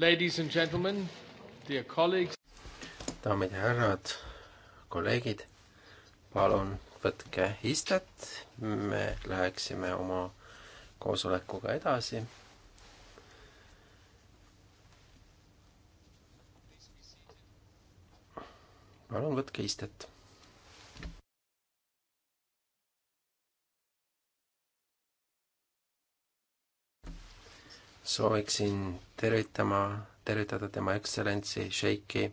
Ladies and gentlemen, dear colleagues. daamid ja härrad, kolleegid, palun võtke istet, me läheksime oma koosolekuga edasi. palun võtke istet sooviksin tervitama, tervitada tema ekstsellentsi Sheiki eh,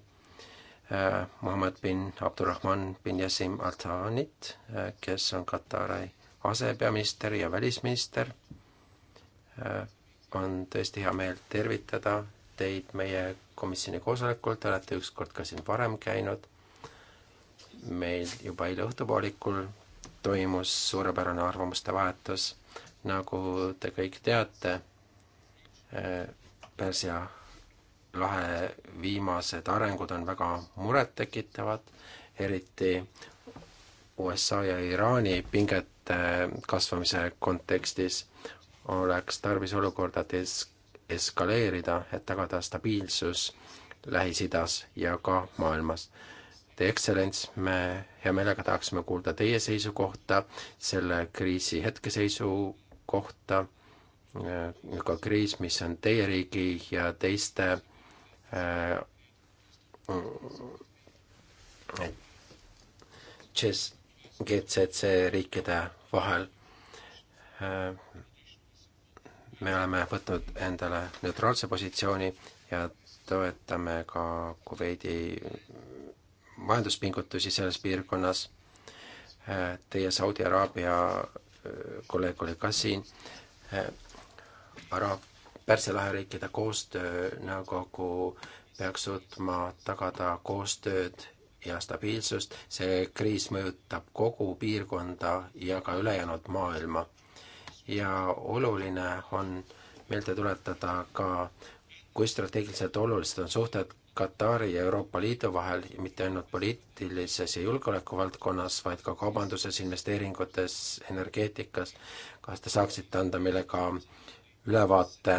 äh, Muhamed bin Abdurrahman bin Yassim Al-Thanit eh,, äh, kes on Katari asepeaminister ja välisminister eh,. on tõesti hea meel tervitada teid meie komisjoni koosolekul, te olete ükskord ka siin varem käinud. meil juba eile õhtupoolikul toimus suurepärane arvamuste vahetus, nagu te kõik teate Pärsia lahe viimased arengud on väga murettekitavad, eriti USA ja Iraani pingete kasvamise kontekstis oleks tarvis olukorda des-, eskaleerida, et tagada stabiilsus Lähis-Idas ja ka maailmas. Teie ekstsellents, me hea meelega tahaksime kuulda teie seisukohta selle kriisi hetkeseisu kohta Äh, ka kriis, mis on teie riigi ja teiste äh, äh, GCC riikide vahel. me oleme võtnud endale neutraalse positsiooni ja toetame ka Kuveidi majanduspingutusi selles piirkonnas. Teie Saudi Araabia kolleeg oli ka siin Araab, Pärsia lahe riikide koostöönõukogu peaks suutma tagada koostööd ja stabiilsust, see kriis mõjutab kogu piirkonda ja ka ülejäänud maailma. ja oluline on meelde tuletada ka, kui strateegiliselt olulised on suhted Katari ja Euroopa Liidu vahel, mitte ainult poliitilises ja julgeolekuvaldkonnas, vaid ka kaubanduses, investeeringutes, energeetikas. kas te saaksite anda meile ka äh, ülevaate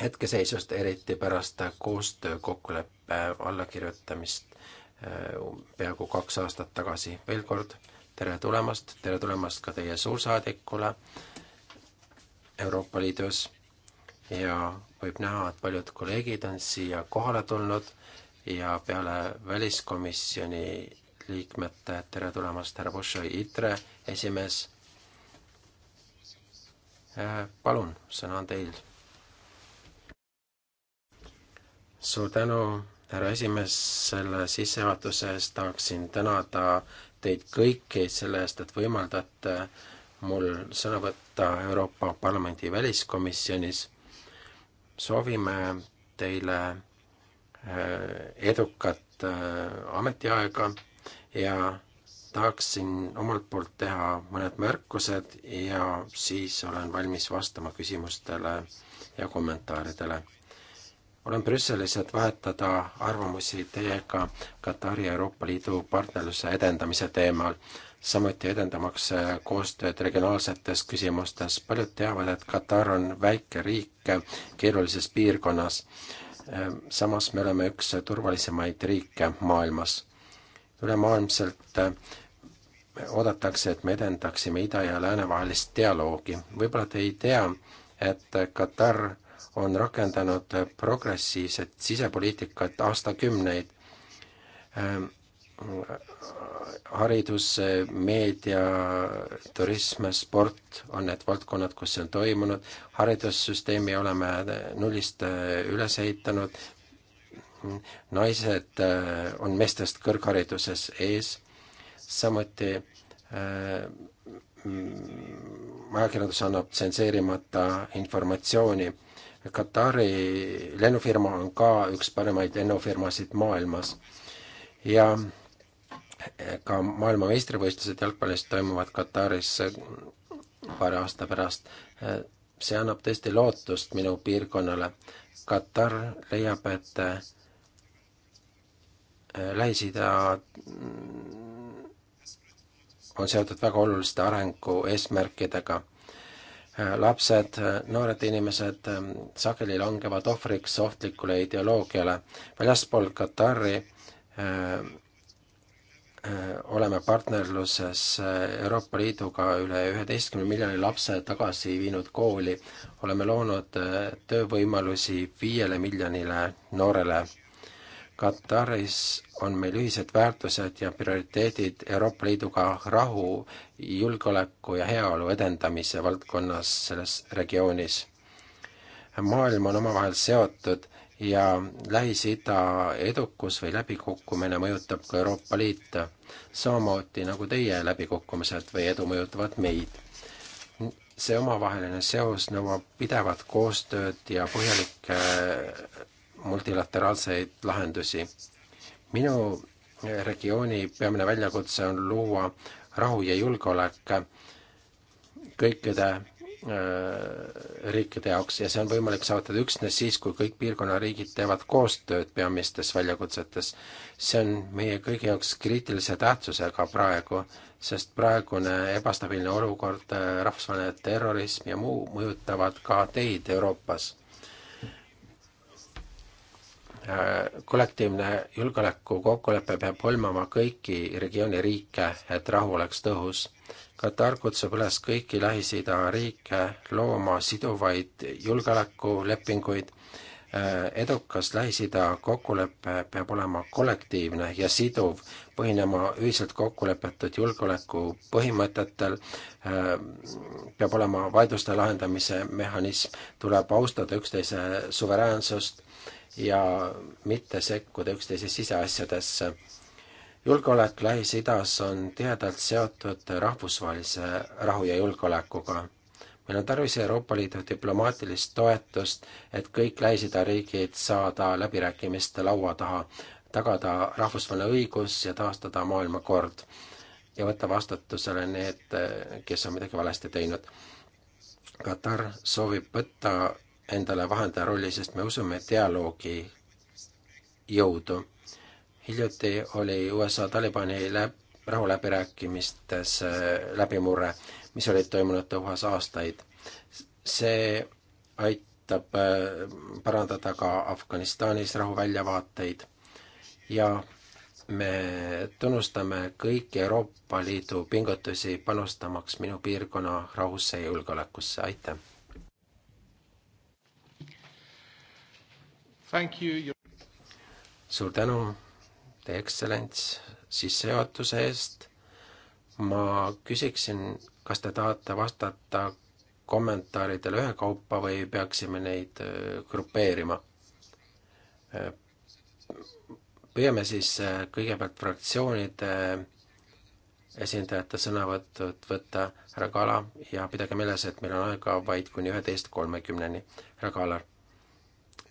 hetkeseisust, eriti pärast koostöökokkuleppe allakirjutamist äh, peaaegu kaks aastat tagasi. veel kord tere tulemast, tere tulemast ka teie suursaadikule Euroopa Liidus ja võib näha, et paljud kolleegid on siia kohale tulnud ja peale väliskomisjoni liikmete tere tulemast, härra Bushoi, ITRE esimees Äh, palun, sõna on teil. suur tänu, härra esimees, selle sissejuhatuse eest tahaksin tänada teid kõiki selle eest, et võimaldate mul sõna võtta Euroopa Parlamendi väliskomisjonis. soovime teile äh, edukat äh, ametiaega ja tahaksin omalt poolt teha mõned märkused ja siis olen valmis vastama küsimustele ja kommentaaridele. olen Brüsselis, et vahetada arvamusi teiega Katari Euroopa Liidu partnerluse edendamise teemal, samuti edendamaks koostööd regionaalsetes küsimustes. paljud teavad, et Katar on väike riik keerulises piirkonnas. samas me oleme üks turvalisemaid riike maailmas ülemaailmselt oodatakse, et me edendaksime ida ja lääne vahelist dialoogi. võib-olla te ei tea, et Katar on rakendanud progressiivset sisepoliitikat aastakümneid. Ähm, haridus, meedia, turism, sport on need valdkonnad, kus see on toimunud, haridussüsteemi oleme nullist äh, üles ehitanud, naised äh, on meestest kõrghariduses ees samuti äh, mm, ajakirjandus annab tsenseerimata informatsiooni. Katari lennufirma on ka üks paremaid lennufirmasid maailmas ja äh, ka maailmameistrivõistlused jalgpallis toimuvad Kataris äh, paari aasta pärast. see annab tõesti lootust minu piirkonnale. Katar leiab, et Lähis-Ida mm, on seotud väga oluliste arengu eesmärkidega. lapsed, noored inimesed ehm, sageli langevad ohvriks ohtlikule ideoloogiale. väljaspool Katari äh, oleme partnerluses Euroopa Liiduga üle üheteistkümne miljoni lapse tagasi viinud kooli, oleme loonud töövõimalusi viiele miljonile noorele Kataris on meil ühised väärtused ja prioriteedid Euroopa Liiduga rahu, julgeoleku ja heaolu edendamise valdkonnas selles regioonis. maailm on omavahel seotud ja Lähis-Ida edukus või läbikukkumine mõjutab ka Euroopa Liitu, samamoodi nagu teie läbikukkumised või edu mõjutavad meid. see omavaheline seos nõuab pidevat koostööd ja põhjalikke multilateraalseid lahendusi. minu eh, regiooni peamine väljakutse on luua rahu ja julgeolek kõikide eh, riikide jaoks ja see on võimalik saavutada üksnes siis, kui kõik piirkonna riigid teevad koostööd peamistes väljakutsetes. see on meie kõigi jaoks kriitilise tähtsusega praegu, sest praegune ebastabiilne olukord, eh, rahvusvaheline terrorism ja muu mõjutavad ka teid Euroopas Äh, kollektiivne julgeolekukokkulepe peab hõlmama kõiki regiooni riike, et rahu oleks tõhus. Katar kutsub üles kõiki Lähis-Ida riike looma siduvaid julgeolekulepinguid. Äh, edukas Lähis-Ida kokkulepe peab olema kollektiivne ja siduv, põhinema ühiselt kokkulepetud julgeoleku põhimõtetel, äh, peab olema vaidluste lahendamise mehhanism, tuleb austada üksteise suveräänsust ja mitte sekkuda üksteise siseasjadesse. julgeolek Lähis-Idas on tihedalt seotud rahvusvahelise rahu ja julgeolekuga. meil on tarvis Euroopa Liidu diplomaatilist toetust, et kõik Lähis-Ida riigid saada läbirääkimiste laua taha, tagada rahvusvaheline õigus ja taastada maailmakord ja võtta vastutusele need, kes on midagi valesti teinud. Katar soovib võtta endale vahendaja rolli, sest me usume dialoogi jõudu. hiljuti oli USA Talibani läb-, rahuläbirääkimistes äh, läbimurre, mis olid toimunud Dohas aastaid. see aitab äh, parandada ka Afganistanis rahuväljavaateid ja me tunnustame kõiki Euroopa Liidu pingutusi panustamaks minu piirkonna rahusse ja julgeolekusse, aitäh! suur tänu, Teie Ekstsellents, sissejuhatuse eest. ma küsiksin, kas te tahate vastata kommentaaridele ühekaupa või peaksime neid äh, grupeerima? Äh, püüame siis äh, kõigepealt fraktsioonide esindajate sõnavõtud võtta, härra Kala, ja pidage meeles, et meil on aega vaid kuni üheteist kolmekümneni. härra Kalar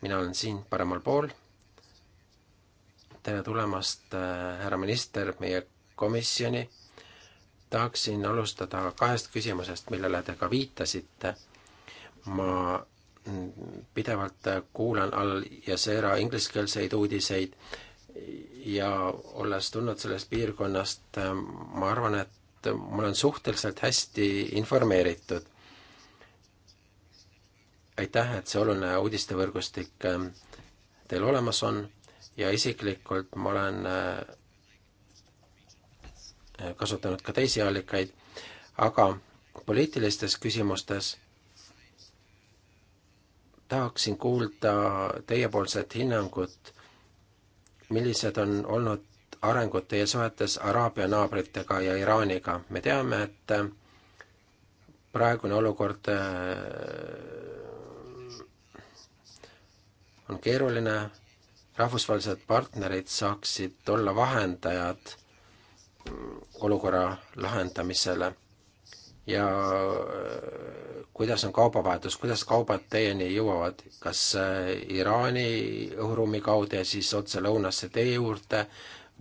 mina olen siin paremal pool. tere tulemast, äh, härra minister, meie komisjoni. tahaksin alustada kahest küsimusest, millele te ka viitasite. ma mm, pidevalt kuulan Al Jazeera ingliskeelseid uudiseid ja olles tulnud sellest piirkonnast, äh, ma arvan, et ma olen suhteliselt hästi informeeritud aitäh, et see oluline uudistevõrgustik ähm, teil olemas on ja isiklikult ma olen äh, äh, kasutanud ka teisi allikaid, aga poliitilistes küsimustes tahaksin kuulda teiepoolset hinnangut, millised on olnud arengud teie suhetes Araabia naabritega ja Iraaniga. me teame, et äh, praegune olukord on keeruline, rahvusvahelised partnerid saaksid olla vahendajad olukorra lahendamisele ja äh, kuidas on kaubavahetus, kuidas kaubad teieni jõuavad, kas äh, Iraani õhuruumi kaudu ja siis otse lõunasse tee juurde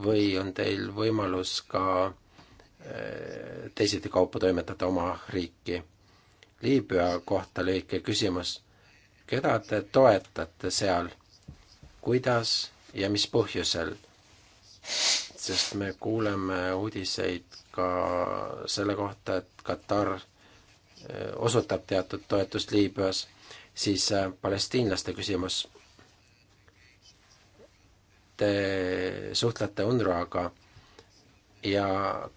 või on teil võimalus ka äh, teisiti kaupa toimetada oma riiki? Liibüa kohta lühike küsimus keda te toetate seal, kuidas ja mis põhjusel? sest me kuuleme uudiseid ka selle kohta, et Katar eh, osutab teatud toetust Liibüas, siis eh, palestiinlaste küsimus. Te suhtlete UNRWA-ga ja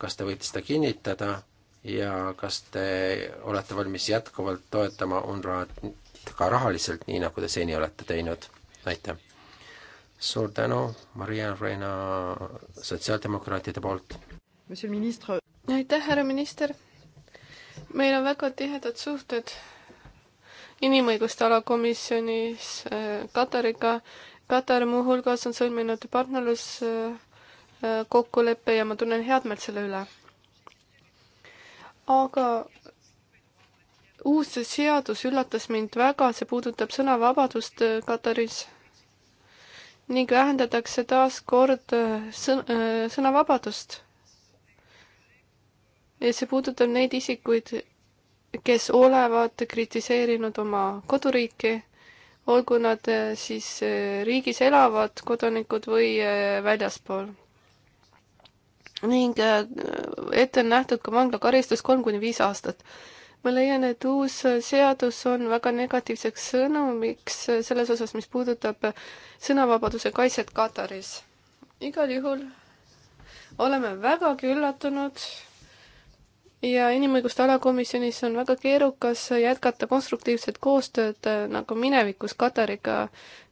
kas te võite seda kinnitada ja kas te olete valmis jätkuvalt toetama UNRWA-d kindlalt ka rahaliselt, nii nagu te seni olete teinud. aitäh! suur tänu, Maria Reina sotsiaaldemokraatide poolt! aitäh, härra minister! meil on väga tihedad suhted inimõiguste alakomisjonis äh, Katariga. Katar muuhulgas on sõlminud partnerluskokkuleppe äh, ja ma tunnen head meelt selle üle. aga uus seadus üllatas mind väga, see puudutab sõnavabadust äh, Kataris ning vähendatakse taas kord äh, sõn-, äh, sõnavabadust. ja see puudutab neid isikuid, kes olevat kritiseerinud oma koduriiki, olgu nad siis riigis elavad kodanikud või väljaspool. ning ette on nähtud ka vanglakaristus kolm kuni viis aastat ma leian, et uus seadus on väga negatiivseks sõnumiks selles osas, mis puudutab sõnavabaduse kaitset Kataris. igal juhul oleme vägagi üllatunud ja inimõiguste alakomisjonis on väga keerukas jätkata konstruktiivset koostööd nagu minevikus Katariga,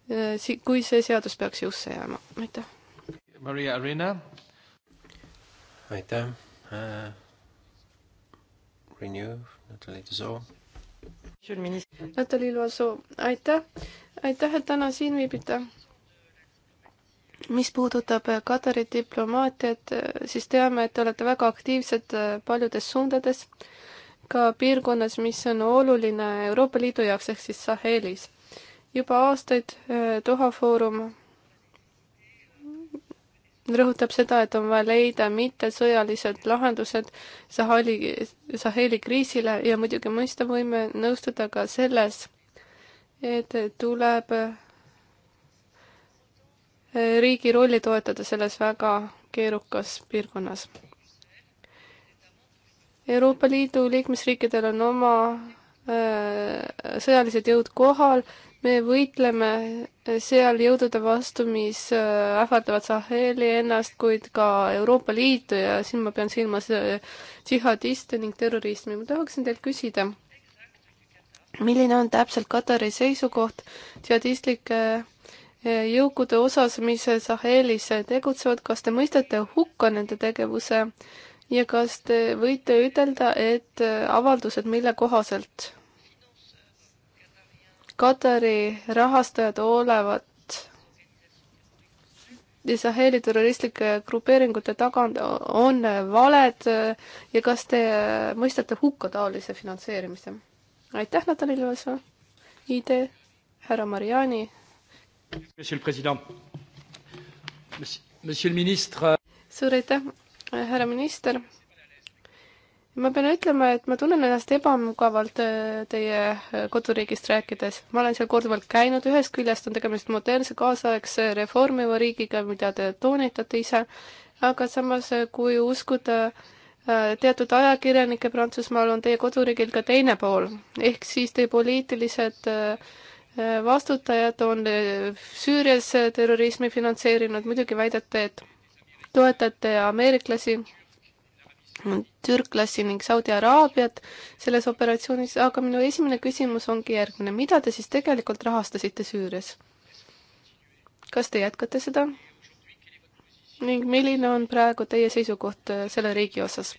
eh, kui see seadus peaks jõusse jääma. aitäh. Maria Arena. aitäh uh,. Renew Natalja Tüsoo. Natalja Ilvasoo, aitäh, aitäh, et täna siin viibite. mis puudutab Katari diplomaatiat, siis teame, et te olete väga aktiivsed paljudes suundades, ka piirkonnas, mis on oluline Euroopa Liidu jaoks ehk siis Sahelis. juba aastaid eh, Doha Foorum rõhutab seda, et on vaja leida mittesõjalised lahendused Sahali, Saheli kriisile ja muidugi mõista võime nõustuda ka selles, et tuleb riigi rolli toetada selles väga keerukas piirkonnas. Euroopa Liidu liikmesriikidel on oma äh, sõjalised jõud kohal me võitleme seal jõudude vastu, mis äh, ähvardavad Saheli ennast, kuid ka Euroopa Liitu ja siin ma pean silmas äh, džihadiste ning terrorismi. ma tahaksin teilt küsida, milline on täpselt Katari seisukoht džihadistlike äh, jõukude osas, mis Sahelis tegutsevad, kas te mõistate hukka nende tegevuse ja kas te võite ütelda, et avaldused, mille kohaselt Katari rahastajad olevat Saheli terroristlike grupeeringute taga on valed ja kas te mõistate hukka taolise finantseerimise? aitäh, Natalja Ilvesa, idee, härra Mariani. suur aitäh, härra minister ma pean ütlema, et ma tunnen ennast ebamugavalt äh, teie äh, koduriigist rääkides. ma olen seal korduvalt käinud, ühest küljest on tegemist modernse kaasaegse reformiva riigiga, mida te toonitate ise, aga samas, äh, kui uskuda teatud ajakirjanike Prantsusmaal, on teie koduriigil ka teine pool. ehk siis teie poliitilised vastutajad on Süürias terrorismi finantseerinud, muidugi väidate, et toetate ameeriklasi türklasi ning Saudi Araabiat selles operatsioonis, aga minu esimene küsimus ongi järgmine, mida te siis tegelikult rahastasite Süürias? kas te jätkate seda? ning milline on praegu teie seisukoht äh, selle riigi osas?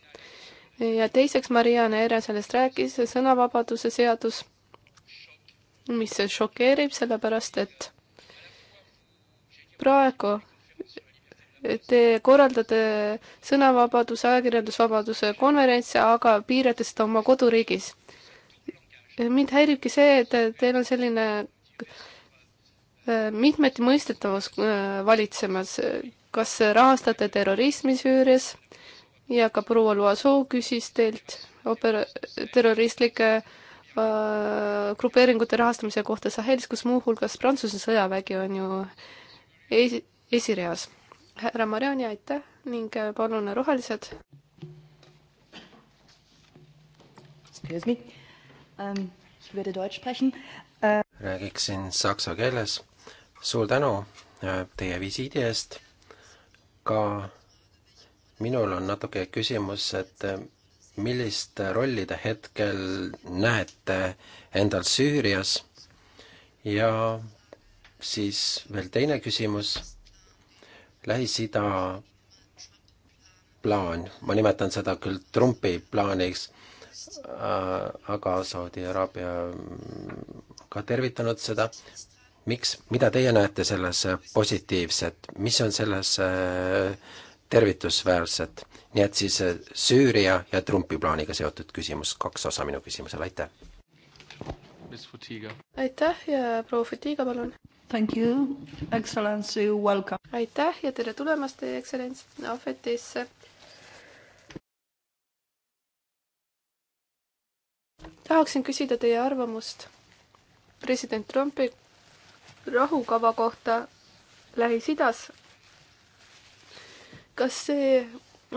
ja teiseks, Marianne Ere sellest rääkis, sõnavabaduse seadus, mis šokeerib, sellepärast et praegu Te korraldate sõnavabaduse, ajakirjandusvabaduse konverentse, aga piirate seda oma koduriigis. mind häiribki see, et teil on selline äh, mitmeti mõistetavus äh, valitsemas. kas rahastate terrorismi Süürias ja ka proua Loasoo küsis teilt oper-, terroristlike äh, grupeeringute rahastamise kohta Sahelis, kus muuhulgas Prantsuse sõjavägi on ju esi, esireas härra Mariani, aitäh ning äh, palun äh, rohelised. Excuse me um,, ich werde deutsch sprechen uh.... räägiksin saksa keeles. suur tänu teie visiidi eest. ka minul on natuke küsimus, et millist rolli te hetkel näete endal Süürias ja siis veel teine küsimus Lähis-Ida plaan, ma nimetan seda küll Trumpi plaaniks, äh, aga Saudi Araabia mm, ka tervitanud seda. miks, mida teie näete selles positiivset, mis on selles äh, tervitusväärset? nii et siis äh, Süüria ja Trumpi plaaniga seotud küsimus, kaks osa minu küsimusele, aitäh! aitäh ja proua Futiga, palun! Thank you, excellency, welcome. aitäh ja tere tulemast, teie ekstsellents, Ahvetisse. tahaksin küsida teie arvamust president Trumpi rahukava kohta Lähis-Idas. kas see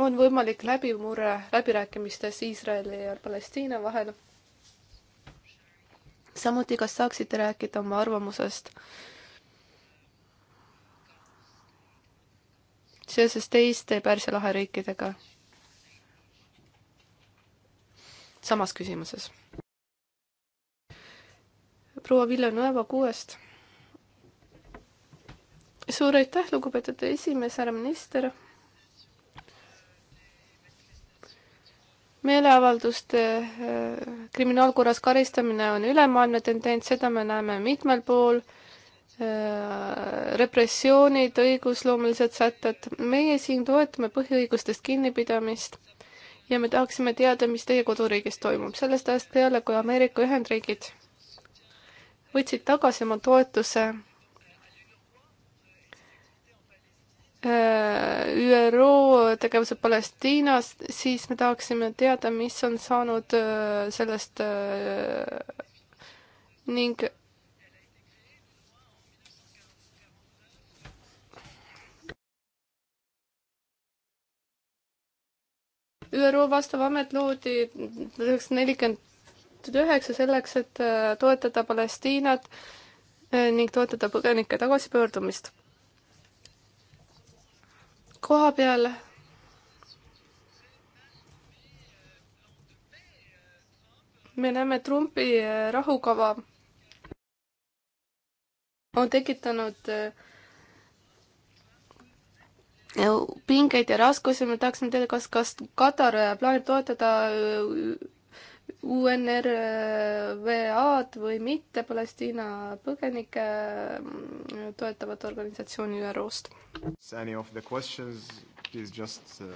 on võimalik läbimurre läbirääkimistes Iisraeli ja Palestiina vahel? samuti, kas saaksite rääkida oma arvamusest äh, seoses teiste Pärsia lahe riikidega samas küsimuses. proua Villanueva kuuest. suur aitäh, lugupeetud esimees, härra minister. meeleavalduste äh, kriminaalkorras karistamine on ülemaailmne tendents, seda me näeme mitmel pool Äh, repressioonid, õigusloomelised sätted. meie siin toetame põhiõigustest kinnipidamist ja me tahaksime teada, mis teie koduriigis toimub. sellest ajast peale, kui Ameerika Ühendriigid võtsid tagasi oma toetuse äh, ÜRO tegevuse Palestiinas, siis me tahaksime teada, mis on saanud äh, sellest ning ÜRO vastav amet loodi üheksasada nelikümmend üheksa selleks, et äh, toetada Palestiinat äh, ning toetada põgenike tagasipöördumist. koha peal me näeme Trumpi äh, rahukava on tekitanud äh, pingeid ja raskusi, me tahaksime teada, kas, kas Katar äh, plaanib toetada äh, UNRWA-d või mitte Palestiina põgenikke äh, toetavat organisatsiooni ÜRO-st. Any of the questions, please just uh,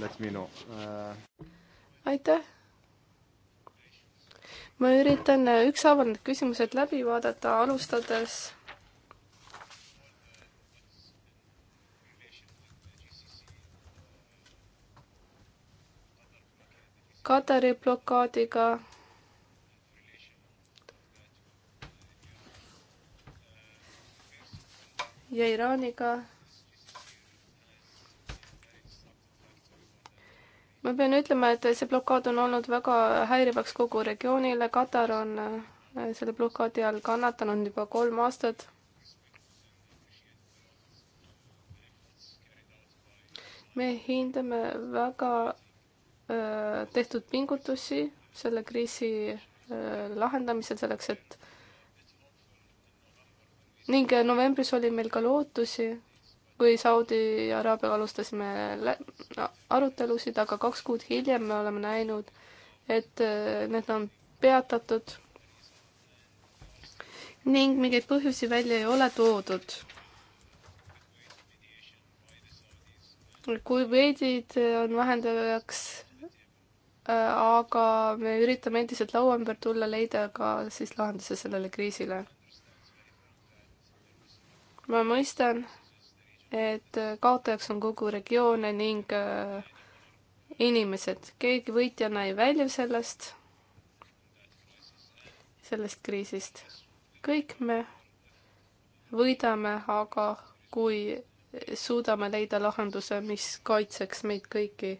let me know uh.... aitäh. ma üritan ükshaaval need küsimused läbi vaadata, alustades Katari blokaadiga. ja Iraaniga. ma pean ütlema, et see blokaad on olnud väga häirivaks kogu regioonile, Katar on äh, selle blokaadi all kannatanud juba kolm aastat me hindame väga tehtud pingutusi selle kriisi lahendamisel selleks, et ning novembris oli meil ka lootusi, kui Saudi Araabiaga alustasime no, arutelusid, aga kaks kuud hiljem me oleme näinud, et need on peatatud ning mingeid põhjusi välja ei ole toodud. kuveidid on vahendajaks aga me üritame endiselt laua ümber tulla, leida ka siis lahenduse sellele kriisile. ma mõistan, et kaotajaks on kogu regioon ning äh, inimesed, keegi võitjana ei välju sellest, sellest kriisist. kõik me võidame, aga kui suudame leida lahenduse, mis kaitseks meid kõiki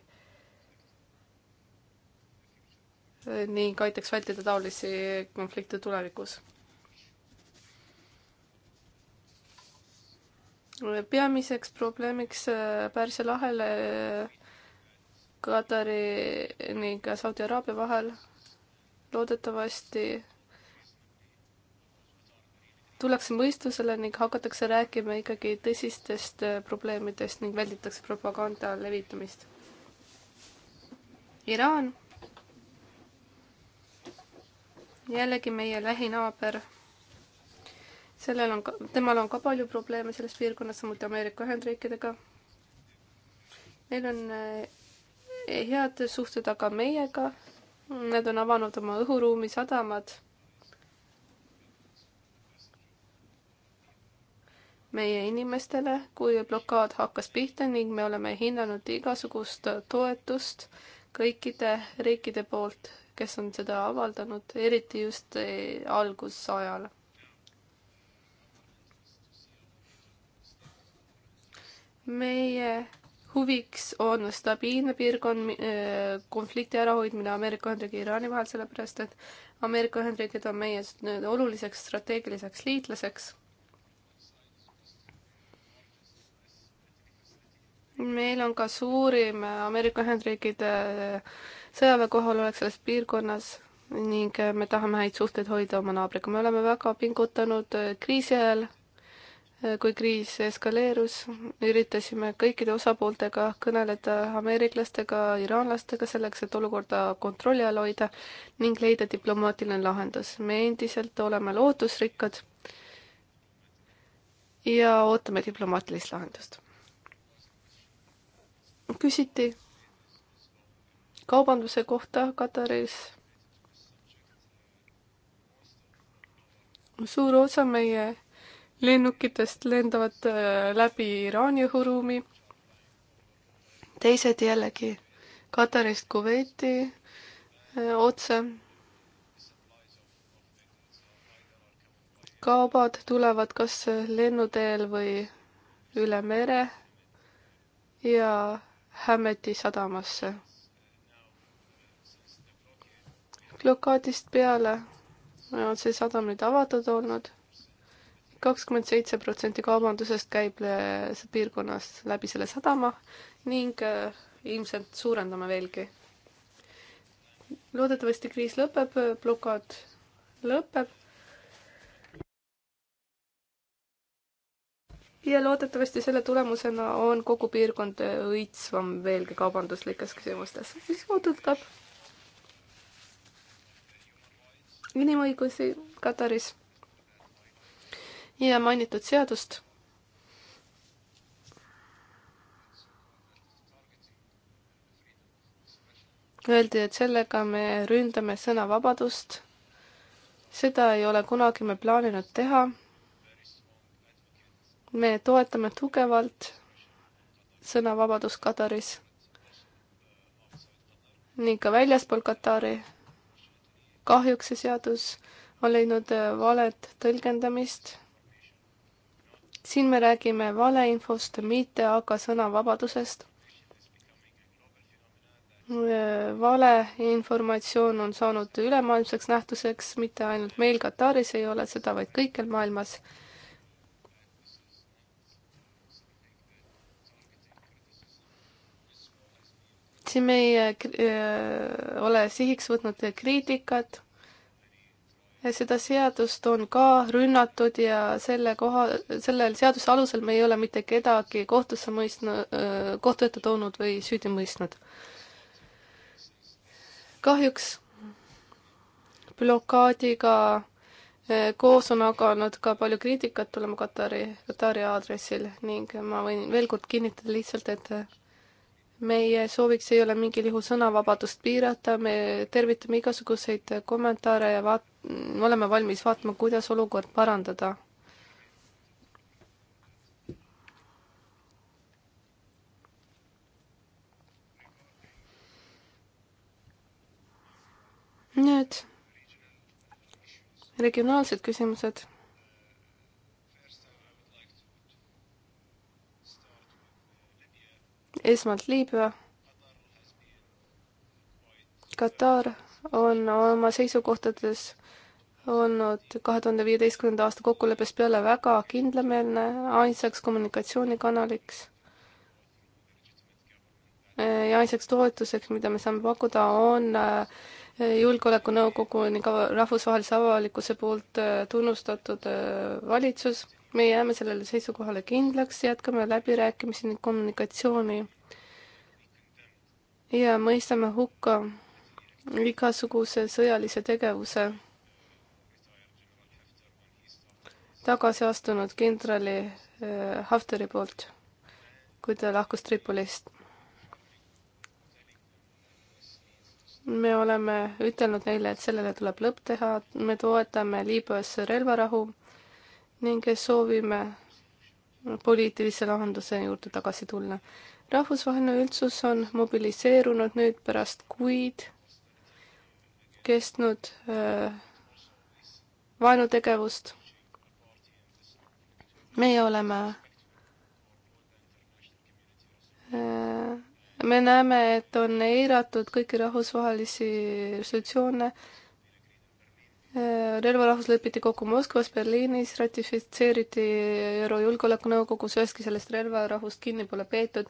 ning aitaks vältida taolisi konflikte tulevikus. peamiseks probleemiks äh, Pärsia lahel äh, Katari ning Saudi Araabia vahel loodetavasti tullakse mõistusele ning hakatakse rääkima ikkagi tõsistest äh, probleemidest ning välditakse propaganda levitamist. Iraan jällegi meie lähinaaber. sellel on ka, temal on ka palju probleeme selles piirkonnas, samuti Ameerika Ühendriikidega. Neil on eh, head suhted aga meiega. Nad on avanud oma õhuruumi, sadamad. meie inimestele, kui blokaad hakkas pihta ning me oleme hinnanud igasugust toetust kõikide riikide poolt kes on seda avaldanud, eriti just eh, algusajal. meie huviks on stabiilne piirkond, eh, konflikti ärahoidmine Ameerika Ühendriigi ja Iraani vahel, sellepärast et Ameerika Ühendriigid on meie oluliseks strateegiliseks liitlaseks. meil on ka suurim Ameerika Ühendriikide äh, eh, sõjaväe kohal oleks selles piirkonnas ning äh, me tahame häid suhteid hoida oma naabriga. me oleme väga pingutanud äh, kriisi ajal, äh, kui kriis eskaleerus, üritasime kõikide osapooltega kõneleda ameeriklastega, iraanlastega selleks, et olukorda kontrolli all hoida ning leida diplomaatiline lahendus. me endiselt oleme lootusrikkad ja ootame diplomaatilist lahendust. küsiti kaubanduse kohta Kataris. suur osa meie lennukitest lendavad äh, läbi Iraani õhuruumi. teised jällegi Katarist Kuveiti äh, otse. kaubad tulevad kas lennuteel või üle mere ja Hämeti sadamasse blokaadist peale on see sadam nüüd avatud olnud. kakskümmend seitse protsenti kaubandusest käib piirkonnas läbi selle sadama ning äh, ilmselt suurendame veelgi. loodetavasti kriis lõpeb, blokaad lõpeb. ja loodetavasti selle tulemusena on kogu piirkond õitsvam veelgi kaubanduslikes küsimustes, mis puudutab inimõigusi Kataris ja mainitud seadust. Öeldi, et sellega me ründame sõnavabadust. seda ei ole kunagi me plaaninud teha. me toetame tugevalt sõnavabadust Kataris ning ka väljaspool Katari kahjuks see seadus on leidnud äh, valet tõlgendamist. siin me räägime valeinfost, mitte aga sõnavabadusest. Äh, valeinformatsioon on saanud ülemaailmseks nähtuseks, mitte ainult meil Kataris ei ole seda, vaid kõikjal maailmas siin me ei ole sihiks võtnud kriitikat. seda seadust on ka rünnatud ja selle koha, sellel seaduse alusel me ei ole mitte kedagi kohtusse mõistnud, kohtu ette toonud või süüdi mõistnud. kahjuks blokaadiga koos on hakanud ka palju kriitikat tulema Katari, Katari aadressil ning ma võin veel kord kinnitada lihtsalt, et meie sooviks ei ole mingil juhul sõnavabadust piirata, me tervitame igasuguseid kommentaare ja vaat-, oleme valmis vaatama, kuidas olukord parandada. nüüd regionaalsed küsimused esmalt Liibüa. Katar on oma seisukohtades olnud kahe tuhande viieteistkümnenda aasta kokkuleppest peale väga kindlameelne, ainsaks kommunikatsioonikanaliks ja ainsaks toetuseks, mida me saame pakkuda, on äh, Julgeolekunõukogu ning rahvusvahelise avalikkuse poolt äh, tunnustatud äh, valitsus me jääme sellele seisukohale kindlaks, jätkame läbirääkimisi ning kommunikatsiooni ja mõistame hukka igasuguse sõjalise tegevuse tagasi astunud kindrali äh, Haftari poolt, kui ta lahkus Tripolist. me oleme ütelnud neile, et sellele tuleb lõpp teha, me toetame Liibüas relvarahu ning soovime poliitilise lahenduse juurde tagasi tulla. rahvusvaheline üldsus on mobiliseerunud nüüd pärast kuid kestnud öö, äh, vaenutegevust. meie oleme äh, me näeme, et on eiratud kõiki rahvusvahelisi institutsioone relvarahvus lepiti kokku Moskvas, Berliinis, ratifitseeriti ÜRO Julgeolekunõukogus, üheski sellest relvarahust kinni pole peetud.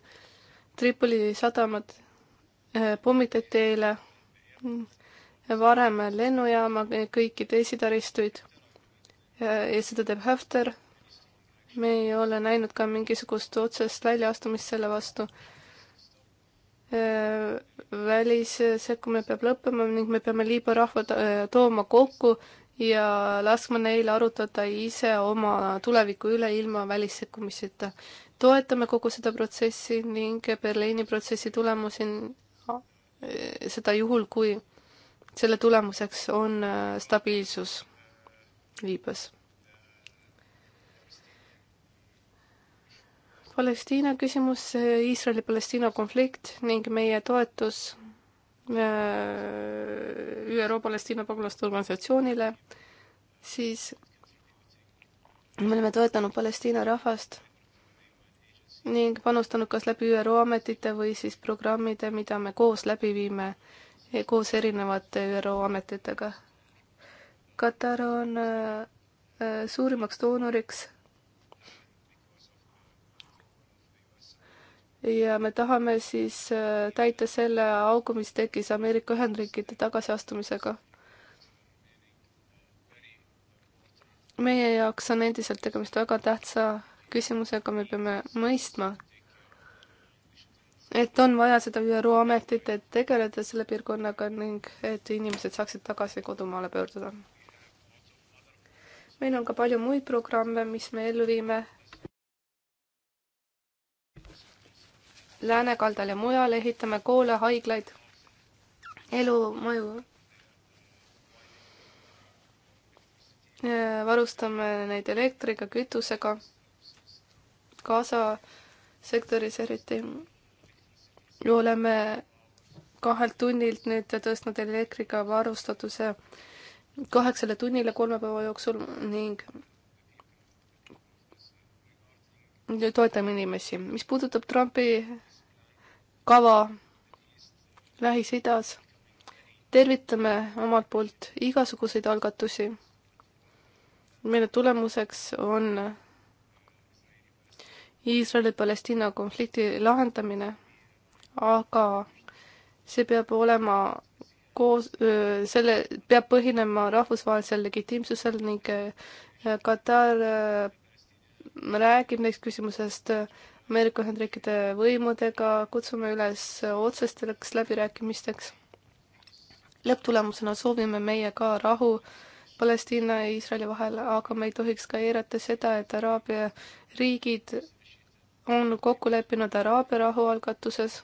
Tripoli sadamat eh, pommitati eile, varem lennujaama, eh, kõiki teisi taristuid. Eh, ja seda teeb Haftar. me ei ole näinud ka mingisugust otsest väljaastumist selle vastu välissekkumine peab lõppema ning me peame Liibüa rahva tooma kokku ja laskma neil arutada ise oma tuleviku üle ilma välissekkumiseta. toetame kogu seda protsessi ning Berliini protsessi tulemusi, seda juhul, kui selle tulemuseks on stabiilsus Liibüas Palestiina küsimus, Iisraeli-Palestiina konflikt ning meie toetus äh, ÜRO Palestiina pagulaste organisatsioonile, siis me oleme toetanud Palestiina rahvast ning panustanud kas läbi ÜRO ametite või siis programmide, mida me koos läbi viime, eh, koos erinevate ÜRO ametitega. Katar on äh, äh, suurimaks doonoriks ja me tahame siis äh, täita selle augu, mis tekkis Ameerika Ühendriikide tagasiastumisega. meie jaoks on endiselt tegemist väga tähtsa küsimusega, me peame mõistma, et on vaja seda ÜRO ametit, et tegeleda selle piirkonnaga ning et inimesed saaksid tagasi kodumaale pöörduda. meil on ka palju muid programme, mis me ellu viime läänekaldal ja mujal, ehitame koole, haiglaid, elumaju. Äh, varustame neid elektriga, kütusega, Gaza sektoris eriti. oleme kahelt tunnilt nüüd tõstnud elektriga varustatuse kaheksale tunnile kolme päeva jooksul ning toetame inimesi. mis puudutab Trumpi kava Lähis-Idas. tervitame omalt poolt igasuguseid algatusi, mille tulemuseks on Iisraeli-Palestiina konflikti lahendamine, aga see peab olema koos, selle peab põhinema rahvusvahelisel legitiimsusel ning äh, Katar äh, räägib neist küsimusest Ameerika Ühendriikide võimudega, kutsume üles otsesteks läbirääkimisteks. lõpptulemusena soovime meie ka rahu Palestiina ja Iisraeli vahel, aga me ei tohiks ka eirata seda, et Araabia riigid on kokku leppinud Araabia rahualgatuses.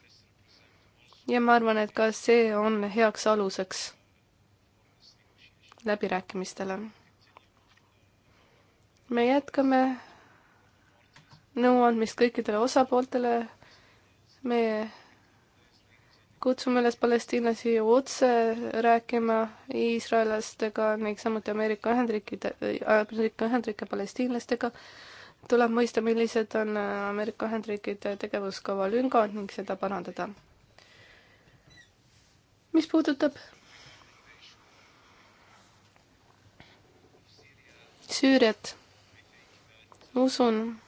ja ma arvan, et ka see on heaks aluseks läbirääkimistele. me jätkame nõuandmist kõikidele osapooltele. me kutsume üles palestiinlasi otse rääkima iisraellastega ning samuti Ameerika Ühendriikide, Ameerika Ühendriike palestiinlastega. tuleb mõista, millised on Ameerika Ühendriikide tegevuskava lüngad ning seda parandada. mis puudutab Süüriat usun,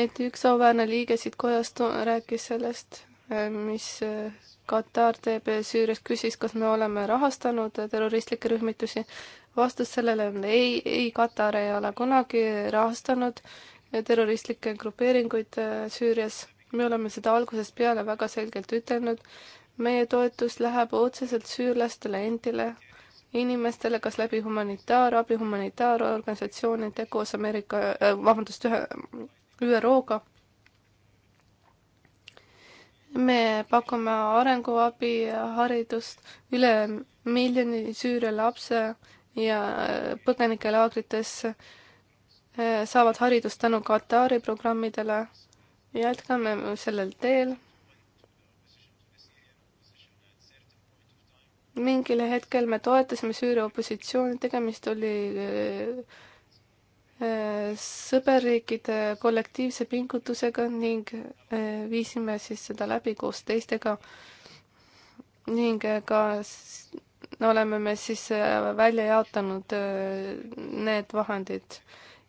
et üks auväärne liige siit kojast rääkis sellest, äh, mis äh, Katar teeb Süürias, küsis, kas me oleme rahastanud terroristlikke rühmitusi. vastus sellele on ei, ei, Katar ei ole kunagi rahastanud terroristlikke grupeeringuid äh, Süürias. me oleme seda algusest peale väga selgelt ütelnud. meie toetus läheb otseselt süürlastele endile, inimestele, kas läbi humanitaarabi, humanitaarorganisatsioonide koos Ameerika äh,, vabandust, ühe ÜRO-ga. me pakume arenguabi ja haridust üle miljoni Süüria lapse ja põgenikelaagrites eh, saavad haridust tänu Katari programmidele. jätkame sellel teel mingil hetkel me toetasime Süüria opositsiooni, tegemist oli eh, Äh, sõberriikide kollektiivse pingutusega ning äh, viisime siis seda läbi koos teistega ning äh, ka oleme me siis välja jaotanud need vahendid.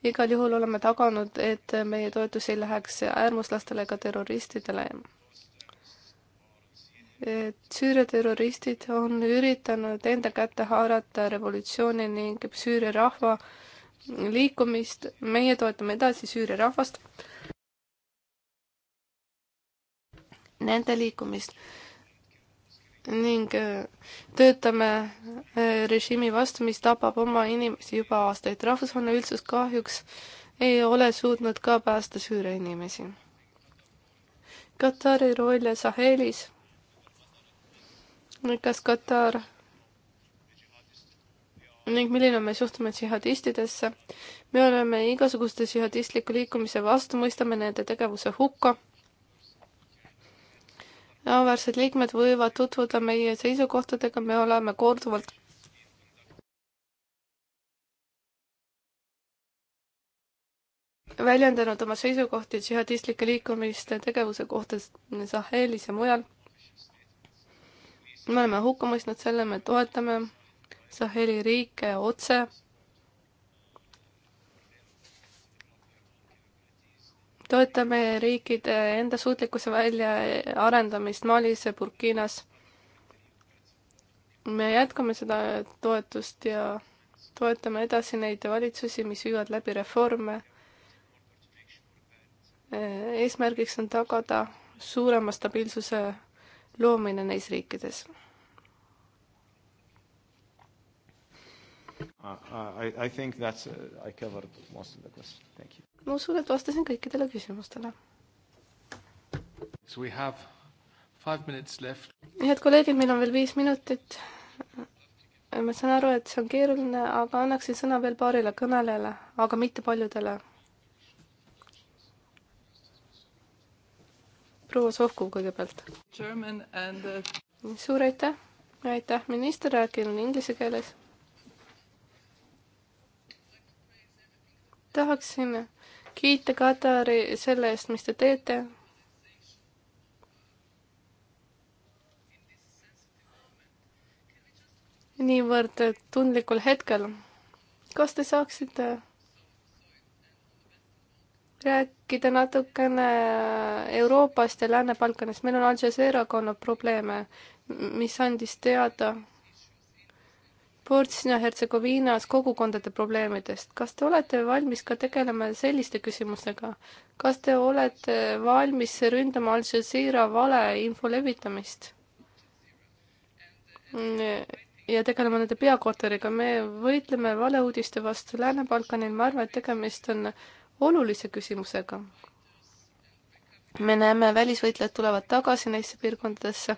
igal juhul oleme taganud, et meie toetus ei läheks äärmuslastele ega terroristidele. Süüria terroristid on üritanud enda kätte haarata revolutsiooni ning Süüria rahva äh, liikumist, meie toetame edasi Süüria rahvast, nende liikumist ning äh, töötame äh, režiimi vastu, mis tapab oma inimesi juba aastaid. rahvusvaheline üldsus kahjuks ei ole suutnud ka päästa Süüria inimesi. Katari roll Sahelis. kas Katar ning milline on meie suhtumine džihadistidesse. me oleme igasuguste džihadistliku liikumise vastu, mõistame nende tegevuse hukka. auväärsed liikmed võivad tutvuda meie seisukohtadega, me oleme korduvalt väljendanud oma seisukohti džihadistlike liikumiste tegevuse kohta Sahelis ja mujal. me oleme hukka mõistnud selle, me toetame Saheli riike otse. toetame riikide enda suutlikkuse väljaarendamist Malis ja Burkinas. me jätkame seda toetust ja toetame edasi neid valitsusi, mis viivad läbi reforme. eesmärgiks on tagada suurema stabiilsuse loomine neis riikides Uh, uh, I, I think that's, uh, I covered most of the question, thank you. ma usun, et vastasin kõikidele küsimustele. So we have five minutes left. head kolleegid, meil on veel viis minutit. ma saan aru, et see on keeruline, aga annaksin sõna veel paarile kõnelejale, aga mitte paljudele. proua Sovkuv kõigepealt. And... suur aitäh, aitäh minister, räägin inglise keeles tahaksin kiita Katari selle eest, mis te teete. niivõrd tundlikul hetkel. kas te saaksite rääkida natukene Euroopast ja Lääne-Balkanist, meil on Al Jazeera konna probleeme, mis andis teada Bosnia-Hertsegoviinas kogukondade probleemidest. kas te olete valmis ka tegelema selliste küsimustega? kas te olete valmis ründama Al Jazeera valeinfo levitamist? ja tegelema nende peakorteriga, me võitleme valeuudiste vastu Lääne-Balkanil, ma arvan, et tegemist on olulise küsimusega. me näeme, välisvõitlejad tulevad tagasi neisse piirkondadesse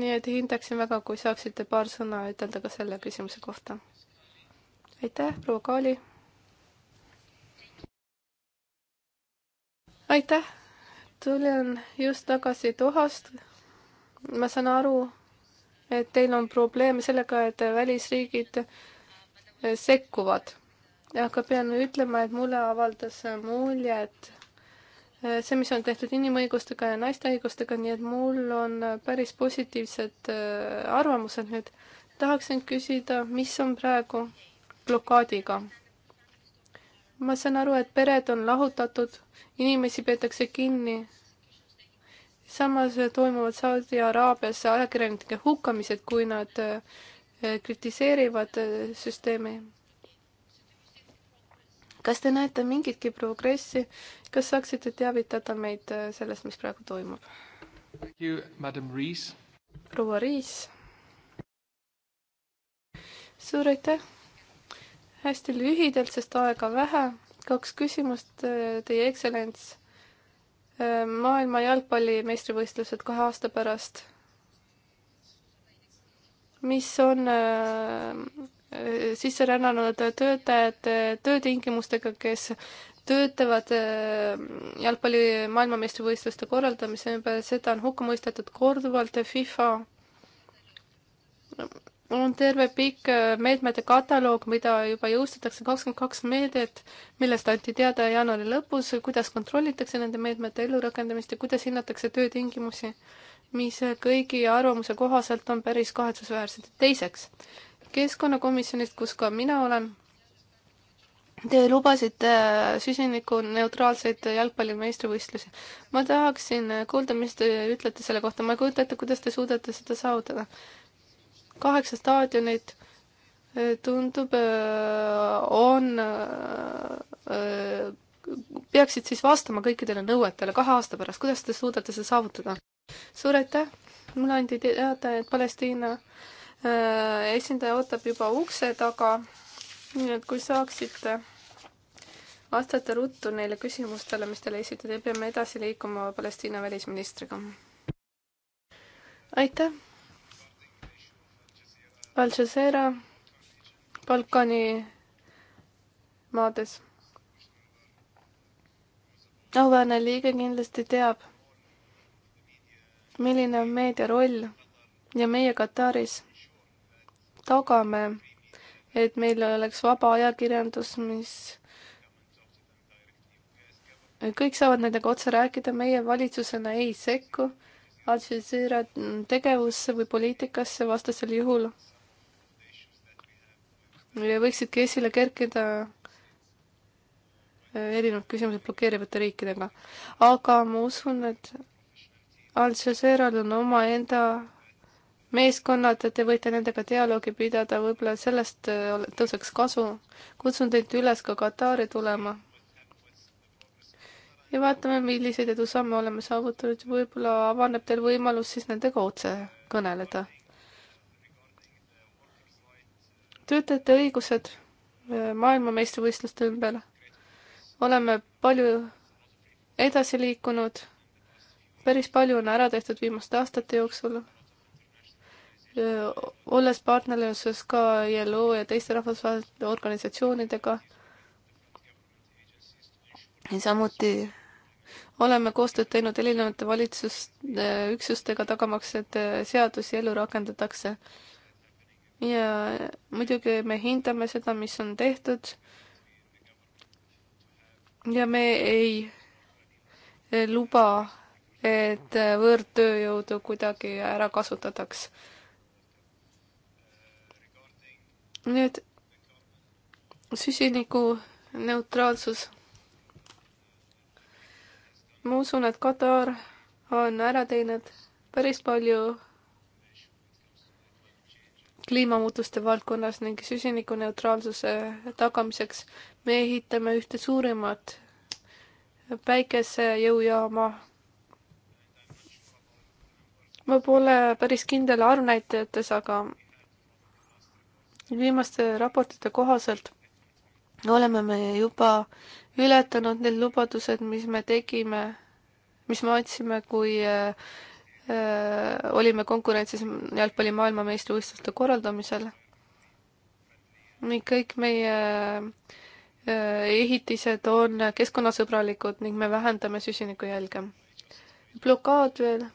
nii et hindaksin väga, kui saaksite paar sõna ütelda ka selle küsimuse kohta. aitäh, proua Kaali. aitäh, tulen just tagasi Dohast. ma saan aru, et teil on probleeme sellega, et välisriigid sekkuvad. aga pean ütlema, et mulle avaldas mulje, et see, mis on tehtud inimõigustega ja naiste õigustega, nii et mul on päris positiivsed äh, arvamused nüüd. tahaksin küsida, mis on praegu blokaadiga? ma saan aru, et pered on lahutatud, inimesi peetakse kinni. samas toimuvad Saudi Araabias ajakirjanike hukkamised, kui nad äh, kritiseerivad äh, süsteemi kas te näete mingitki progressi, kas saaksite teavitada meid äh, sellest, mis praegu toimub? proua Riis. suur aitäh. hästi lühidalt, sest aega vähe. kaks küsimust, äh, teie ekstsellents. Äh, maailma jalgpalli meistrivõistlused kahe aasta pärast. mis on sisserännanud töötajate töötingimustega, kes töötavad äh, jalgpalli maailmameistrivõistluste korraldamise ümber, seda on hukka mõistetud korduvalt ja FIFA on terve pikk äh, meetmete kataloog, mida juba jõustatakse, kakskümmend kaks meedet, millest anti teada jaanuari lõpus, kuidas kontrollitakse nende meetmete ellurakendamist ja kuidas hinnatakse töötingimusi, mis kõigi arvamuse kohaselt on päris kahetsusväärsed. teiseks, keskkonnakomisjonist, kus ka mina olen. Te lubasite süsinikuneutraalseid jalgpallimeistrivõistlusi. ma tahaksin kuulda, mis te ütlete selle kohta, ma ei kujuta ette, kuidas te suudate seda saavutada. kaheksa staadionit eh, tundub, eh, on, eh, peaksid siis vastama kõikidele nõuetele kahe aasta pärast, kuidas te suudate seda saavutada? suur aitäh, mulle anti teada, et Palestiina äh, Äh, esindaja ootab juba ukse taga. nii et kui saaksite vastata ruttu neile küsimustele, mis teile esitati, peame edasi liikuma Palestiina välisministriga. aitäh. Al Jazeera, Balkani maades. auväärne liige kindlasti teab, milline on meedia roll ja meie Kataris tagame, et meil oleks vaba ajakirjandus, mis kõik saavad nendega otse rääkida, meie valitsusena ei sekku Al Jazeera tegevusse või poliitikasse vastasel juhul. võiksidki esile kerkida äh, erinevad küsimused blokeerivate riikidega. aga ma usun, et Al Jazeeral on omaenda meeskonnad, te võite nendega dialoogi pidada, võib-olla sellest äh, tõuseks kasu. kutsun teid üles ka Katari tulema. ja vaatame, milliseid edusamme oleme saavutanud, võib-olla avaneb teil võimalus siis nendega otse kõneleda. töötajate õigused äh, maailmameistrivõistluste ümber. oleme palju edasi liikunud, päris palju on ära tehtud viimaste aastate jooksul olles partnerluses ka ILO ja teiste rahvusvaheliste organisatsioonidega. samuti oleme koostööd teinud erinevate valitsusüksustega, äh, tagamaks, et äh, seadusi ellu rakendatakse. ja muidugi me hindame seda, mis on tehtud. ja me ei äh, luba, et võõrtööjõudu kuidagi ära kasutataks nüüd süsiniku neutraalsus. ma usun, et Katar on ära teinud päris palju kliimamuutuste valdkonnas ning süsinikuneutraalsuse tagamiseks me ehitame ühte suurimat päikesejõujaama. ma pole päris kindel arvnäitajates, aga viimaste raportite kohaselt oleme me juba ületanud need lubadused, mis me tegime, mis me andsime, kui äh, äh olime konkurentsis jalgpalli maailmameistrivõistluste korraldamisel ning kõik meie äh, ehitised on keskkonnasõbralikud ning me vähendame süsinikujälge. blokaad veel.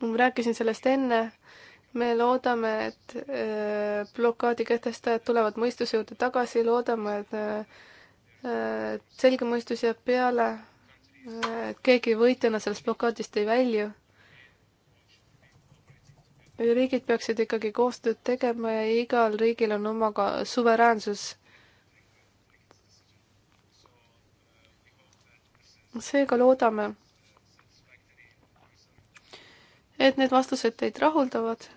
ma rääkisin sellest enne me loodame, et äh, blokaadi kehtestajad tulevad mõistuse juurde tagasi, loodame, et äh, äh, selge mõistus jääb peale, et keegi võitjana sellest blokaadist ei välju. riigid peaksid ikkagi koostööd tegema ja igal riigil on oma ka suveräänsus. seega loodame, et need vastused teid rahuldavad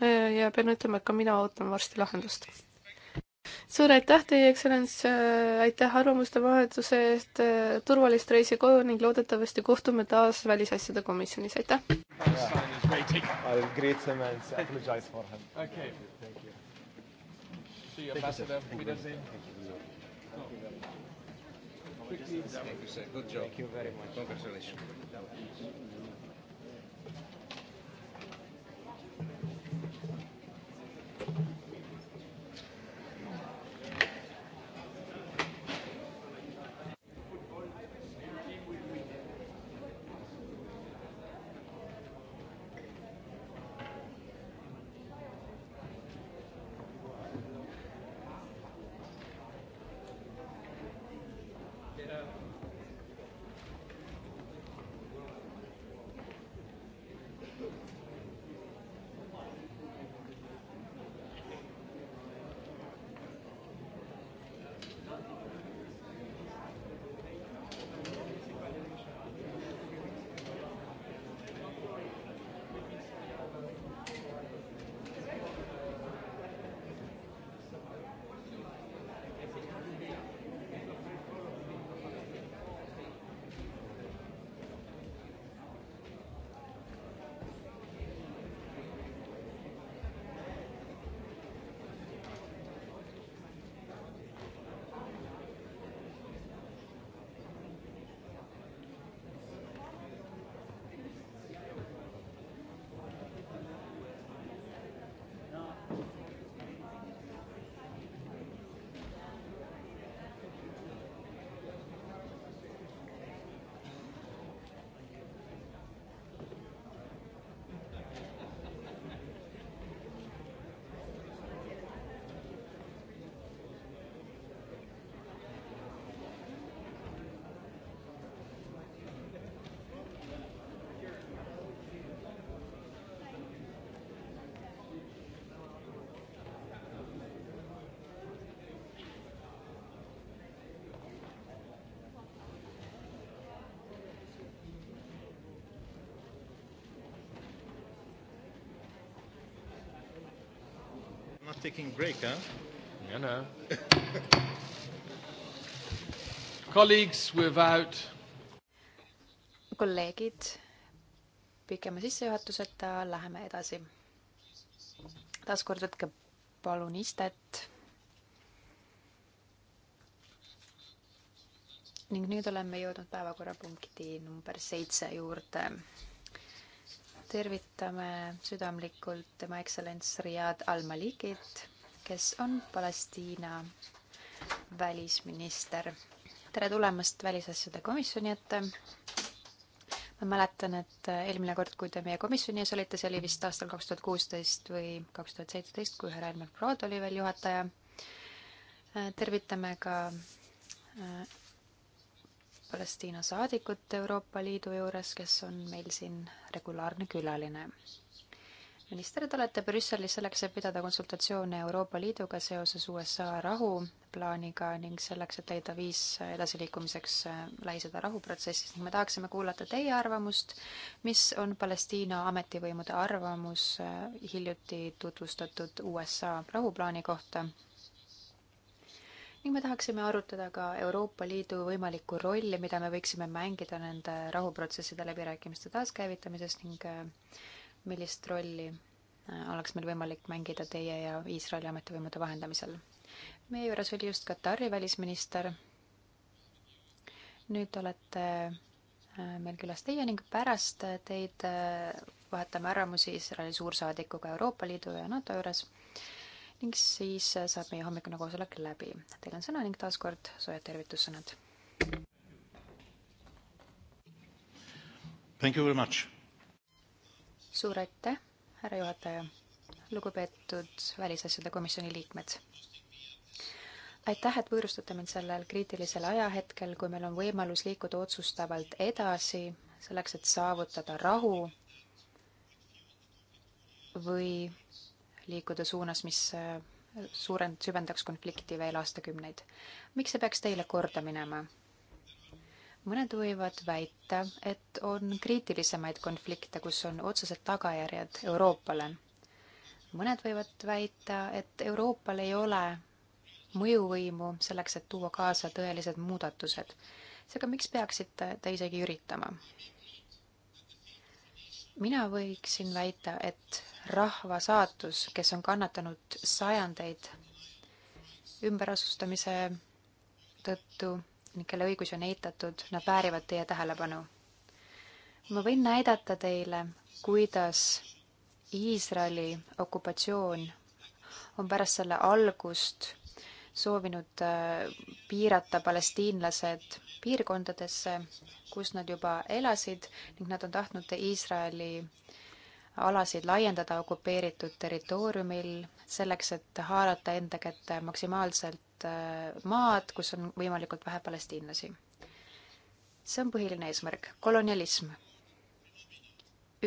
Äh, ja pean ütlema, et ka mina ootan varsti lahendust. suur aitäh, Teie Ekstsellents, äh, aitäh arvamuste vahetuse eest, äh, turvalist reisi koju ning loodetavasti kohtume taas Välisasjade komisjonis, aitäh! Thank you very much. Congratulations. taking break, huh? You know. Colleagues without. kolleegid, pikema sissejuhatuseta läheme edasi. taaskord võtke palun istet. ning nüüd oleme jõudnud päevakorrapunkti number seitse juurde tervitame südamlikult tema ekstsellents Riad Al-Malikit, kes on Palestiina välisminister. tere tulemast Välisasjade komisjoni ette. ma mäletan, et eelmine kord, kui te meie komisjoni ees olite, see oli vist aastal kaks tuhat kuusteist või kaks tuhat seitseteist, kui härra Elmar Prood oli veel juhataja. tervitame ka Palestiina saadikut Euroopa Liidu juures, kes on meil siin regulaarne külaline. minister, te olete Brüsselis selleks, et pidada konsultatsioone Euroopa Liiduga seoses USA rahuplaaniga ning selleks, et leida viis edasiliikumiseks äh, Lähis-Ida rahuprotsessis ning me tahaksime kuulata teie arvamust, mis on Palestiina ametivõimude arvamus äh, hiljuti tutvustatud USA rahuplaani kohta ning me tahaksime arutada ka Euroopa Liidu võimalikku rolli, mida me võiksime mängida nende rahuprotsesside läbirääkimiste taaskäivitamises ning äh, millist rolli äh, oleks meil võimalik mängida teie ja Iisraeli ametivõimude vahendamisel. meie juures oli just Katari välisminister. nüüd olete äh, meil külas teie ning pärast teid vahetame arvamusi Iisraeli suursaadikuga Euroopa Liidu ja NATO juures ning siis äh, saab meie hommikune koosolek läbi. Teil on sõna ning taaskord soojad tervitussõnad. Thank you very much. suur aitäh, härra juhataja, lugupeetud välisasjade komisjoni liikmed. aitäh, et võõrustate mind sellel kriitilisel ajahetkel, kui meil on võimalus liikuda otsustavalt edasi selleks, et saavutada rahu või liikuda suunas, mis äh, suurend-, süvendaks konflikti veel aastakümneid. miks see peaks teile korda minema? mõned võivad väita, et on kriitilisemaid konflikte, kus on otsesed tagajärjed Euroopale. mõned võivad väita, et Euroopal ei ole mõjuvõimu selleks, et tuua kaasa tõelised muudatused. seega miks peaksite te isegi üritama? mina võiksin väita, et rahva saatus, kes on kannatanud sajandeid ümberasustamise tõttu ning kelle õigusi on eitatud, nad väärivad teie tähelepanu. ma võin näidata teile, kuidas Iisraeli okupatsioon on pärast selle algust soovinud äh, piirata palestiinlased piirkondadesse, kus nad juba elasid ning nad on tahtnud Iisraeli alasid laiendada okupeeritud territooriumil selleks, et haarata enda kätte maksimaalselt äh, maad, kus on võimalikult vähe palestiinlasi. see on põhiline eesmärk, kolonialism.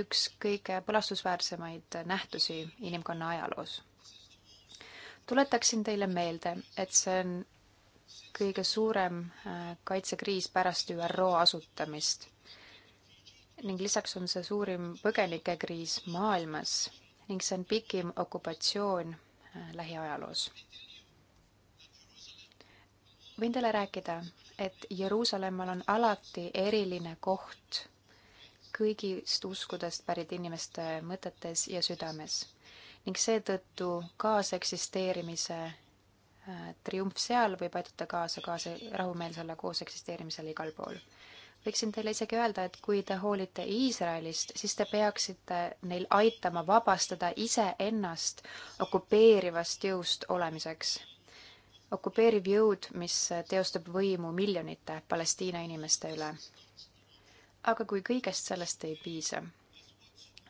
üks kõige põlastusväärsemaid nähtusi inimkonna ajaloos tuletaksin teile meelde, et see on kõige suurem äh, kaitsekriis pärast ÜRO asutamist ning lisaks on see suurim põgenikekriis maailmas ning see on pikim okupatsioon äh, lähiajaloos. võin teile rääkida, et Jeruusalemmal on alati eriline koht kõigist uskudest pärit inimeste mõtetes ja südames ning seetõttu kaaseksisteerimise äh, triumf seal võib aidata kaasa kaasa rahumeelsele kooseksisteerimisele igal pool. võiksin teile isegi öelda, et kui te hoolite Iisraelist, siis te peaksite neil aitama vabastada iseennast okupeerivast jõust olemiseks. okupeeriv jõud, mis teostab võimu miljonite Palestiina inimeste üle. aga kui kõigest sellest ei piisa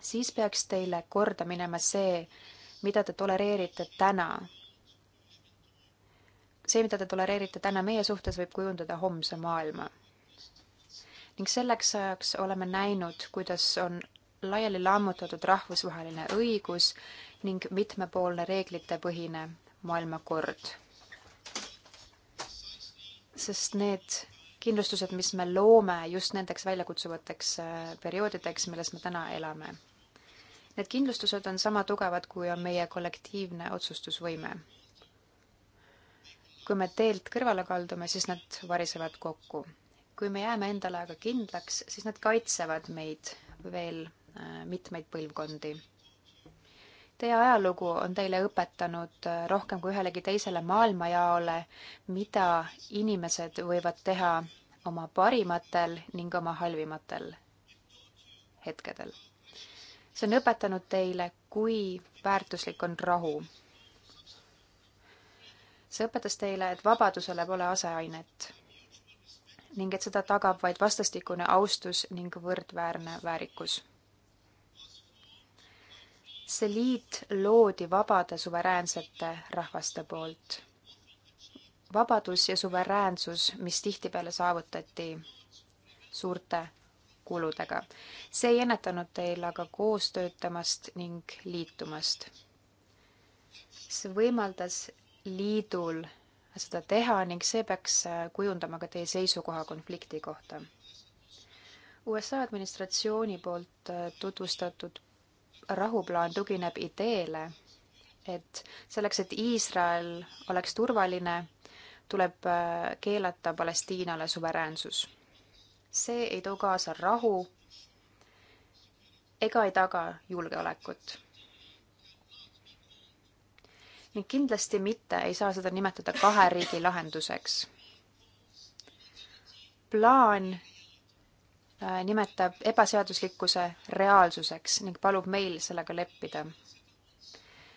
siis peaks teile korda minema see, mida te tolereerite täna. see, mida te tolereerite täna meie suhtes, võib kujundada homse maailma. ning selleks ajaks oleme näinud, kuidas on laiali lammutatud rahvusvaheline õigus ning mitmepoolne reeglitepõhine maailmakord. sest need kindlustused, mis me loome just nendeks väljakutsuvateks äh, perioodideks, milles me täna elame Need kindlustused on sama tugevad, kui on meie kollektiivne otsustusvõime. kui me teelt kõrvale kaldume, siis nad varisevad kokku. kui me jääme endale aga kindlaks, siis nad kaitsevad meid veel äh, mitmeid põlvkondi. Teie ajalugu on teile õpetanud äh, rohkem kui ühelegi teisele maailmajaole, mida inimesed võivad teha oma parimatel ning oma halvimatel hetkedel see on õpetanud teile, kui väärtuslik on rahu. see õpetas teile, et vabadusele pole aseainet ning et seda tagab vaid vastastikune austus ning võrdväärne väärikus. see liit loodi vabade suveräänsete rahvaste poolt. vabadus ja suveräänsus, mis tihtipeale saavutati suurte kuludega. see ei ennetanud teil aga koos töötamast ning liitumast. see võimaldas liidul seda teha ning see peaks kujundama ka teie seisukoha konflikti kohta. USA administratsiooni poolt tutvustatud rahuplaan tugineb ideele, et selleks, et Iisrael oleks turvaline, tuleb keelata Palestiinale suveräänsus see ei too kaasa rahu ega ei taga julgeolekut. ning kindlasti mitte ei saa seda nimetada kahe riigi lahenduseks. plaan äh, nimetab ebaseaduslikkuse reaalsuseks ning palub meil sellega leppida.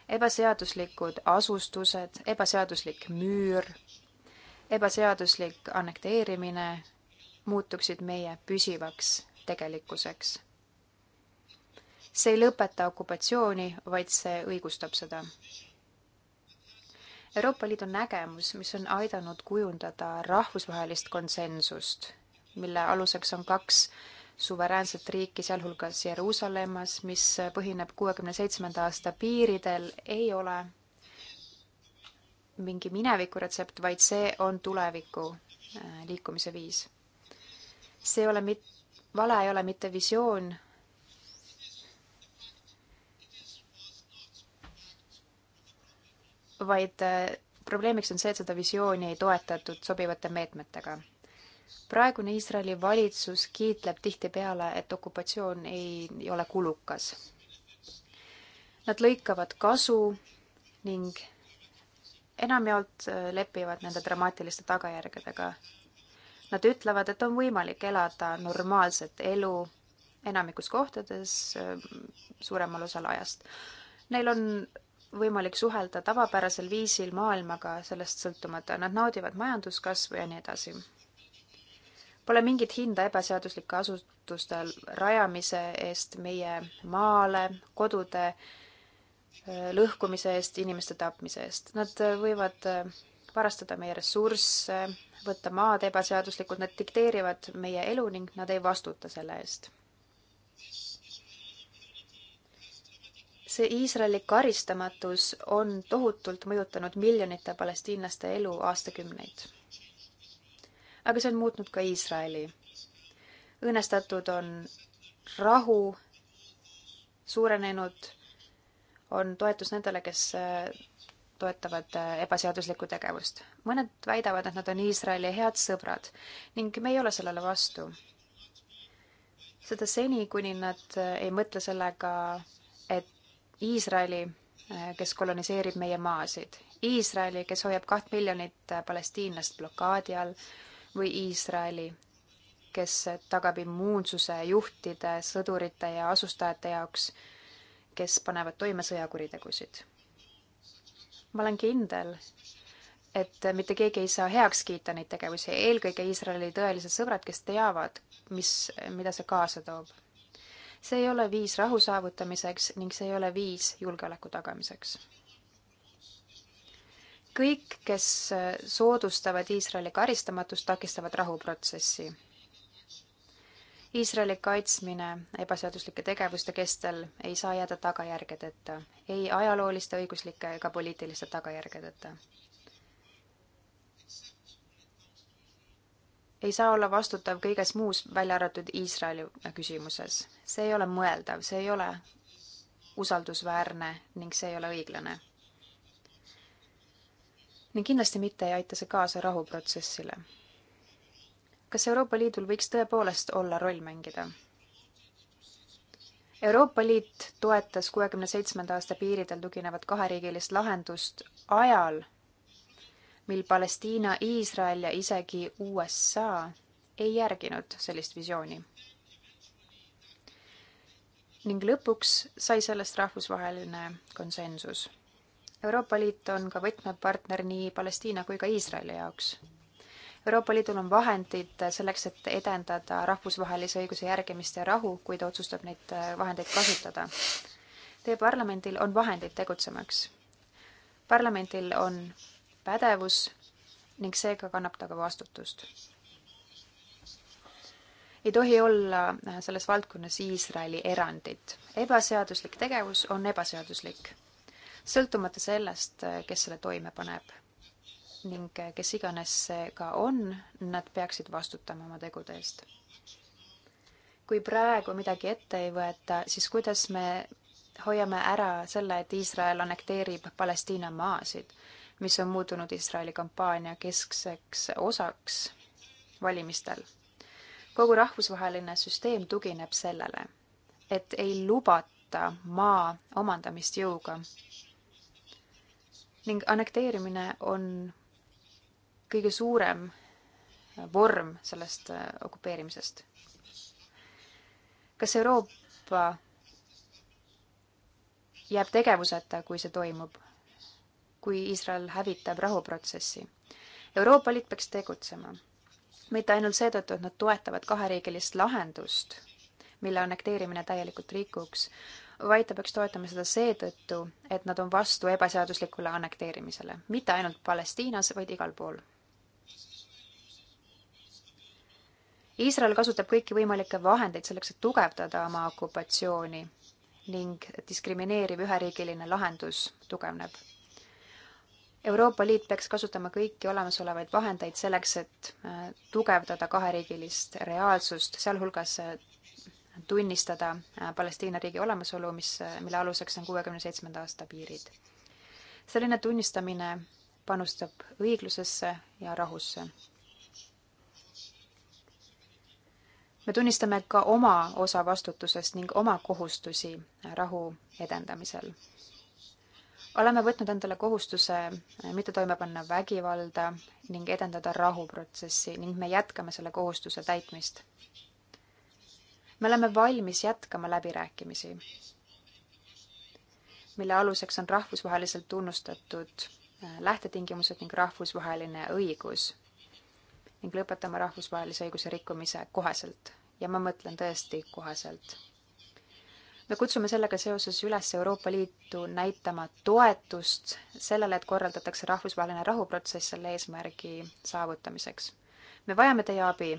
ebaseaduslikud asustused, ebaseaduslik müür, ebaseaduslik annekteerimine, muutuksid meie püsivaks tegelikkuseks. see ei lõpeta okupatsiooni, vaid see õigustab seda. Euroopa Liidu nägemus, mis on aidanud kujundada rahvusvahelist konsensust, mille aluseks on kaks suveräänset riiki, sealhulgas Jeruusalemmas, mis põhineb kuuekümne seitsmenda aasta piiridel, ei ole mingi mineviku retsept, vaid see on tuleviku äh, liikumise viis see ei ole mit-, vale ei ole mitte visioon. vaid äh, probleemiks on see, et seda visiooni ei toetatud sobivate meetmetega. praegune Iisraeli valitsus kiitleb tihtipeale, et okupatsioon ei, ei ole kulukas. Nad lõikavad kasu ning enamjaolt äh, lepivad nende dramaatiliste tagajärgedega Nad ütlevad, et on võimalik elada normaalset elu enamikus kohtades suuremal osal ajast. Neil on võimalik suhelda tavapärasel viisil maailmaga sellest sõltumata, nad naudivad majanduskasvu ja nii edasi. Pole mingit hinda ebaseaduslike asutuste rajamise eest meie maale, kodude eh, lõhkumise eest, inimeste tapmise eest. Nad võivad eh, varastada meie ressursse, võtta maad ebaseaduslikult, nad dikteerivad meie elu ning nad ei vastuta selle eest. see Iisraeli karistamatus on tohutult mõjutanud miljonite palestiinlaste elu aastakümneid. aga see on muutnud ka Iisraeli. õõnestatud on rahu, suurenenud on toetus nendele, kes toetavad äh, ebaseaduslikku tegevust. mõned väidavad, et nad on Iisraeli head sõbrad ning me ei ole sellele vastu. seda seni, kuni nad äh, ei mõtle sellega, et Iisraeli, äh, kes koloniseerib meie maasid, Iisraeli, kes hoiab kaht miljonit palestiinlast blokaadi all või Iisraeli, kes tagab immuunsuse juhtide, sõdurite ja asustajate jaoks, kes panevad toime sõjakuritegusid ma olen kindel, et mitte keegi ei saa heaks kiita neid tegevusi, eelkõige Iisraeli tõelised sõbrad, kes teavad, mis, mida see kaasa toob. see ei ole viis rahu saavutamiseks ning see ei ole viis julgeoleku tagamiseks. kõik, kes soodustavad Iisraeli karistamatust, takistavad rahuprotsessi Iisraeli kaitsmine ebaseaduslike tegevuste kestel ei saa jääda tagajärgedeta, ei ajalooliste, õiguslike ega poliitiliste tagajärgedeta. ei saa olla vastutav kõiges muus, välja arvatud Iisraeli küsimuses. see ei ole mõeldav, see ei ole usaldusväärne ning see ei ole õiglane. ning kindlasti mitte ei aita see kaasa rahuprotsessile kas Euroopa Liidul võiks tõepoolest olla roll mängida? Euroopa Liit toetas kuuekümne seitsmenda aasta piiridel tuginevat kaheriigilist lahendust ajal, mil Palestiina, Iisrael ja isegi USA ei järginud sellist visiooni. ning lõpuks sai sellest rahvusvaheline konsensus. Euroopa Liit on ka võtmepartner nii Palestiina kui ka Iisraeli jaoks Euroopa Liidul on vahendid selleks, et edendada rahvusvahelise õiguse järgimist ja rahu, kui ta otsustab neid äh, vahendeid kasutada. Teie parlamendil on vahendid tegutsemaks. parlamendil on pädevus ning seega kannab ta ka vastutust. ei tohi olla äh, selles valdkonnas Iisraeli erandit. ebaseaduslik tegevus on ebaseaduslik, sõltumata sellest, äh, kes selle toime paneb ning kes iganes see ka on, nad peaksid vastutama oma tegude eest. kui praegu midagi ette ei võeta, siis kuidas me hoiame ära selle, et Iisrael annekteerib Palestiina maasid, mis on muutunud Iisraeli kampaania keskseks osaks valimistel. kogu rahvusvaheline süsteem tugineb sellele, et ei lubata maa omandamist jõuga ning annekteerimine on kõige suurem vorm sellest äh, okupeerimisest. kas Euroopa jääb tegevuseta, kui see toimub, kui Iisrael hävitab rahuprotsessi? Euroopa Liit peaks tegutsema. mitte ainult seetõttu, et nad toetavad kaheriigilist lahendust, mille annekteerimine täielikult rikuks, vaid ta peaks toetama seda seetõttu, et nad on vastu ebaseaduslikule annekteerimisele, mitte ainult Palestiinas, vaid igal pool Iisrael kasutab kõiki võimalikke vahendeid selleks, et tugevdada oma okupatsiooni ning diskrimineeriv üheriigiline lahendus tugevneb. Euroopa Liit peaks kasutama kõiki olemasolevaid vahendeid selleks, et äh, tugevdada kaheriigilist reaalsust, sealhulgas äh, tunnistada äh, Palestiina riigi olemasolu, mis, mille aluseks on kuuekümne seitsmenda aasta piirid. selline tunnistamine panustab õiglusesse ja rahusse. me tunnistame ka oma osa vastutusest ning oma kohustusi rahu edendamisel. oleme võtnud endale kohustuse mitte toime panna vägivalda ning edendada rahuprotsessi ning me jätkame selle kohustuse täitmist. me oleme valmis jätkama läbirääkimisi, mille aluseks on rahvusvaheliselt tunnustatud lähtetingimused ning rahvusvaheline õigus ning lõpetama rahvusvahelise õiguse rikkumise koheselt ja ma mõtlen tõesti koheselt. me kutsume sellega seoses üles Euroopa Liitu näitama toetust sellele, et korraldatakse rahvusvaheline rahuprotsess selle eesmärgi saavutamiseks. me vajame teie abi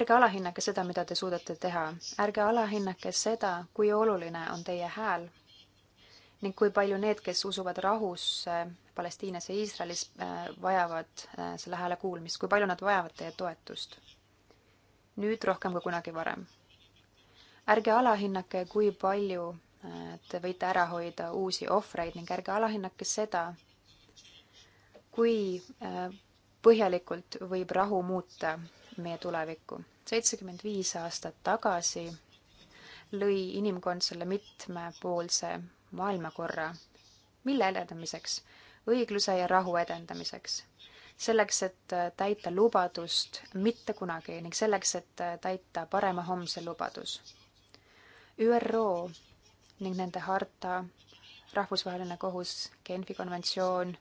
ärge alahinnake seda, mida te suudate teha, ärge alahinnake seda, kui oluline on teie hääl ning kui palju need, kes usuvad rahusse, Palestiinas ja Iisraelis äh, vajavad äh, selle hääle kuulmist, kui palju nad vajavad teie toetust? nüüd rohkem kui kunagi varem. ärge alahinnake, kui palju äh, te võite ära hoida uusi ohvreid ning ärge alahinnake seda, kui põhjalikult võib rahu muuta meie tulevikku. seitsekümmend viis aastat tagasi lõi inimkond selle mitmepoolse maailmakorra, mille edendamiseks õigluse ja rahu edendamiseks. selleks, et äh, täita lubadust mitte kunagi ning selleks, et äh, täita parema homse lubadus. ÜRO ning nende harta, Rahvusvaheline Kohus, Genfi konventsioon,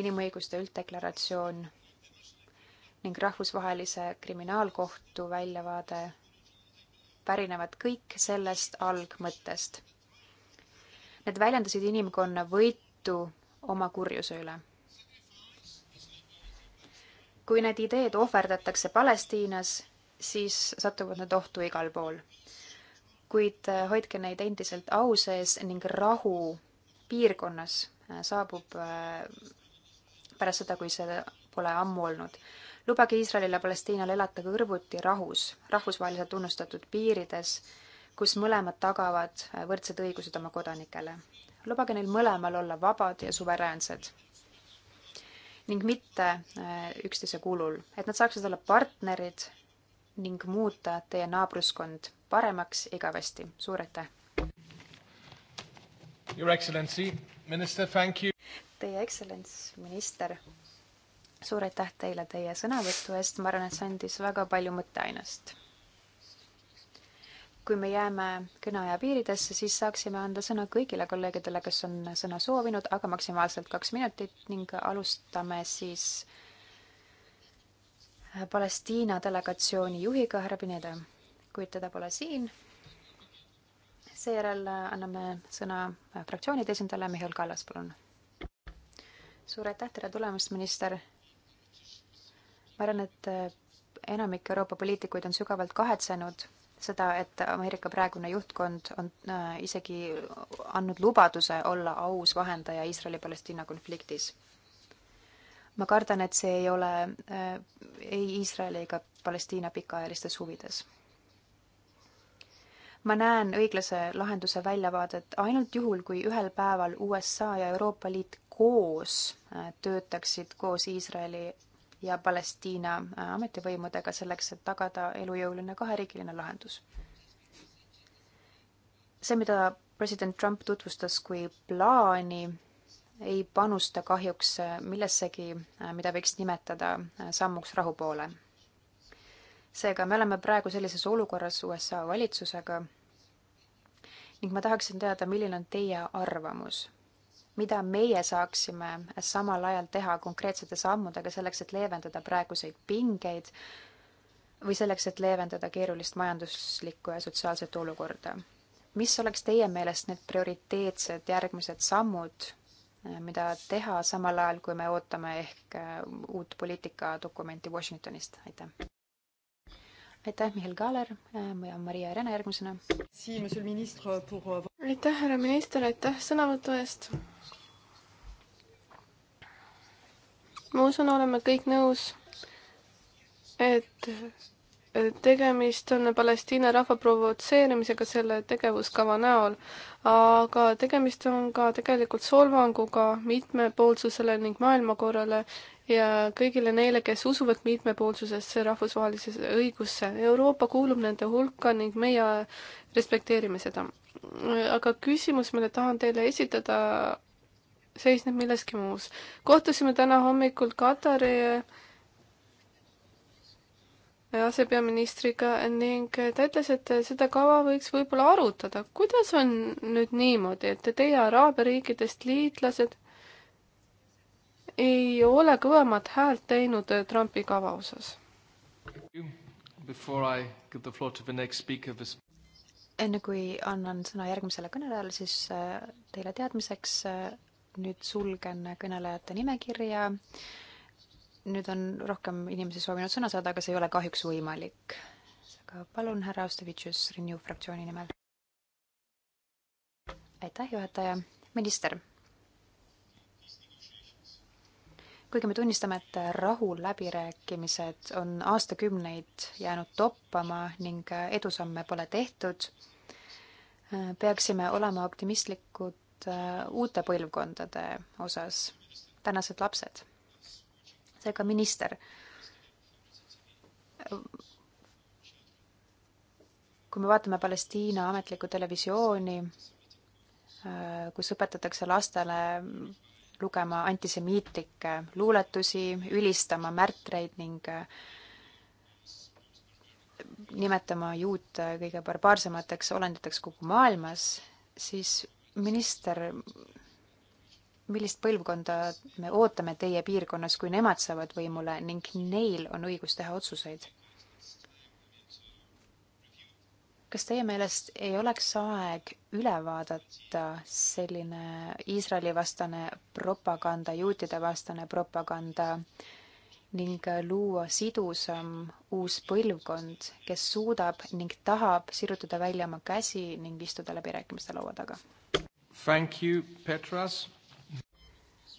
inimõiguste ülddeklaratsioon ning Rahvusvahelise Kriminaalkohtu väljavaade pärinevad kõik sellest algmõttest. Need väljendasid inimkonna võitu oma kurjuse üle. kui need ideed ohverdatakse Palestiinas, siis satuvad nad ohtu igal pool. kuid äh, hoidke neid endiselt au sees ning rahu piirkonnas äh, saabub äh, pärast seda, kui see pole ammu olnud. lubage Iisraelil ja Palestiinal elata kõrvuti rahus, rahvusvaheliselt tunnustatud piirides, kus mõlemad tagavad võrdsed õigused oma kodanikele lubage neil mõlemal olla vabad ja suveräänsed ning mitte äh, üksteise kulul, et nad saaksid olla partnerid ning muuta teie naabruskond paremaks igavesti. suur aitäh! Your Excellency, minister, thank you! Teie Excellents, minister, suur aitäh teile teie sõnavõtu eest, ma arvan, et see andis väga palju mõtteainest kui me jääme kõneaja piiridesse, siis saaksime anda sõna kõigile kolleegidele, kes on sõna soovinud, aga maksimaalselt kaks minutit ning alustame siis Palestiina delegatsiooni juhiga, härra Pineda. kuid teda pole siin. seejärel anname sõna fraktsioonide esindajale Mihhail Kallas, palun. suur aitäh, tere tulemast, minister. ma arvan, et enamik Euroopa poliitikuid on sügavalt kahetsenud seda, et Ameerika praegune juhtkond on äh, isegi andnud lubaduse olla aus vahendaja Iisraeli-Palestiina konfliktis. ma kardan, et see ei ole äh, ei Iisraeli ega Palestiina pikaajalistes huvides. ma näen õiglase lahenduse väljavaadet ainult juhul, kui ühel päeval USA ja Euroopa Liit koos äh, töötaksid koos Iisraeli ja Palestiina äh, ametivõimudega selleks, et tagada elujõuline kaheriigiline lahendus. see, mida president Trump tutvustas kui plaani, ei panusta kahjuks äh, millessegi, äh, mida võiks nimetada sammuks rahu poole. seega me oleme praegu sellises olukorras USA valitsusega ning ma tahaksin teada, milline on teie arvamus mida meie saaksime samal ajal teha konkreetsete sammudega selleks, et leevendada praeguseid pingeid või selleks, et leevendada keerulist majanduslikku ja sotsiaalset olukorda. mis oleks teie meelest need prioriteetsed järgmised sammud, eh, mida teha samal ajal, kui me ootame ehk eh, uut poliitikadokumenti Washingtonist, aitäh! aitäh, Mihhail Kaaler eh, ja Maria Rene järgmisena. Euh, aitäh, härra minister, aitäh sõnavõtu eest ma usun, oleme kõik nõus, et tegemist on Palestiina rahva provotseerimisega selle tegevuskava näol, aga tegemist on ka tegelikult solvanguga mitmepoolsusele ning maailmakorrale ja kõigile neile, kes usuvad mitmepoolsusesse, rahvusvahelisesse õigusse. Euroopa kuulub nende hulka ning meie respekteerime seda. aga küsimus, mille tahan teile esitada, seisneb milleski muus. kohtusime täna hommikul Katari eh, asepeaministriga ning ta ütles, et seda kava võiks võib-olla arutada. kuidas on nüüd niimoodi, et teie Araabia riikidest liitlased ei ole kõvemat häält teinud eh, Trumpi kava osas? enne kui annan sõna järgmisele kõnelejale, siis eh, teile teadmiseks nüüd sulgen kõnelejate nimekirja. nüüd on rohkem inimesi soovinud sõna saada, aga see ei ole kahjuks võimalik. aga palun, härra Ostevitšus Renew fraktsiooni nimel. aitäh, juhataja. minister. kuigi me tunnistame, et rahuläbirääkimised on aastakümneid jäänud toppama ning edusamme pole tehtud, peaksime olema optimistlikud just äh, uute põlvkondade osas, tänased lapsed. seega minister, kui me vaatame Palestiina ametlikku televisiooni, äh, kus õpetatakse lastele lugema antisemiitlikke luuletusi, ülistama märtreid ning äh, nimetama juut kõige barbaarsemateks olenditeks kogu maailmas, siis minister, millist põlvkonda me ootame teie piirkonnas, kui nemad saavad võimule ning neil on õigus teha otsuseid? kas teie meelest ei oleks aeg üle vaadata selline Iisraeli vastane propaganda, juutide vastane propaganda äh, ning luua sidusam uus põlvkond, kes suudab ning tahab sirutada välja oma käsi ning istuda läbirääkimiste laua taga. Thank you, Petras.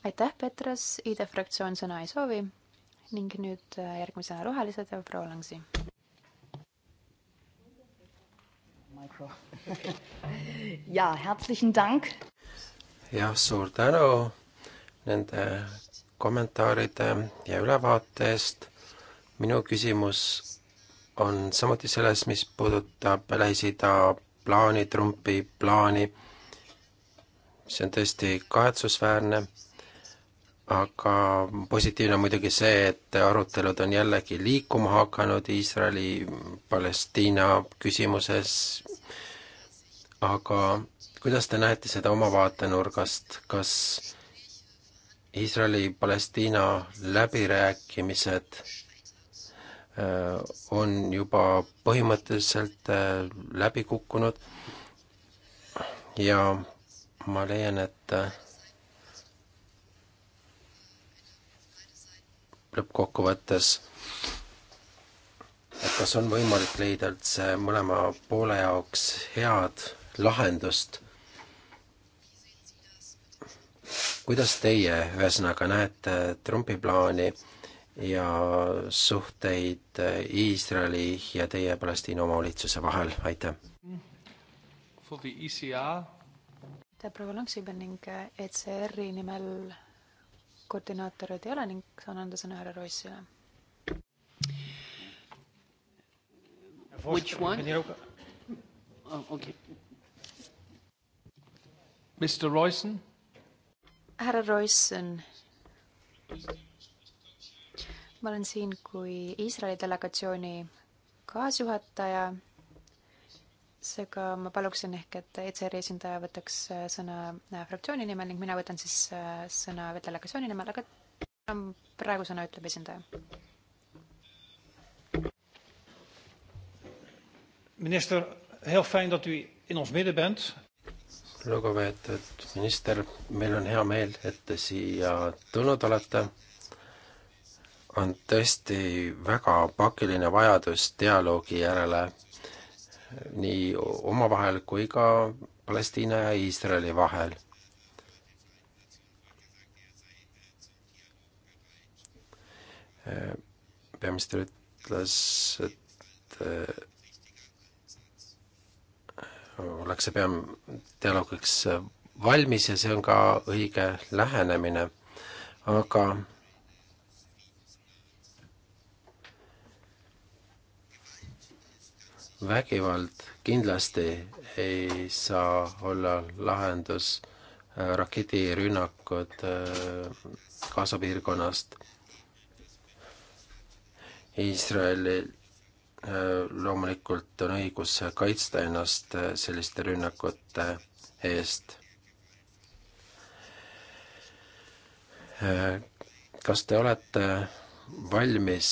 aitäh, Petras, IDE fraktsioon sõna ei soovi ning nüüd äh, järgmisena rohelised ja äh, proua Langsi. ja, herzlichen Dank. jah, suur tänu nende kommentaaride ja ülevaate eest. minu küsimus on samuti selles, mis puudutab Lähis-Ida plaani, Trumpi plaani. see on tõesti kahetsusväärne, aga positiivne on muidugi see, et arutelud on jällegi liikuma hakanud Iisraeli-Palestiina küsimuses. aga kuidas te näete seda oma vaatenurgast, kas Iisraeli-Palestiina läbirääkimised äh, on juba põhimõtteliselt äh, läbi kukkunud ja ma leian, et äh, lõppkokkuvõttes, et kas on võimalik leida üldse mõlema poole jaoks head lahendust kuidas teie ühesõnaga näete Trumpi plaani ja suhteid Iisraeli ja teie Palestiina omavalitsuse vahel, aitäh! E aitäh, proua Laksipel ning äh, ECR-i nimel koordinaatoreid ei ole ning saan anda sõna härra Rossile. Which one? Oh, okay. Mr Royson härra Roisson. ma olen siin kui Iisraeli delegatsiooni kaasjuhataja. seega ma paluksin ehk, et ECR-i esindaja võtaks äh, sõna äh, fraktsiooni nimel ning mina võtan siis äh, sõna delegatsiooni nimel, aga praegu sõna ütleb esindaja. minister, heel fijn dat u in ons midden bent lugupeetud minister, meil on hea meel, et te siia tulnud olete. on tõesti väga pakiline vajadus dialoogi järele nii omavahel kui ka Palestiina ja Iisraeli vahel. peaminister ütles, et ollakse peam-, dialoogiks valmis ja see on ka õige lähenemine, aga vägivald kindlasti ei saa olla lahendus äh, raketirünnakud Gaza äh, piirkonnast Iisraeli Äh, loomulikult on õigus kaitsta ennast äh, selliste rünnakute äh, eest. kas te olete valmis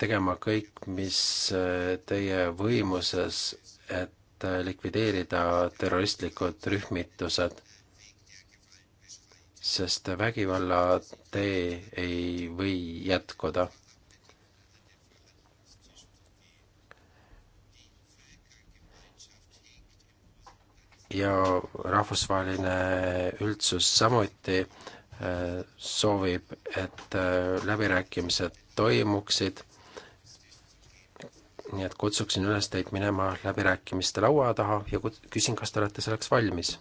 tegema kõik, mis teie võimuses, et likvideerida terroristlikud rühmitused? sest vägivalla tee ei või jätkuda ja rahvusvaheline üldsus samuti äh, soovib, et äh, läbirääkimised toimuksid, nii et kutsuksin üles teid minema läbirääkimiste laua taha ja küsin, kas te olete selleks valmis?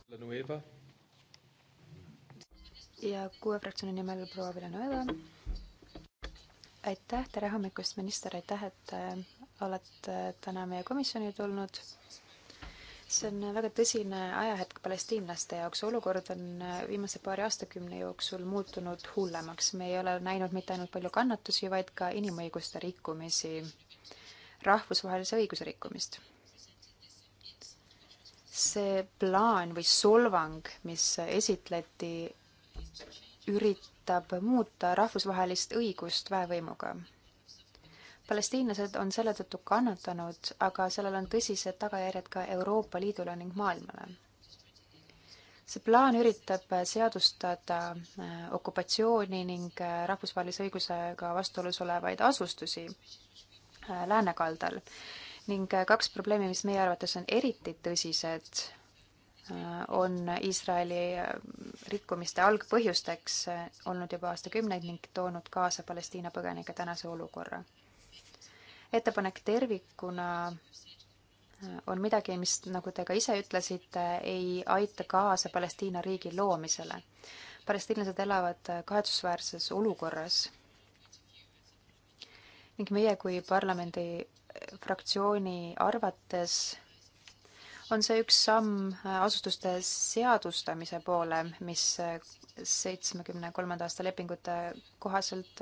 ja kuue fraktsiooni nimel proua Villanueva. aitäh, tere hommikust, minister, aitäh, et äh, olete täna meie komisjoni tulnud see on väga tõsine ajahetk palestiinlaste jaoks. olukord on äh, viimase paari aastakümne jooksul muutunud hullemaks. me ei ole näinud mitte ainult palju kannatusi, vaid ka inimõiguste rikkumisi, rahvusvahelise õiguse rikkumist. see plaan või solvang, mis esitleti, üritab muuta rahvusvahelist õigust väevõimuga palestiinlased on selle tõttu kannatanud, aga sellel on tõsised tagajärjed ka Euroopa Liidule ning maailmale. see plaan üritab seadustada äh, okupatsiooni ning äh, rahvusvahelise õigusega vastuolus olevaid asustusi äh, läänekaldal ning kaks probleemi, mis meie arvates on eriti tõsised, on Iisraeli rikkumiste algpõhjusteks olnud juba aastakümneid ning toonud kaasa Palestiina põgenike tänase olukorra ettepanek tervikuna äh, on midagi, mis, nagu te ka ise ütlesite, ei aita kaasa Palestiina riigi loomisele. palestiinlased elavad äh, kahetsusväärses olukorras ning meie kui parlamendi äh, fraktsiooni arvates on see üks samm asutuste seadustamise poole, mis seitsmekümne kolmanda aasta lepingute kohaselt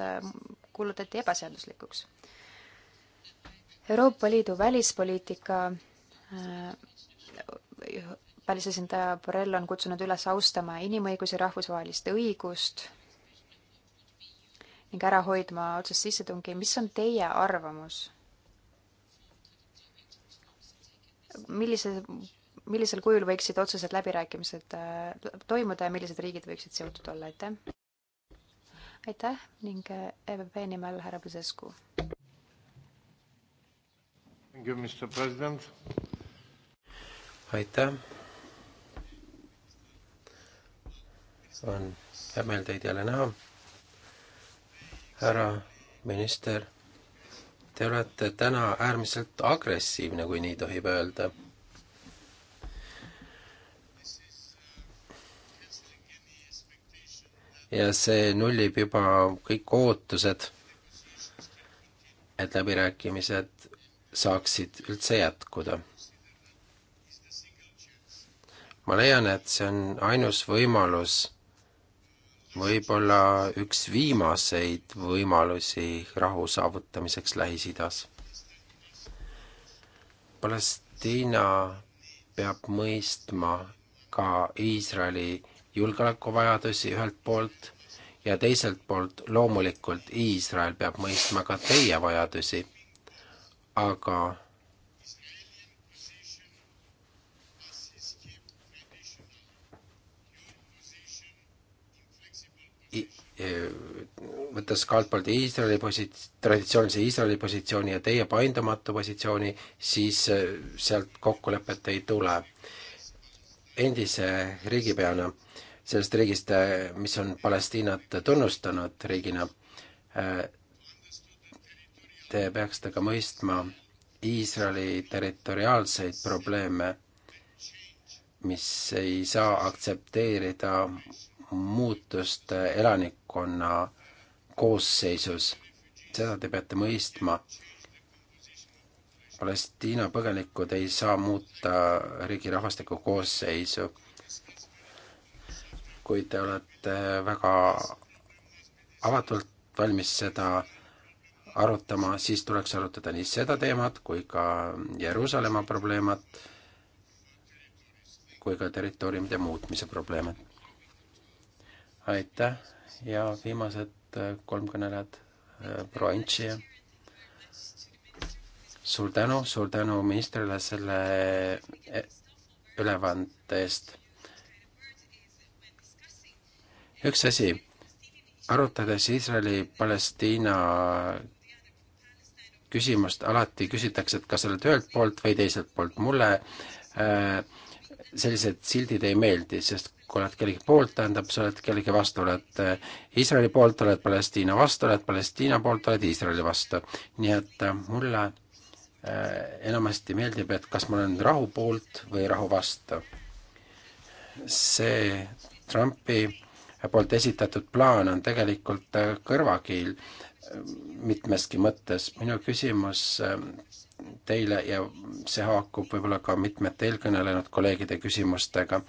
kuulutati ebaseaduslikuks Euroopa Liidu välispoliitika äh, välisesindaja Borrell on kutsunud üles austama inimõigusi, rahvusvahelist õigust ning ära hoidma otsest sissetungi. mis on teie arvamus? millise, millisel kujul võiksid otsesed läbirääkimised äh, toimuda ja millised riigid võiksid seotud olla, aitäh! aitäh ning äh, EVP nimel härra Põsescu aitäh. on hea meel teid jälle näha. härra minister, te olete täna äärmiselt agressiivne, kui nii tohib öelda. ja see nullib juba kõik ootused, et läbirääkimised saaksid üldse jätkuda. ma leian, et see on ainus võimalus, võib-olla üks viimaseid võimalusi rahu saavutamiseks Lähis-Idas. Palestiina peab mõistma ka Iisraeli julgeolekuvajadusi ühelt poolt ja teiselt poolt loomulikult Iisrael peab mõistma ka teie vajadusi aga e, võttes ka altpoolt Iisraeli posit-, traditsioonilise Iisraeli positsiooni ja teie paindumatu positsiooni, siis e, sealt kokkulepet ei tule. endise riigipeana sellest riigist, e, mis on Palestiinat tunnustanud riigina, te peaksite ka mõistma Iisraeli territoriaalseid probleeme, mis ei saa aktsepteerida muutust elanikkonna koosseisus. seda te peate mõistma. Palestiina põgenikud ei saa muuta riigi rahvastiku koosseisu. kui te olete väga avatult valmis seda arutama, siis tuleks arutada nii seda teemat kui ka Jeruusalemma probleemat kui ka territooriumide muutmise probleeme. aitäh ja viimased äh, kolm kõnelejat, äh, proua Intši. suur tänu, suur tänu ministrile selle e, ülevaate eest. üks asi, arutades Iisraeli-Palestiina küsimust alati küsitakse, et kas sa oled ühelt poolt või teiselt poolt. mulle äh, sellised sildid ei meeldi, sest kui oled kellegi poolt, tähendab, sa oled kellegi vastu, oled äh, Iisraeli poolt, oled Palestiina vastu, oled Palestiina poolt, oled Iisraeli vastu. nii et äh, mulle äh, enamasti meeldib, et kas ma olen rahu poolt või rahu vastu. see Trumpi poolt esitatud plaan on tegelikult kõrvakiil mitmeski mõttes. minu küsimus ähm, teile ja see haakub võib-olla ka mitmete eelkõnelenud kolleegide küsimustega.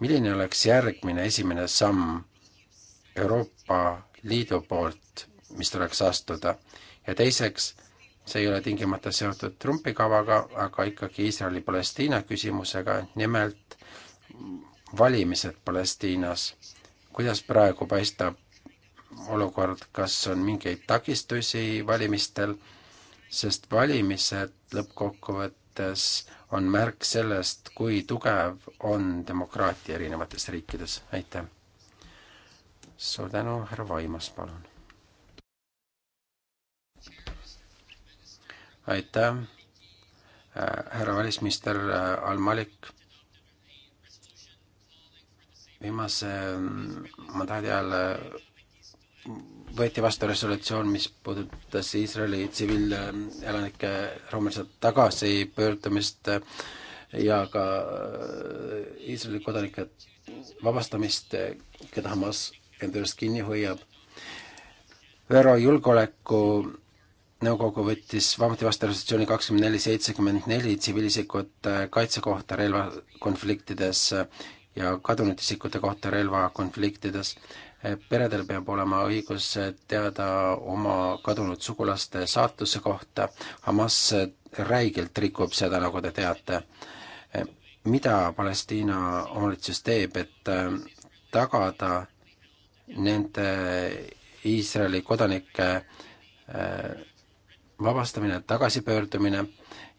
milline oleks järgmine esimene samm Euroopa Liidu poolt, mis tuleks astuda? ja teiseks, see ei ole tingimata seotud Trumpi kavaga, aga ikkagi Iisraeli-Palestiina küsimusega, nimelt valimised Palestiinas. kuidas praegu paistab olukord, kas on mingeid takistusi valimistel, sest valimised lõppkokkuvõttes on märk sellest, kui tugev on demokraatia erinevates riikides, aitäh. suur tänu, härra Vaimas, palun. aitäh, äh, härra välisminister äh, Al-Malik viimase mm, mandaadi ajal äh, võeti vastu resolutsioon, mis puudutas Iisraeli tsiviilelanike rahumeelset tagasipöördumist äh, ja ka äh, Iisraeli kodanike vabastamist, äh, keda Hamas enda juures kinni hoiab. ÜRO Julgeolekunõukogu võttis samuti vastu resolutsiooni kakskümmend neli seitsekümmend neli tsiviilisikute kaitse kohta relvakonfliktides ja kadunud isikute kohta relvakonfliktides peredel peab olema õigus teada oma kadunud sugulaste saatuse kohta. Hamas räigelt rikub seda, nagu te teate. mida Palestiina omavalitsus teeb, et äh, tagada nende Iisraeli kodanike äh, vabastamine, tagasipöördumine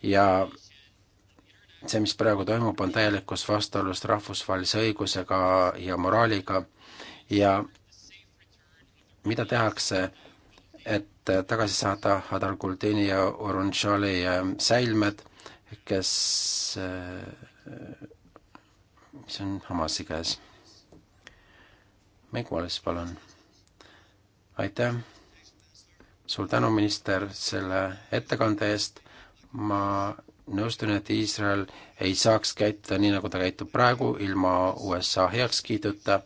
ja see, mis praegu toimub, on täielikus vastuolus rahvusvahelise õigusega ja moraaliga ja mida tehakse, et tagasi saada Hadar Kuldini ja Orun Shali ähm, säilmed, kes, äh, mis on Hamasi käes. Meg Wallis, palun. aitäh. suur tänu, minister, selle ettekande eest. ma nõustun, et Iisrael ei saaks käituda nii, nagu ta käitub praegu, ilma USA heakskiiduta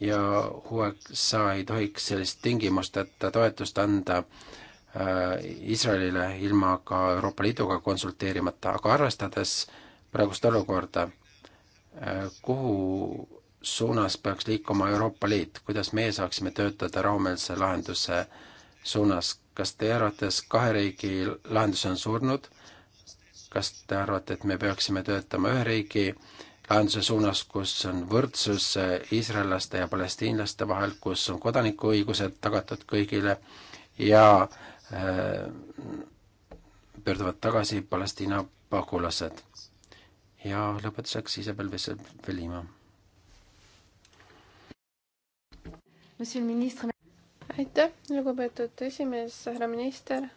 ja USA ei tohiks sellist tingimusteta toetust anda äh, Iisraelile ilma ka Euroopa Liiduga konsulteerimata, aga arvestades praegust olukorda, äh, kuhu suunas peaks liikuma Euroopa Liit, kuidas meie saaksime töötada rahumeelse lahenduse suunas, kas teie arvates kahe riigi lahendus on surnud, kas te arvate, et me peaksime töötama ühe riigi majanduse suunas, kus on võrdsus iisraellaste ja palestiinlaste vahel, kus on kodanikuõigused tagatud kõigile ja äh, pöörduvad tagasi Palestiina pagulased. ja lõpetuseks Isabel Vessel-Velima. aitäh, lugupeetud esimees, härra minister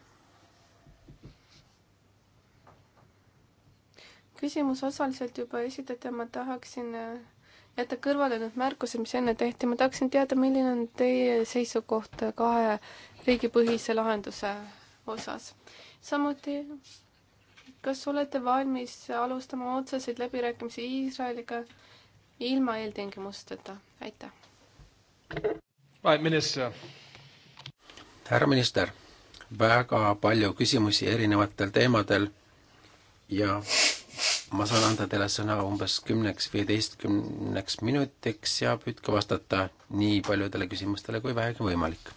küsimus osaliselt juba esitati ja ma tahaksin äh, jätta kõrvale need märkused, mis enne tehti, ma tahaksin teada, milline on teie seisukoht kahe riigipõhise lahenduse osas. samuti, kas olete valmis alustama otseseid läbirääkimisi Iisraeliga ilma eeltingimusteta? aitäh. minister. härra minister, väga palju küsimusi erinevatel teemadel ja ma saan anda teile sõna umbes kümneks, viieteistkümneks minutiks ja püüdke vastata nii paljudele küsimustele kui vähegi võimalik.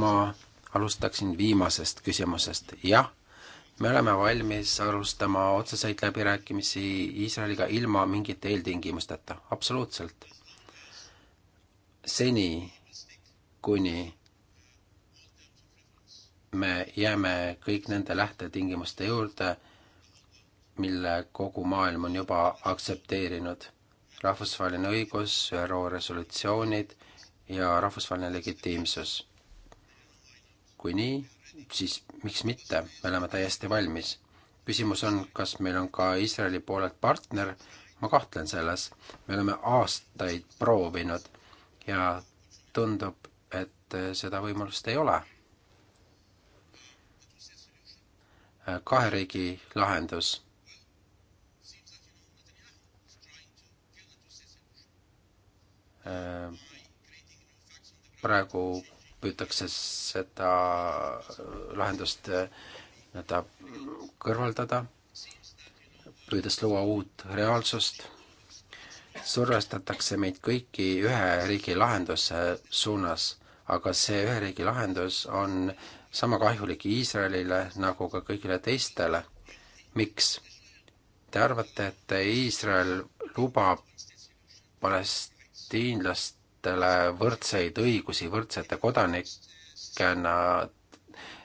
ma alustaksin viimasest küsimusest, jah, me oleme valmis alustama otseseid läbirääkimisi Iisraeliga ilma mingite eeltingimusteta, absoluutselt seni, kuni me jääme kõik nende lähtetingimuste juurde, mille kogu maailm on juba aktsepteerinud. rahvusvaheline õigus, ÜRO resolutsioonid ja rahvusvaheline legitiimsus. kui nii, siis miks mitte, me oleme täiesti valmis. küsimus on, kas meil on ka Iisraeli poolelt partner, ma kahtlen selles, me oleme aastaid proovinud ja tundub, et äh, seda võimalust ei ole. Äh, kahe riigi lahendus. Äh, praegu püütakse seda lahendust nii-öelda kõrvaldada, püüdes luua uut reaalsust survestatakse meid kõiki ühe riigi lahenduse suunas, aga see ühe riigi lahendus on sama kahjulik Iisraelile nagu ka kõigile teistele. miks? Te arvate, et Iisrael lubab palestiinlastele võrdseid õigusi võrdsete kodanikena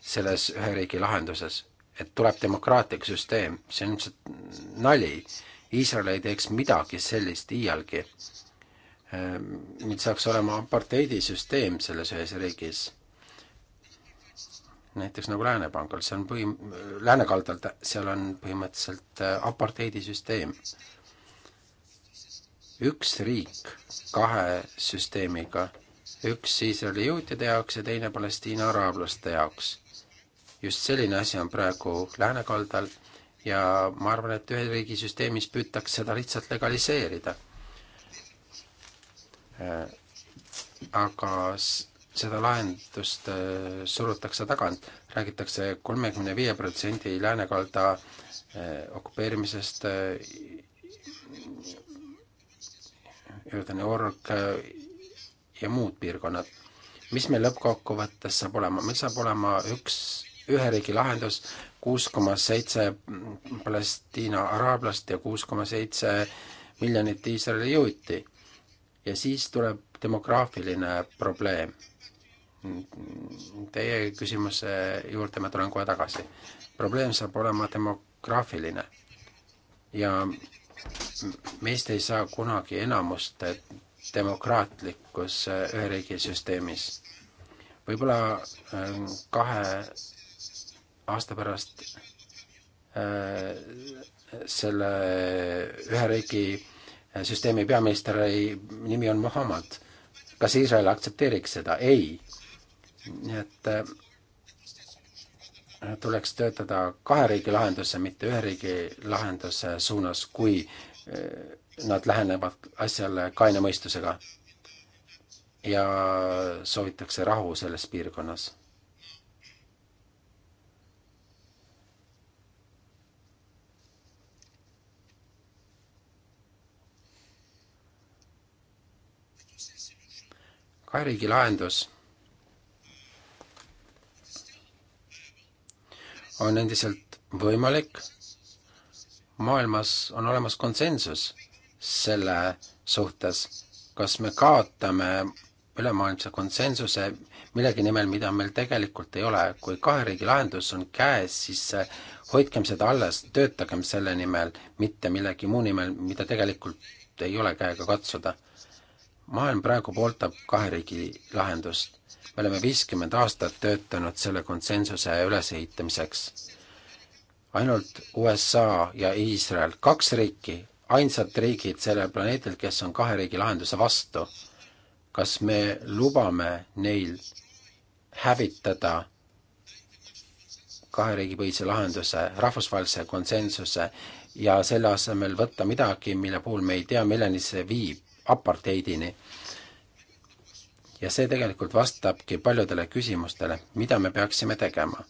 selles ühe riigi lahenduses, et tuleb demokraatlik süsteem, see on ilmselt nali Iisrael ei teeks midagi sellist iialgi. Ehm, nüüd saaks olema aparteidisüsteem selles ühes riigis. näiteks nagu Läänepangal, see on põhim-, läänekaldal, seal on põhimõtteliselt äh, aparteidisüsteem. üks riik kahe süsteemiga, üks Iisraeli juutide jaoks ja teine Palestiina araablaste jaoks. just selline asi on praegu läänekaldal ja ma arvan, et ühe riigi süsteemis püütakse seda lihtsalt legaliseerida. Äh, aga seda lahendust äh, surutakse tagant, räägitakse kolmekümne viie protsendi läänekalda äh, okupeerimisest, Jordani org ja muud piirkonnad. mis meil lõppkokkuvõttes saab olema, meil saab olema üks ühe riigi lahendus, kuus koma seitse Palestiina araablast ja kuus koma seitse miljonit Iisraeli juuti. ja siis tuleb demograafiline probleem. Teie küsimuse juurde ma tulen kohe tagasi. probleem saab olema demograafiline ja meist ei saa kunagi enamust demokraatlikus ühe riigi süsteemis. võib-olla äh, kahe aasta pärast äh, selle ühe riigi äh, süsteemi peaminister ei, nimi on Muhamed. kas Iisrael aktsepteeriks seda? ei. nii et äh, tuleks töötada kahe riigi lahenduse, mitte ühe riigi lahenduse suunas, kui nad lähenevad asjale kaine mõistusega. ja soovitakse rahu selles piirkonnas kahe riigi lahendus on endiselt võimalik. maailmas on olemas konsensus selle suhtes, kas me kaotame ülemaailmse konsensuse millegi nimel, mida meil tegelikult ei ole. kui kahe riigi lahendus on käes, siis hoidkem seda alles, töötagem selle nimel, mitte millegi muu nimel, mida tegelikult ei ole käega katsuda maailm praegu pooldab kahe riigi lahendust. me oleme viiskümmend aastat töötanud selle konsensuse ülesehitamiseks. ainult USA ja Iisrael, kaks riiki, ainsad riigid sellel planeedil, kes on kahe riigi lahenduse vastu. kas me lubame neil hävitada kahe riigi põhise lahenduse, rahvusvahelise konsensuse ja selle asemel võtta midagi, mille puhul me ei tea, milleni see viib apartheidini. ja see tegelikult vastabki paljudele küsimustele, mida me peaksime tegema.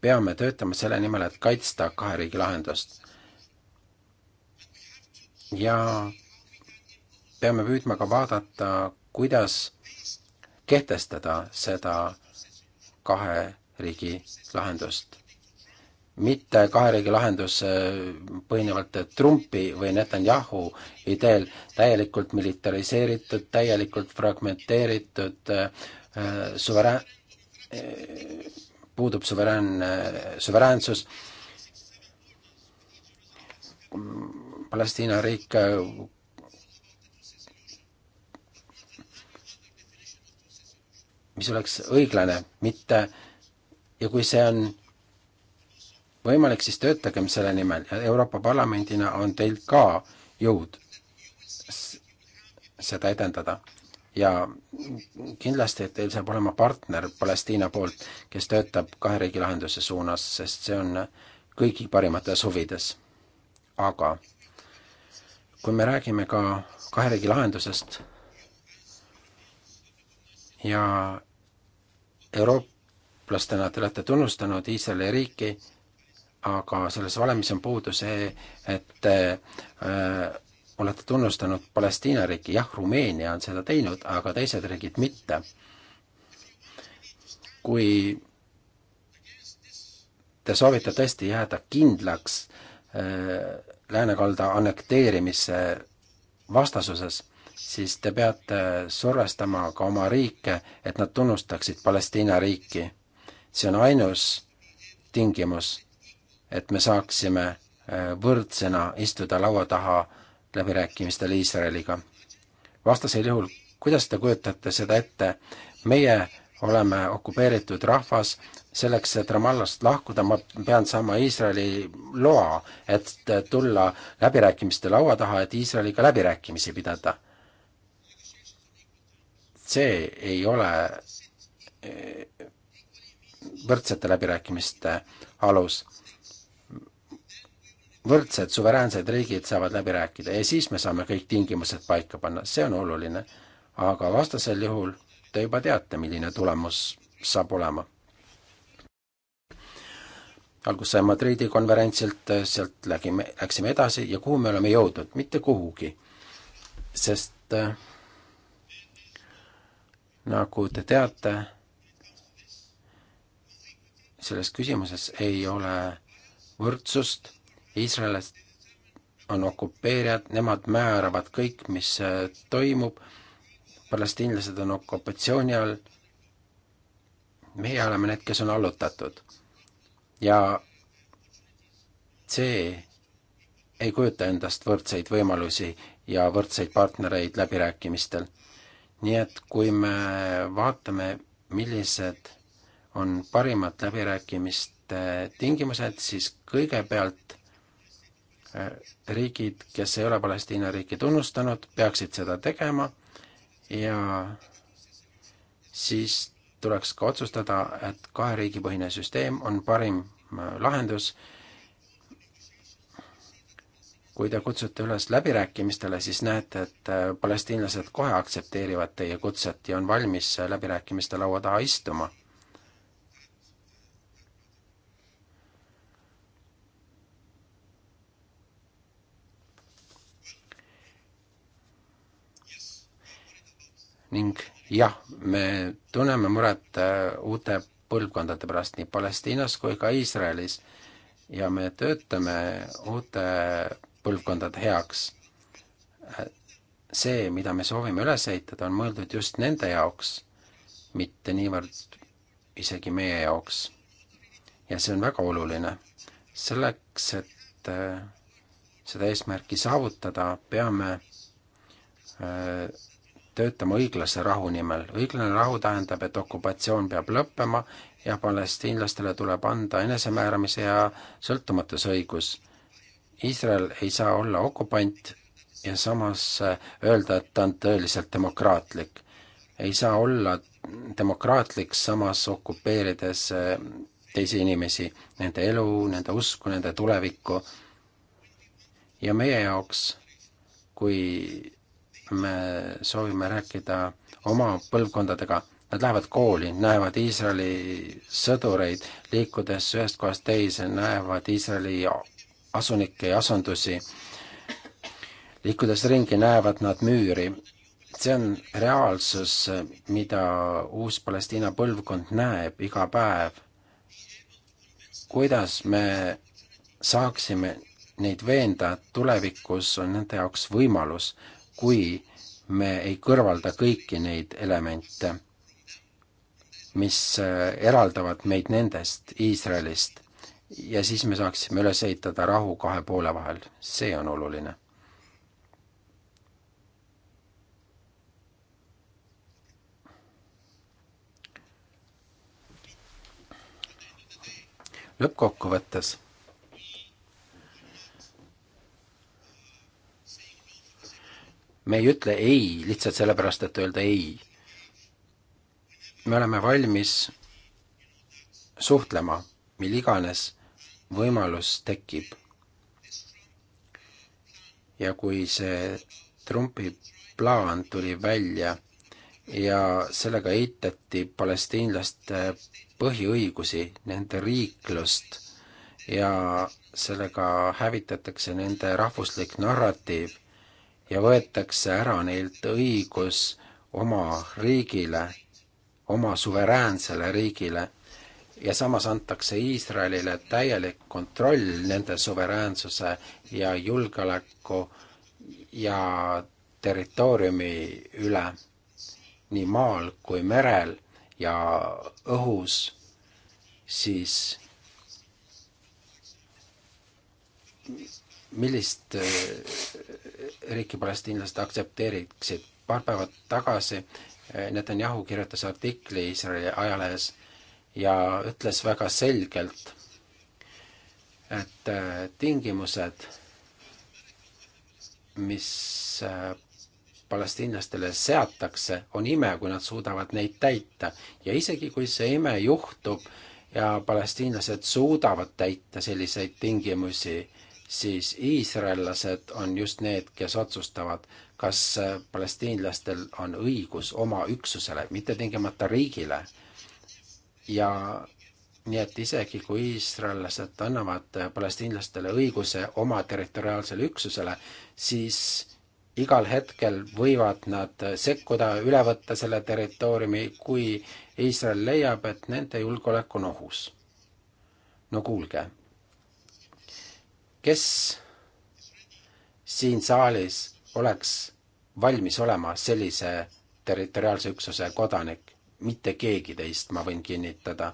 peame töötama selle nimel, et kaitsta kahe riigi lahendust. ja peame püüdma ka vaadata, kuidas kehtestada seda kahe riigi lahendust mitte kahe riigi lahendus äh, põhinevalt Trumpi või Netanyahu ideel täielikult militariseeritud, täielikult fragmenteeritud äh, suverä-, puudub suveräänne, suveräänsus, Palestiina riik äh, mis oleks õiglane, mitte ja kui see on võimalik, siis töötagem selle nimel ja Euroopa Parlamendina on teil ka jõud seda edendada. ja kindlasti teil saab olema partner Palestiina poolt, kes töötab kahe riigi lahenduse suunas, sest see on kõigi parimates huvides. aga kui me räägime ka kahe riigi lahendusest ja eurooplastena te olete tunnustanud Iisraeli riiki aga selles valemis on puudu see, et te äh, olete tunnustanud Palestiina riiki, jah, Rumeenia on seda teinud, aga teised riigid mitte. kui te soovite tõesti jääda kindlaks äh, läänekalda annekteerimise vastasuses, siis te peate survestama ka oma riike, et nad tunnustaksid Palestiina riiki. see on ainus tingimus et me saaksime äh, võrdsena istuda laua taha läbirääkimistel Iisraeliga. vastasel juhul, kuidas te kujutate seda ette, meie oleme okupeeritud rahvas, selleks, et Ramallast lahkuda, ma pean saama Iisraeli loa, et tulla läbirääkimiste laua taha, et Iisraeliga läbirääkimisi pidada. see ei ole äh, võrdsete läbirääkimiste alus võrdsed suveräänsed riigid saavad läbi rääkida ja siis me saame kõik tingimused paika panna, see on oluline. aga vastasel juhul te juba teate, milline tulemus saab olema. alguses sai Madridi konverentsilt, eh, sealt lägime, läksime edasi ja kuhu me oleme jõudnud, mitte kuhugi. sest äh, nagu te teate, selles küsimuses ei ole võrdsust Iisraelis on okupeerijad, nemad määravad kõik, mis äh, toimub, palestiinlased on okupatsiooni all, meie oleme need, kes on allutatud. ja see ei kujuta endast võrdseid võimalusi ja võrdseid partnereid läbirääkimistel. nii et kui me vaatame, millised on parimad läbirääkimiste tingimused, siis kõigepealt Äh, riigid, kes ei ole Palestiina riiki tunnustanud, peaksid seda tegema ja siis tuleks ka otsustada, et kahe riigi põhine süsteem on parim äh, lahendus. kui te kutsute üles läbirääkimistele, siis näete, et äh, palestiinlased kohe aktsepteerivad teie kutset ja on valmis läbirääkimiste laua taha istuma ning jah, me tunneme muret äh, uute põlvkondade pärast nii Palestiinas kui ka Iisraelis ja me töötame uute põlvkondade heaks. Äh, see, mida me soovime üles ehitada, on mõeldud just nende jaoks, mitte niivõrd isegi meie jaoks. ja see on väga oluline. selleks, et äh, seda eesmärki saavutada, peame töötama õiglase rahu nimel. õiglane rahu tähendab, et okupatsioon peab lõppema ja palestiinlastele tuleb anda enesemääramise ja sõltumatuse õigus. Iisrael ei saa olla okupant ja samas äh, öelda, et ta on tõeliselt demokraatlik. ei saa olla demokraatlik, samas okupeerides äh, teisi inimesi, nende elu, nende usku, nende tulevikku. ja meie jaoks, kui me soovime rääkida oma põlvkondadega, nad lähevad kooli, näevad Iisraeli sõdureid liikudes ühest kohast teise, näevad Iisraeli asunikke ja asundusi, liikudes ringi, näevad nad müüri. see on reaalsus, mida uus Palestiina põlvkond näeb iga päev. kuidas me saaksime neid veenda, et tulevikus on nende jaoks võimalus kui me ei kõrvalda kõiki neid elemente, mis äh, eraldavad meid nendest, Iisraelist, ja siis me saaksime üles ehitada rahu kahe poole vahel, see on oluline. lõppkokkuvõttes me ei ütle ei lihtsalt sellepärast, et öelda ei. me oleme valmis suhtlema, mil iganes võimalus tekib. ja kui see Trumpi plaan tuli välja ja sellega eitati palestiinlaste põhiõigusi, nende riiklust ja sellega hävitatakse nende rahvuslik narratiiv, ja võetakse ära neilt õigus oma riigile, oma suveräänsele riigile ja samas antakse Iisraelile täielik kontroll nende suveräänsuse ja julgeoleku ja territooriumi üle nii maal kui merel ja õhus, siis millist äh, riiki palestiinlased aktsepteeriksid. paar päeva tagasi äh, Netanyahu kirjutas artikli Iisraeli ajalehes ja ütles väga selgelt, et äh, tingimused, mis palestiinlastele seatakse, on ime, kui nad suudavad neid täita. ja isegi, kui see ime juhtub ja palestiinlased suudavad täita selliseid tingimusi, siis iisraellased on just need, kes otsustavad, kas palestiinlastel on õigus oma üksusele, mitte tingimata riigile. ja nii et isegi, kui iisraellased annavad palestiinlastele õiguse oma territoriaalsele üksusele, siis igal hetkel võivad nad sekkuda, üle võtta selle territooriumi, kui Iisrael leiab, et nende julgeolek on ohus. no kuulge kes siin saalis oleks valmis olema sellise territoriaalse üksuse kodanik? mitte keegi teist, ma võin kinnitada.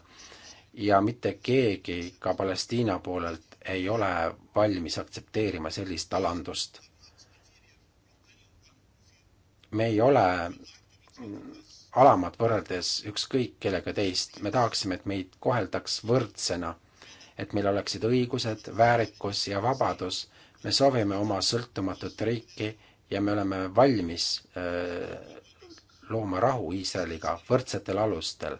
ja mitte keegi ka Palestiina poolelt ei ole valmis aktsepteerima sellist alandust. me ei ole alamad võrreldes ükskõik kellega teist, me tahaksime, et meid koheldaks võrdsena et meil oleksid õigused, väärikus ja vabadus. me soovime oma sõltumatut riiki ja me oleme valmis äh, looma rahu Iisraeliga võrdsetel alustel.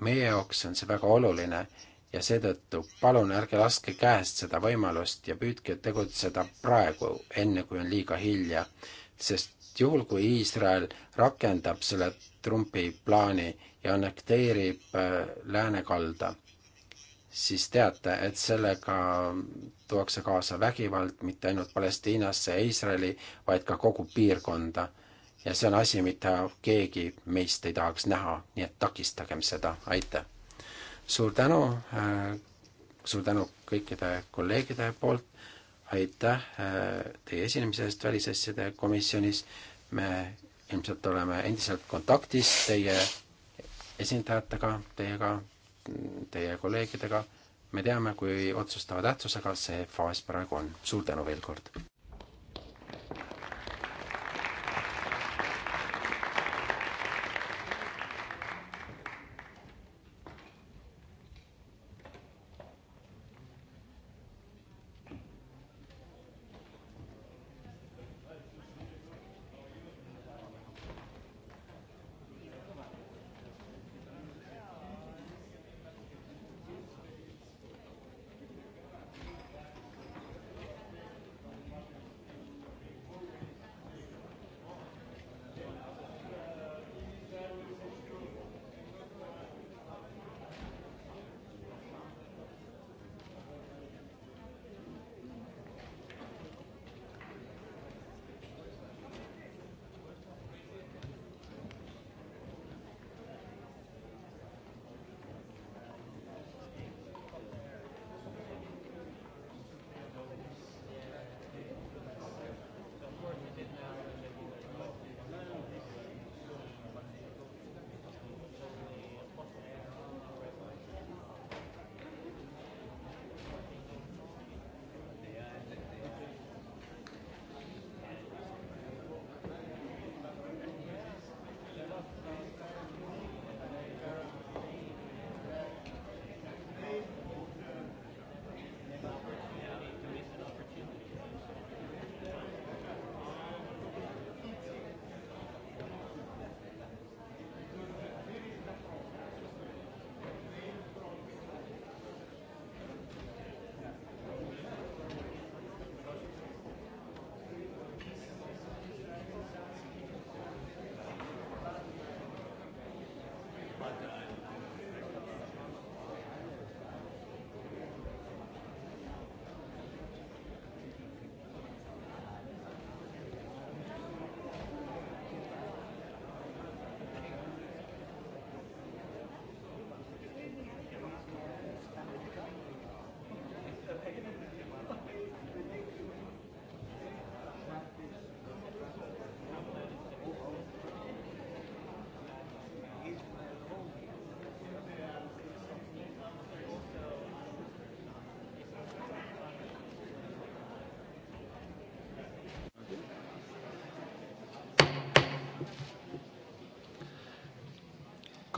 meie jaoks on see väga oluline ja seetõttu palun ärge laske käest seda võimalust ja püüdke tegutseda praegu, enne kui on liiga hilja, sest juhul, kui Iisrael rakendab selle Trumpi plaani ja annekteerib äh, läänekalda siis teate, et sellega tuuakse kaasa vägivald mitte ainult Palestiinasse ja Iisraeli, vaid ka kogu piirkonda. ja see on asi, mida keegi meist ei tahaks näha, nii et takistagem seda, aitäh! suur tänu äh,, suur tänu kõikide kolleegide poolt, aitäh äh, teie esinemise eest Välisasjade komisjonis, me ilmselt oleme endiselt kontaktis teie esindajatega, teiega teie kolleegidega. me teame, kui otsustava tähtsusega see faas praegu on. suur tänu veel kord!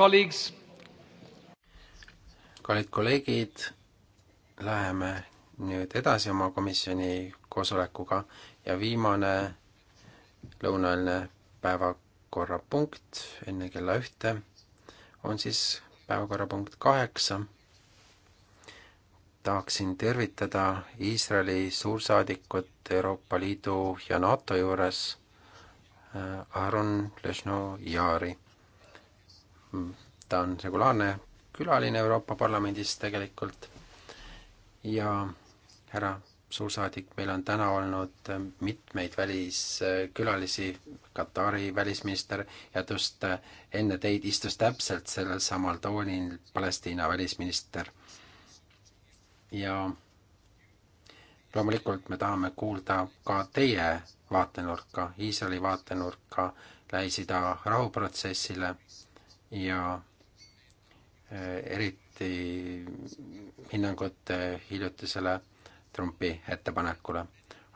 Colleagues. kallid kolleegid, läheme nüüd edasi oma komisjoni koosolekuga ja viimane lõunaline päevakorrapunkt enne kella ühte on siis päevakorrapunkt kaheksa. tahaksin tervitada Iisraeli suursaadikut Euroopa Liidu ja NATO juures äh, Aaron Lešno Jaari ta on regulaarne külaline Euroopa Parlamendis tegelikult ja härra suursaadik, meil on täna olnud mitmeid väliskülalisi, Katari välisminister ja just enne teid istus täpselt sellel samal toolil Palestiina välisminister. ja loomulikult me tahame kuulda ka teie vaatenurka, Iisraeli vaatenurka Lähis-Ida rahuprotsessile ja eh, eriti hinnangut hiljutisele Trumpi ettepanekule.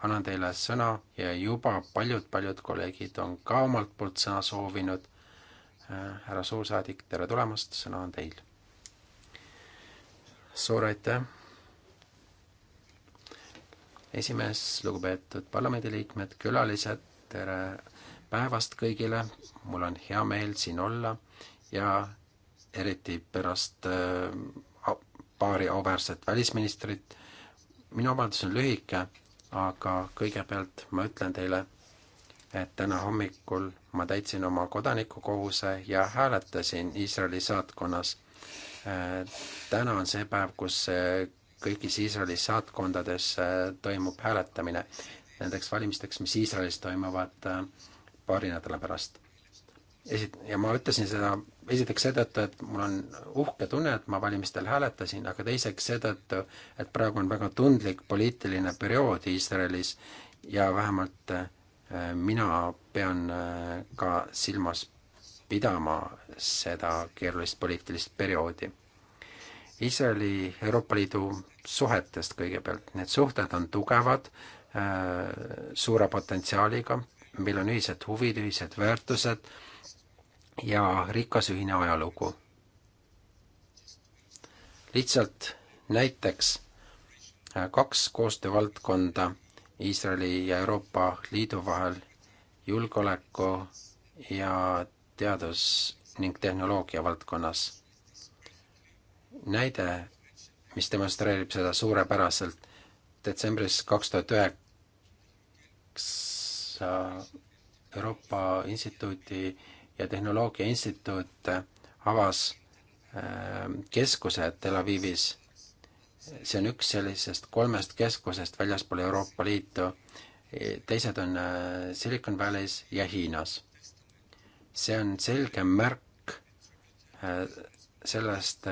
annan teile sõna ja juba paljud-paljud kolleegid on ka omalt poolt sõna soovinud. Eh, härra suursaadik, tere tulemast, sõna on teil. suur aitäh esimees, lugupeetud parlamendiliikmed, külalised, tere päevast kõigile, mul on hea meel siin olla ja eriti pärast äh, paari auväärset välisministrit. minu avaldus on lühike, aga kõigepealt ma ütlen teile, et täna hommikul ma täitsin oma kodanikukohuse ja hääletasin Iisraeli saatkonnas. Äh, täna on see päev, kus äh, kõigis Iisraeli saatkondades toimub hääletamine nendeks valimisteks, mis Iisraelis toimuvad paari nädala pärast. esi-, ja ma ütlesin seda esiteks seetõttu, et mul on uhke tunne, et ma valimistel hääletasin, aga teiseks seetõttu, et praegu on väga tundlik poliitiline periood Iisraelis ja vähemalt äh, mina pean äh, ka silmas pidama seda keerulist poliitilist perioodi. Iisraeli Euroopa Liidu suhetest kõigepealt, need suhted on tugevad, äh, suure potentsiaaliga, meil on ühised huvid, ühised väärtused, ja rikas ühine ajalugu. lihtsalt näiteks äh, kaks koostöövaldkonda Iisraeli ja Euroopa Liidu vahel, julgeoleku ja teadus- ning tehnoloogia valdkonnas. näide, mis demonstreerib seda suurepäraselt, detsembris kaks tuhat üheksa Euroopa Instituudi ja Tehnoloogia Instituut avas äh, keskuse Tel Avivis. see on üks sellisest kolmest keskusest väljaspool Euroopa Liitu, teised on äh, Silicon Valley's ja Hiinas. see on selge märk äh, sellest,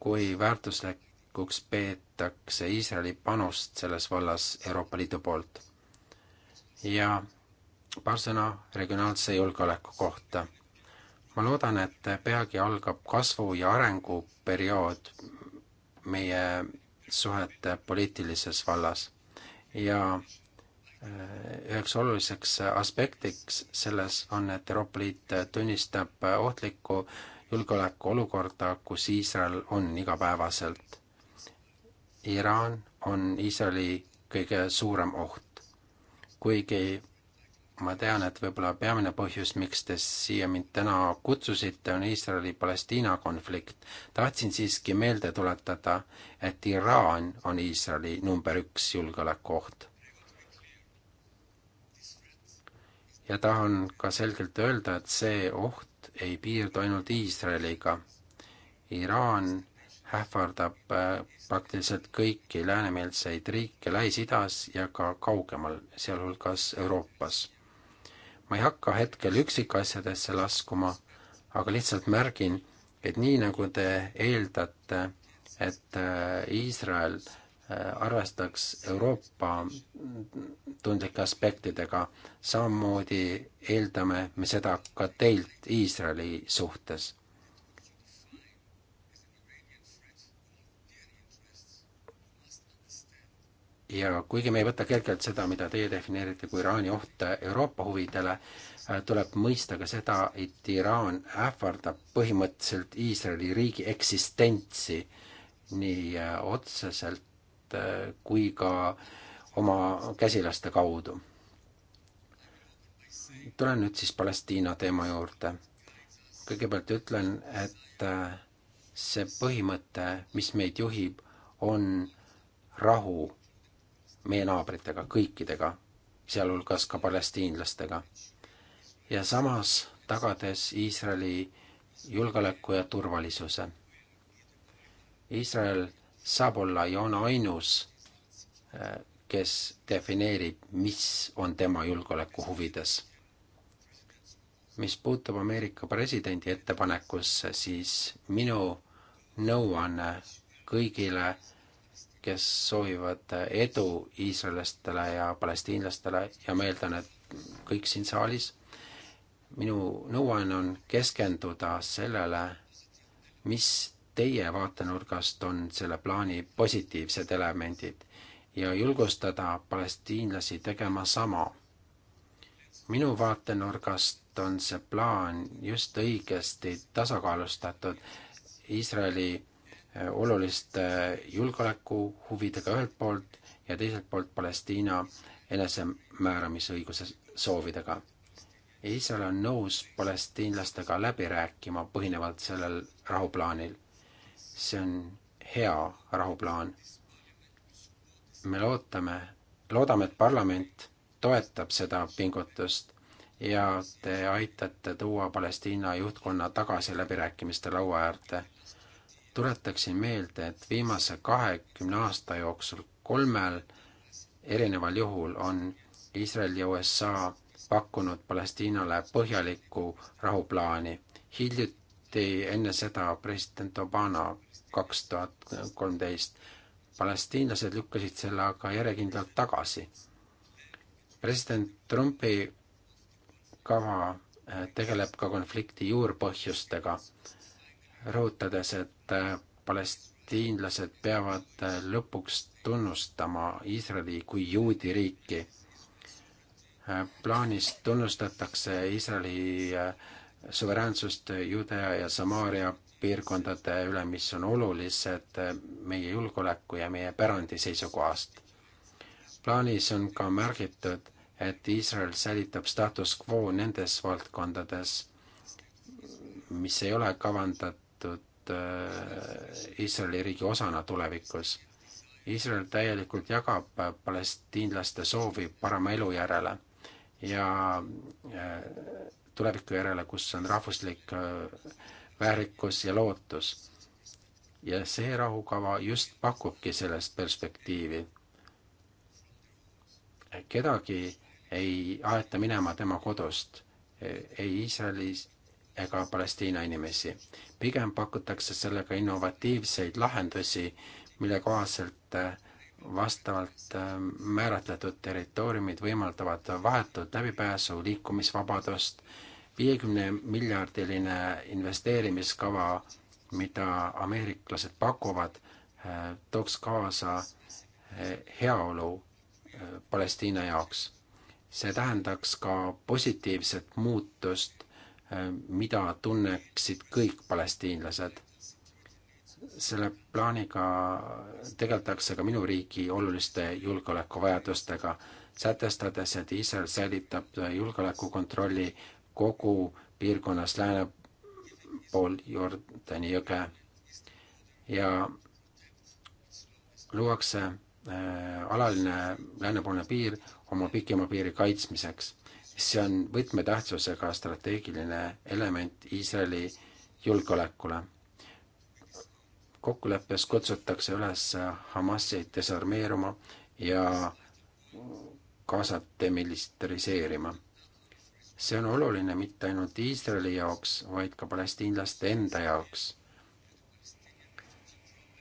kui väärtuslikuks peetakse Iisraeli panust selles vallas Euroopa Liidu poolt. ja paar sõna regionaalse julgeoleku kohta ma loodan, et peagi algab kasvu- ja arenguperiood meie suhete poliitilises vallas ja äh, üheks oluliseks aspektiks selles on, et Euroopa Liit tunnistab ohtlikku julgeolekuolukorda, kus Iisrael on igapäevaselt. Iraan on Iisraeli kõige suurem oht. kuigi ma tean, et võib-olla peamine põhjus, miks te siia mind täna kutsusite, on Iisraeli-Palestiina konflikt. tahtsin siiski meelde tuletada, et Iraan on Iisraeli number üks julgeolekuoht. ja tahan ka selgelt öelda, et see oht ei piirdu ainult Iisraeliga. Iraan ähvardab äh, praktiliselt kõiki läänemeelseid riike Lähis-Idas ja ka kaugemal, sealhulgas Euroopas ma ei hakka hetkel üksikasjadesse laskuma, aga lihtsalt märgin, et nii, nagu te eeldate, et äh, Iisrael äh, arvestaks Euroopa tundlike aspektidega, samamoodi eeldame me seda ka teilt Iisraeli suhtes ja kuigi me ei võta kergelt seda, mida teie defineerite kui Iraani oht Euroopa huvidele, äh, tuleb mõista ka seda, et Iraan ähvardab põhimõtteliselt Iisraeli riigi eksistentsi nii äh, otseselt äh, kui ka oma käsilaste kaudu. tulen nüüd siis Palestiina teema juurde. kõigepealt ütlen, et see põhimõte, mis meid juhib, on rahu meie naabritega, kõikidega, sealhulgas ka palestiinlastega. ja samas tagades Iisraeli julgeoleku ja turvalisuse. Iisrael saab olla ja on ainus, äh, kes defineerib, mis on tema julgeoleku huvides. mis puutub Ameerika presidendi ettepanekusse, siis minu nõuanne kõigile äh, kes soovivad edu iisraellastele ja palestiinlastele ja ma eeldan, et kõik siin saalis. minu nõuanne on keskenduda sellele, mis teie vaatenurgast on selle plaani positiivsed elemendid ja julgustada palestiinlasi tegema sama. minu vaatenurgast on see plaan just õigesti tasakaalustatud Iisraeli Äh, oluliste äh, julgeolekuhuvidega ühelt poolt ja teiselt poolt Palestiina enesemääramisõiguse soovidega. Iisrael on nõus palestiinlastega läbi rääkima põhinevalt sellel rahuplaanil. see on hea rahuplaan. me lootame, loodame, et parlament toetab seda pingutust ja te aitate tuua Palestiina juhtkonna tagasi läbirääkimiste laua äärde tuletaksin meelde, et viimase kahekümne aasta jooksul kolmel erineval juhul on Iisrael ja USA pakkunud Palestiinale põhjalikku rahuplaani. hiljuti enne seda president Obama kaks tuhat kolmteist. palestiinlased lükkasid selle aga järjekindlalt tagasi. president Trumpi kava eh, tegeleb ka konflikti juurpõhjustega rõhutades, et äh, palestiinlased peavad äh, lõpuks tunnustama Iisraeli kui juudi riiki. Äh, plaanis tunnustatakse Iisraeli suveräänsust Judea ja Samaaria piirkondade üle, mis on olulised meie julgeoleku ja meie pärandi seisukohast. plaanis on ka märgitud, et Iisrael säilitab status quo nendes valdkondades, mis ei ole kavandatud nähtud äh, Iisraeli riigi osana tulevikus. Iisrael täielikult jagab äh, palestiinlaste soovi parema elu järele ja äh, tuleviku järele, kus on rahvuslik väärikus ja lootus. ja see rahukava just pakubki sellest perspektiivi. kedagi ei aeta minema tema kodust, ei Iisraelis ega Palestiina inimesi. pigem pakutakse sellega innovatiivseid lahendusi, mille kohaselt eh, vastavalt eh, määratletud territooriumid võimaldavad vahetut läbipääsu, liikumisvabadust, viiekümne miljardiline investeerimiskava, mida ameeriklased pakuvad, eh, tooks kaasa heaolu Palestiina jaoks. see tähendaks ka positiivset muutust Äh, mida tunneksid kõik palestiinlased. selle plaaniga tegeldakse ka minu riigi oluliste julgeolekuvajadustega, sätestades, et Iisrael säilitab julgeolekukontrolli kogu piirkonnas lääne pool Jordani jõge ja luuakse äh, alaline läänepoolne piir oma pikema piiri kaitsmiseks see on võtmetähtsusega strateegiline element Iisraeli julgeolekule. kokkuleppes kutsutakse üles Hamasi desarmeeruma ja Gazat demilitariseerima. see on oluline mitte ainult Iisraeli jaoks, vaid ka palestiinlaste enda jaoks.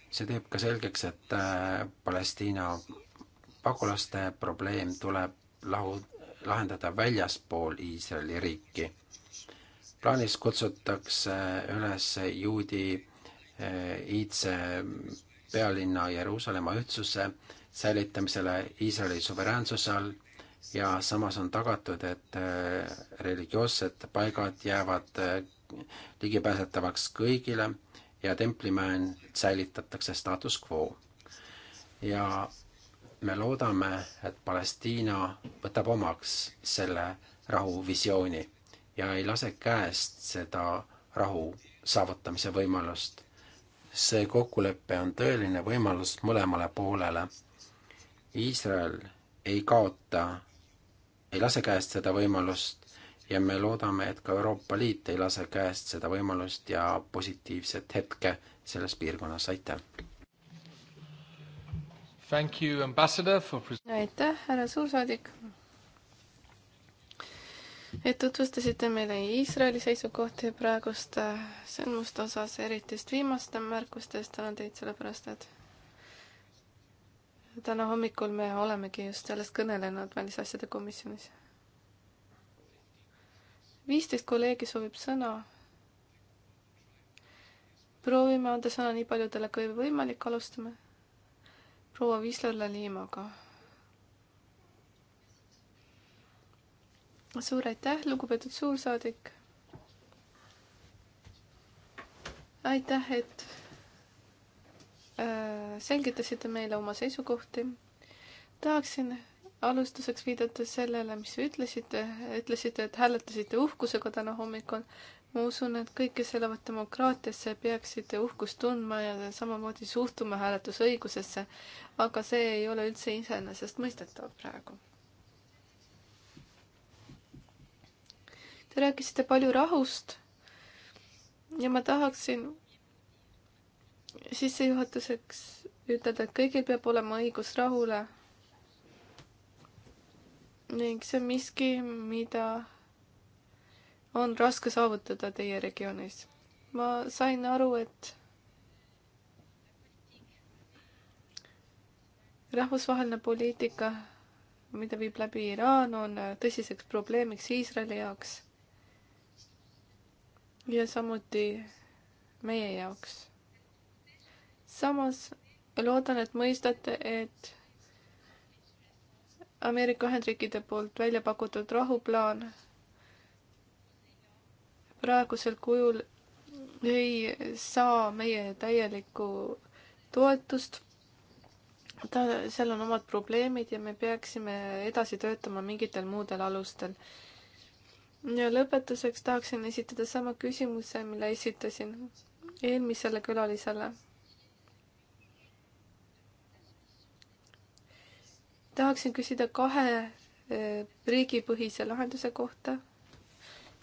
see teeb ka selgeks, et äh, Palestiina pagulaste probleem tuleb lahu-, lahendada väljaspool Iisraeli riiki. plaanis kutsutakse üles juudi eh, iidse pealinna Jeruusalemma ühtsuse säilitamisele Iisraeli suveräänsuse all ja samas on tagatud, et eh, religioossed paigad jäävad eh, ligipääsetavaks kõigile ja templimäen säilitatakse status quo. ja me loodame, et Palestiina võtab omaks selle rahuvisiooni ja ei lase käest seda rahu saavutamise võimalust. see kokkulepe on tõeline võimalus mõlemale poolele. Iisrael ei kaota, ei lase käest seda võimalust ja me loodame, et ka Euroopa Liit ei lase käest seda võimalust ja positiivset hetke selles piirkonnas, aitäh! Thank you, ambassador, for... aitäh, härra suursaadik, et tutvustasite meile Iisraeli seisukohti praegust sündmuste osas, eriti just viimaste märkustest, tänan teid sellepärast, et täna hommikul me olemegi just sellest kõnelenud Välisasjade komisjonis. viisteist kolleegi soovib sõna. proovime anda sõna nii paljudele kui võimalik, alustame proua Vislola Liimaga. suur aitäh, lugupeetud suursaadik. aitäh, et äh, selgitasite meile oma seisukohti. tahaksin alustuseks viidata sellele, mis ütlesite, ütlesite, et hääletasite uhkusega täna hommikul ma usun, et kõik, kes elavad demokraatiasse, peaksid uhkust tundma ja samamoodi suhtuma hääletusõigusesse, aga see ei ole üldse iseenesestmõistetav praegu. Te rääkisite palju rahust ja ma tahaksin sissejuhatuseks ütelda, et kõigil peab olema õigus rahule. ning see on miski, mida on raske saavutada teie regioonis. ma sain aru, et rahvusvaheline poliitika, mida viib läbi Iraan, on tõsiseks probleemiks Iisraeli jaoks ja samuti meie jaoks. samas loodan, et mõistate, et Ameerika Ühendriikide poolt välja pakutud rahuplaan praegusel kujul ei saa meie täielikku toetust. ta, seal on omad probleemid ja me peaksime edasi töötama mingitel muudel alustel. ja lõpetuseks tahaksin esitada sama küsimuse, mille esitasin eelmisele külalisele. tahaksin küsida kahe eh, riigipõhise lahenduse kohta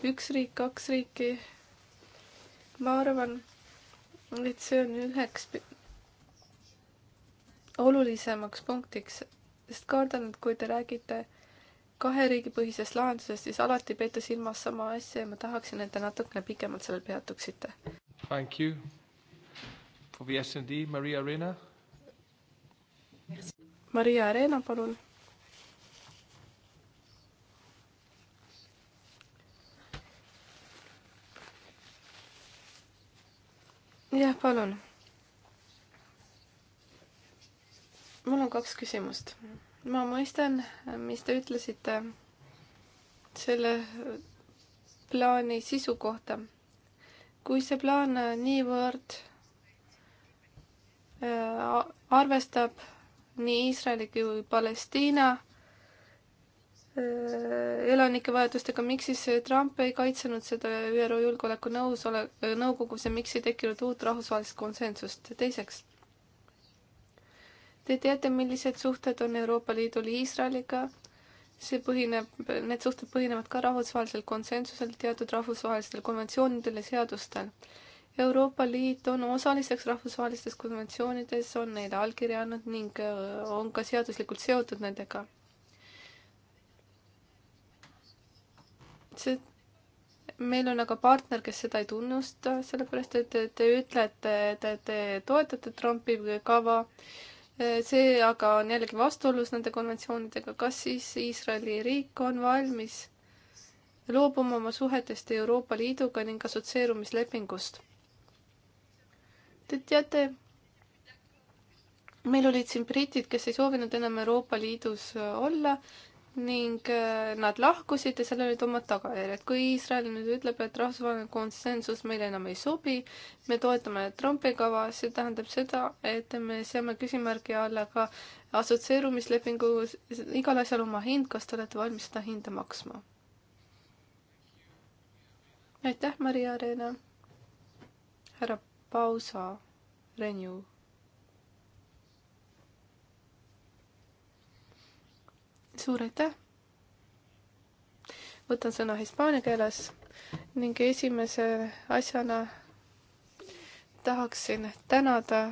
üks riik, kaks riiki. ma arvan, et see on üheks olulisemaks punktiks, sest kardan, et kui te räägite kahe riigi põhisest lahendusest, siis alati peate silmas sama asja ja ma tahaksin, et te natukene pikemalt sellel peatuksite. Thank you for the SND, Maria Arena. Maria Arena, palun jah, palun. mul on kaks küsimust. ma mõistan, mis te ütlesite selle plaani sisu kohta. kui see plaan niivõrd äh, arvestab nii Iisraeli kui Palestiina Äh, elanike vajadustega, miks siis Trump ei kaitsenud seda ÜRO Julgeolekunõusole, nõukogus ja miks ei tekkinud uut rahvusvahelist konsensust? teiseks, te teate, millised suhted on Euroopa Liidul Iisraeliga? see põhineb, need suhted põhinevad ka rahvusvahelisel konsensusel, teatud rahvusvahelistel konventsioonidel ja seadustel. Euroopa Liit on osaliseks rahvusvahelistes konventsioonides, on neile allkirja andnud ning äh, on ka seaduslikult seotud nendega see, meil on aga partner, kes seda ei tunnusta, sellepärast et te, te ütlete, et te, te toetate Trumpi kava. see aga on jällegi vastuolus nende konventsioonidega. kas siis Iisraeli riik on valmis loobuma oma suhetest Euroopa Liiduga ning assotsieerumislepingust? Te teate, meil olid siin britid, kes ei soovinud enam Euroopa Liidus olla ning äh, nad lahkusid ja sellel olid omad tagajärjed. kui Iisrael nüüd ütleb, et rahvusvaheline konsensus meile enam ei sobi, me toetame Trumpi kava, see tähendab seda, et me seame küsimärgi alla ka assotsieerumislepingu, igal asjal oma hind, kas te olete valmis seda hinda maksma? aitäh, Maria Reena. härra Pausa, Renew suur aitäh! võtan sõna hispaania keeles ning esimese asjana tahaksin tänada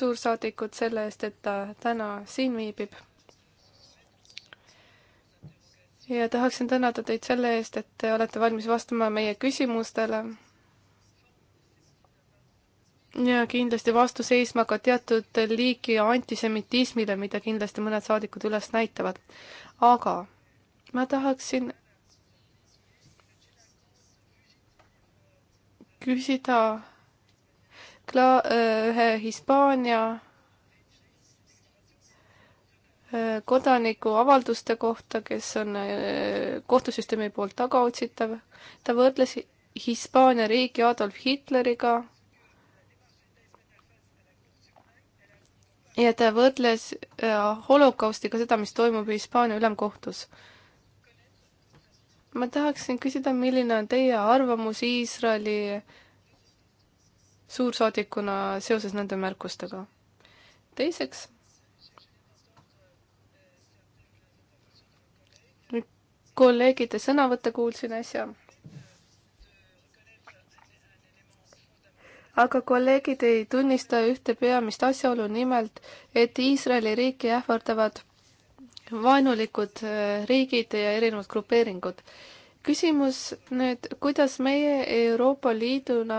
suursaadikut selle eest, et ta täna siin viibib. ja tahaksin tänada teid selle eest, et te olete valmis vastama meie küsimustele ja kindlasti vastu seisma ka teatud liiki antisemitismile, mida kindlasti mõned saadikud üles näitavad. aga ma tahaksin küsida kla-, äh, ühe Hispaania äh, kodaniku avalduste kohta, kes on äh, kohtusüsteemi poolt tagaotsitav. ta võrdles Hispaania riigi Adolf Hitleriga ja ta võrdles äh, holokaustiga seda, mis toimub Hispaania ülemkohtus. ma tahaksin küsida, milline on teie arvamus Iisraeli suursaadikuna seoses nende märkustega? teiseks, kolleegide sõnavõtte kuulsin äsja aga kolleegid ei tunnista ühte peamist asjaolu, nimelt et Iisraeli riiki ähvardavad vaenulikud äh, riigid ja erinevad grupeeringud. küsimus nüüd, kuidas meie Euroopa Liiduna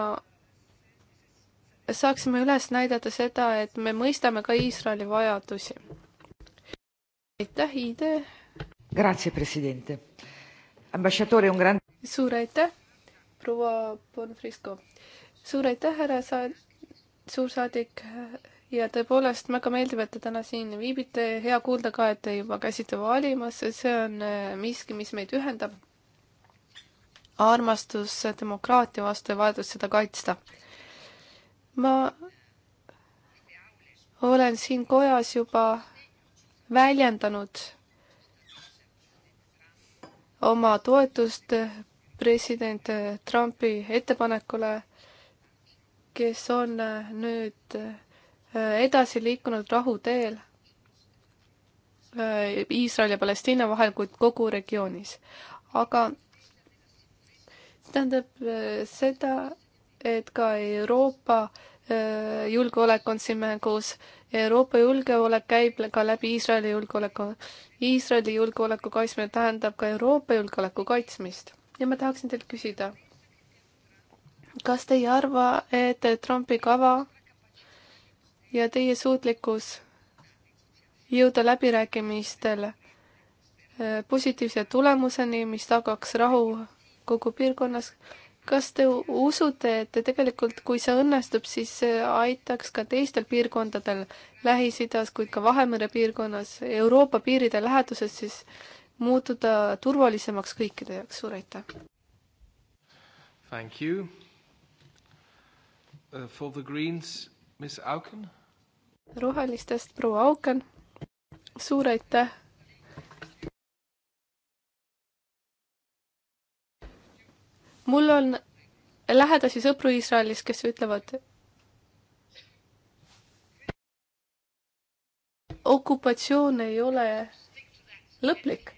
saaksime üles näidata seda, et me mõistame ka Iisraeli vajadusi? aitäh, Iide! Grazie, president! ambasciatore, un grand-. suur aitäh, proua Bonfrisco! suur aitäh, härra sa-, suursaadik ja tõepoolest väga meeldiv, et te täna siin viibite, hea kuulda ka, et te juba käisite valimas, see on äh, miski, mis meid ühendab. armastus demokraatia vastu ja vajadus seda kaitsta. ma olen siin kojas juba väljendanud oma toetust president Trumpi ettepanekule kes on äh, nüüd äh, edasi liikunud rahuteel äh, Iisraeli ja Palestiina vahel, kuid kogu regioonis. aga see tähendab seda, et ka Euroopa julgeolek on siin mängus. Euroopa julgeolek käib ka läbi Iisraeli julgeoleku. Iisraeli julgeoleku kaitsmine tähendab ka Euroopa julgeoleku kaitsmist. ja ma tahaksin teilt küsida kas te ei arva, et Trumpi kava ja teie suutlikkus jõuda läbirääkimistel äh, positiivse tulemuseni, mis tagaks rahu kogu piirkonnas. kas te usute, et tegelikult, kui see õnnestub, siis see aitaks ka teistel piirkondadel Lähis-Idas, kuid ka Vahemere piirkonnas, Euroopa piiride läheduses siis muutuda turvalisemaks kõikide jaoks? suur aitäh! Thank you. Eh, for the Greens, Miss Auken. rohelistest proua Auken, suur aitäh. mul on lähedasi sõpru Iisraelis, kes ütlevad. okupatsioon ei ole lõplik.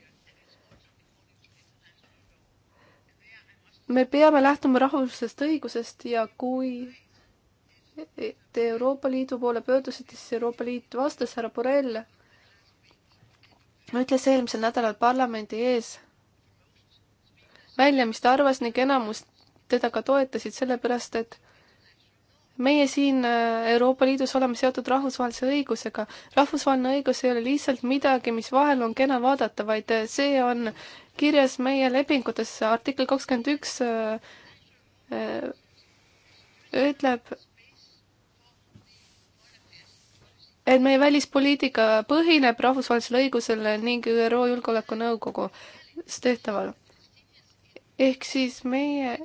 me peame lähtuma rahvusest õigusest ja kui te Euroopa Liidu poole pöördusite, siis Euroopa Liit vastas, härra Borrell ütles eelmisel nädalal parlamendi ees välja, mis ta arvas ning enamus teda ka toetasid, sellepärast et meie siin äh, Euroopa Liidus oleme seotud rahvusvahelise õigusega. rahvusvaheline õigus ei ole lihtsalt midagi, mis vahel on kena vaadata, vaid äh, see on kirjas meie lepingutes, artikkel kakskümmend üks äh, ütleb, et meie välispoliitika põhineb rahvusvahelisel õigusel ning ÜRO Julgeolekunõukogus tehtaval. ehk siis meie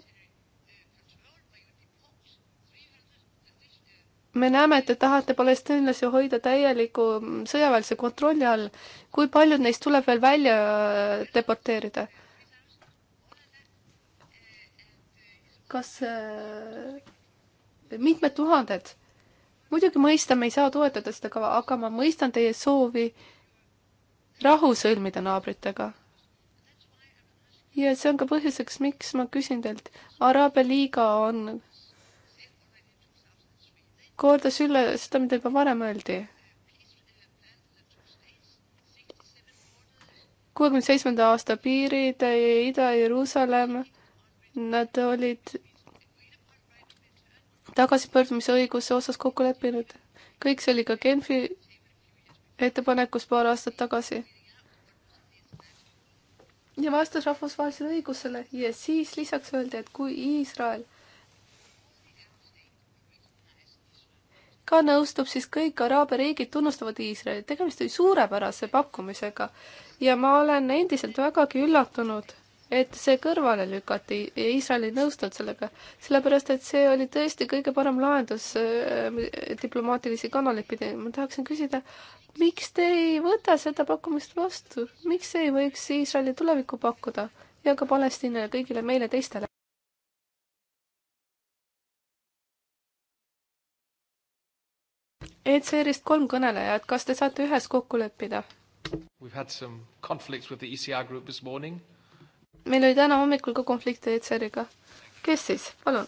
me näeme, et te tahate palestiinlasi hoida täieliku sõjaväelise kontrolli all. kui paljud neist tuleb veel välja äh, deporteerida? kas äh, mitmed tuhanded? muidugi mõista, me ei saa toetada seda kava, aga ma mõistan teie soovi rahu sõlmida naabritega. ja see on ka põhjuseks, miks ma küsin teilt, Araabia liiga on kordas üle seda, mida juba varem öeldi. kuuekümne seitsmenda aasta piirid, Ida-Jeruusalemm, nad olid tagasipöördumisõiguse osas kokku leppinud. kõik see oli ka Genfi ettepanekus paar aastat tagasi. ja vastas rahvusvahelisele õigusele ja siis lisaks öeldi, et kui Iisrael ka nõustub, siis kõik araabia riigid tunnustavad Iisraeli. tegemist oli suurepärase pakkumisega ja ma olen endiselt vägagi üllatunud et see kõrvale lükati ja Iisrael ei nõustunud sellega, sellepärast et see oli tõesti kõige parem lahendus äh, diplomaatilisi kanaleid pidi. ma tahaksin küsida, miks te ei võta seda pakkumist vastu, miks ei võiks Iisraeli tulevikku pakkuda ja ka Palestiinale, kõigile meile teistele? ECR-ist kolm kõnelejat, kas te saate ühes kokku leppida? We've had some conflicts with the ECR group this morning meil oli täna hommikul ka konflikt ECR-iga. kes siis, palun?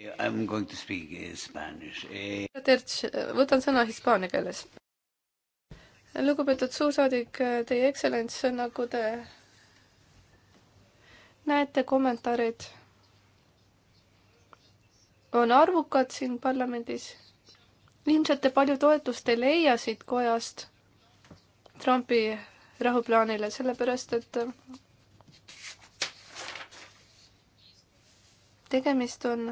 I am going to speak eh, Spanish. Eh. Terts, võtan sõna hispaania keeles. lugupeetud suursaadik, teie ekstsellents, nagu te näete, kommentaarid on arvukad siin parlamendis. ilmselt te palju toetust ei leia siit kojast Trumpi rahuplaanile, sellepärast et tegemist on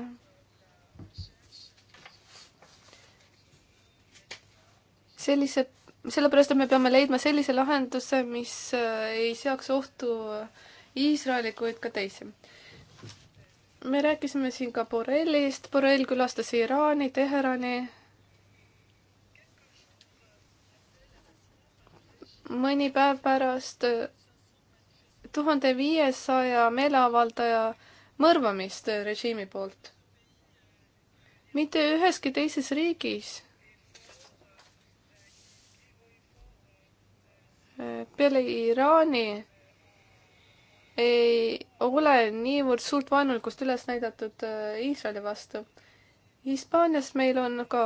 sellise, sellepärast et me peame leidma sellise lahenduse, mis äh, ei seaks ohtu Iisraeli, kuid ka teisi. me rääkisime siin ka Borrellist, Borrell külastas Iraani, Teherani mõni päev pärast tuhande viiesaja meeleavaldaja mõrvamist režiimi poolt. mitte üheski teises riigis peale Iraani ei ole niivõrd suurt vaenulikkust üles näidatud äh, Iisraeli vastu. Hispaanias meil on ka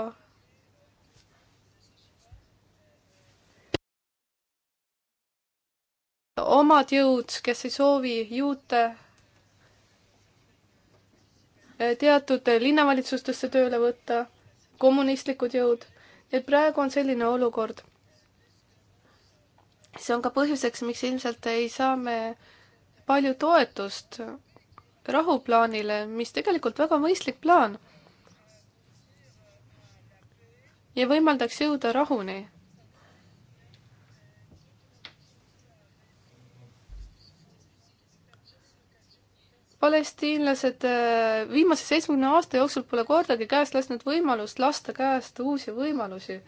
omad jõud, kes ei soovi juute eh, teatud linnavalitsustesse tööle võtta, kommunistlikud jõud. et praegu on selline olukord. see on ka põhjuseks, miks ilmselt ei saa me palju toetust rahuplaanile, mis tegelikult väga mõistlik plaan. ja võimaldaks jõuda rahuni palestiinlased äh, viimase seitsmekümne aasta jooksul pole kordagi käest lasknud võimalust lasta käest uusi võimalusi.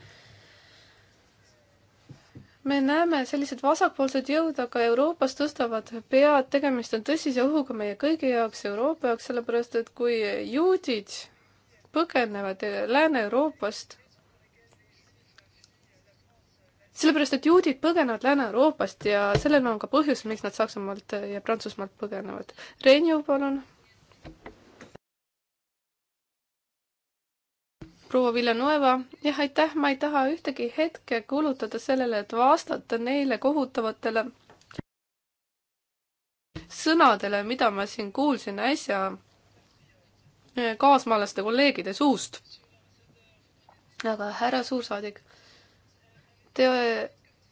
me näeme, sellised vasakpoolsed jõud aga Euroopas tõstavad pead, tegemist on tõsise ohuga meie kõigi jaoks, Euroopa jaoks, sellepärast et kui juudid põgenevad Lääne-Euroopast sellepärast, et juudid põgenevad Lääne-Euroopast ja sellel on ka põhjus, miks nad Saksamaalt ja Prantsusmaalt põgenevad. Reinju, palun. proua Villanueva, jah, aitäh, ma ei taha ühtegi hetke kulutada sellele, et vastata neile kohutavatele sõnadele, mida ma siin kuulsin äsja eh, kaasmaalaste kolleegide suust. aga härra suursaadik Te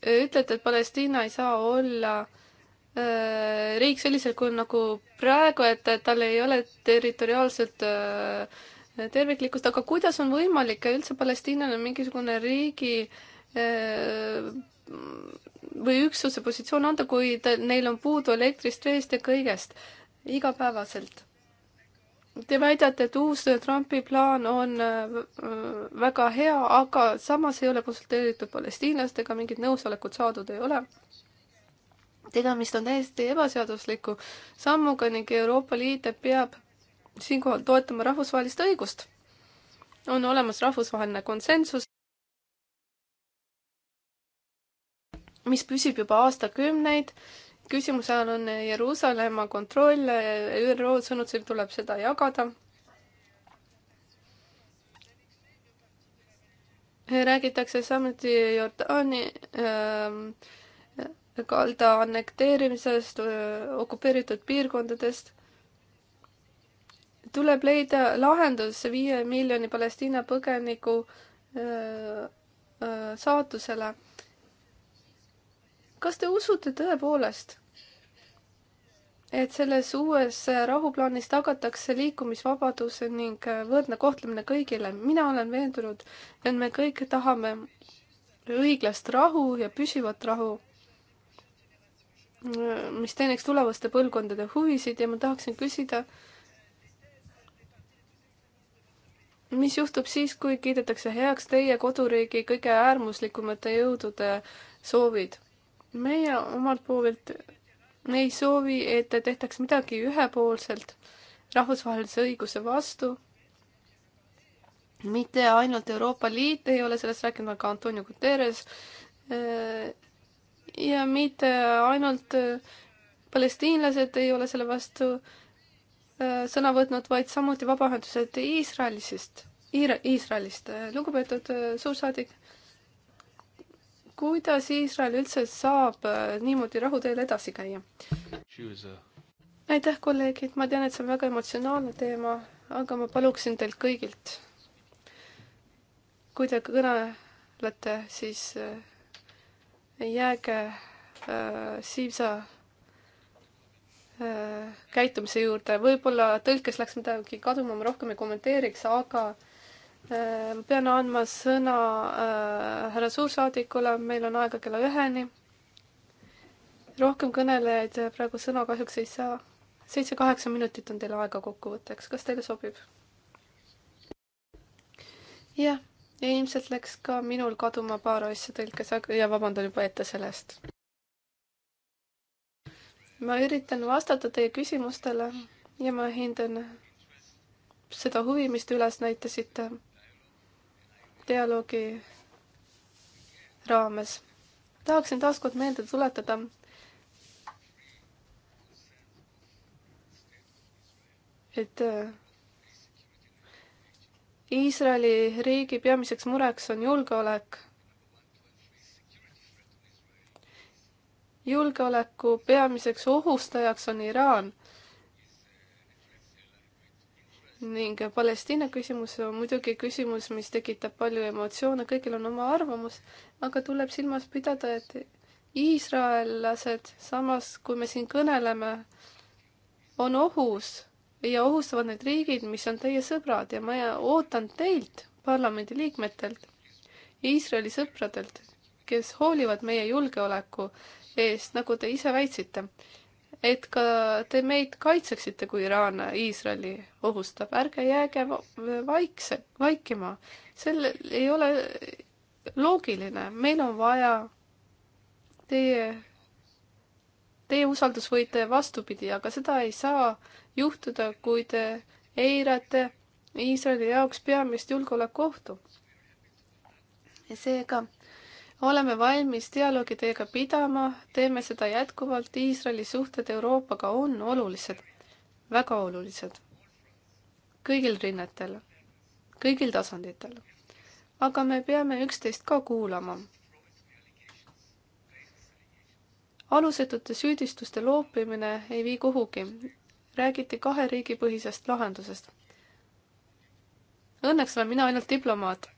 äh, ütlete, et Palestiina ei saa olla äh, riik sellisel kujul nagu praegu, et tal ei ole territoriaalset äh, terviklikkust, aga kuidas on võimalik üldse Palestiinale mingisugune riigi või üksuse positsioon anda, kui neil on puudu elektrist, veest ja kõigest igapäevaselt Te väidate, et uus Trumpi plaan on äh, väga hea, aga samas ei ole konsulteeritud palestiinlastega, mingit nõusolekut saadud ei ole. tegemist on täiesti ebaseadusliku sammuga ning Euroopa Liit peab siinkohal toetama rahvusvahelist õigust. on olemas rahvusvaheline konsensus, mis püsib juba aastakümneid küsimuse all on Jeruusalemma kontroll, ÜRO sõnutsil tuleb seda jagada. räägitakse samuti Jordaani äh, kalda annekteerimisest, okupeeritud piirkondadest tuleb leida lahendus viie miljoni Palestiina põgeniku öö, öö, saatusele. kas te usute tõepoolest, et selles uues rahuplaanis tagatakse liikumisvabadus ning võrdne kohtlemine kõigile. mina olen veendunud, et me kõik tahame õiglast rahu ja püsivat rahu, mis teeniks tulevaste põlvkondade huvisid ja ma tahaksin küsida, mis juhtub siis, kui kiidetakse heaks teie koduriigi kõige äärmuslikumate jõudude soovid? meie omalt poolt me ei soovi, et tehtaks midagi ühepoolselt rahvusvahelise õiguse vastu. mitte ainult Euroopa Liit ei ole sellest rääkinud, aga Antonio Guterres. Äh, ja mitte ainult äh, palestiinlased ei ole selle vastu äh, sõna võtnud, vaid samuti vabaühendused Iisraelisest, Iisraelist. lugupeetud suursaadik kuidas Iisrael üldse saab äh, niimoodi rahuteel edasi käia? Äh, aitäh, kolleegid, ma tean, et see on väga emotsionaalne teema, aga ma paluksin teilt kõigilt, kui te kõnelete, siis äh, jääge äh, siivsa äh, käitumise juurde, võib-olla tõlkes läks midagi kaduma, ma rohkem ei kommenteeriks, aga äh, Äh, pean andma sõna äh, härra suursaadikule, meil on aega kella üheni. rohkem kõnelejaid äh, praegu sõna kahjuks ei saa. seitse-kaheksa minutit on teil aega kokkuvõtteks, kas teile sobib? jah ja ilmselt läks ka minul kaduma paar asja tõlkes ja vabandan juba ette sellest. ma üritan vastata teie küsimustele ja ma hindan seda huvi, mis te üles näitasite dialoogi raames. tahaksin taaskord meelde tuletada, et äh, Iisraeli riigi peamiseks mureks on julgeolek. julgeoleku peamiseks ohustajaks on Iraan ning Palestiina küsimus on muidugi küsimus, mis tekitab palju emotsioone, kõigil on oma arvamus, aga tuleb silmas pidada, et iisraellased, samas kui me siin kõneleme, on ohus ja ohustavad need riigid, mis on teie sõbrad ja ma ootan teilt, parlamendiliikmetelt, Iisraeli sõpradelt, kes hoolivad meie julgeoleku eest, nagu te ise väitsite et ka te meid kaitseksite, kui Iraan Iisraeli ohustab, ärge jääge vaikse, vaikima. sellel ei ole loogiline, meil on vaja teie, teie usaldusvõite vastupidi, aga seda ei saa juhtuda, kui te eirate Iisraeli jaoks peamist julgeolekuohtu. seega oleme valmis dialoogi teiega pidama, teeme seda jätkuvalt, Iisraeli suhted Euroopaga on olulised, väga olulised. kõigil rinnetel, kõigil tasanditel. aga me peame üksteist ka kuulama alusetute süüdistuste loopimine ei vii kuhugi. räägiti kahe riigi põhisest lahendusest. Õnneks olen mina ainult diplomaat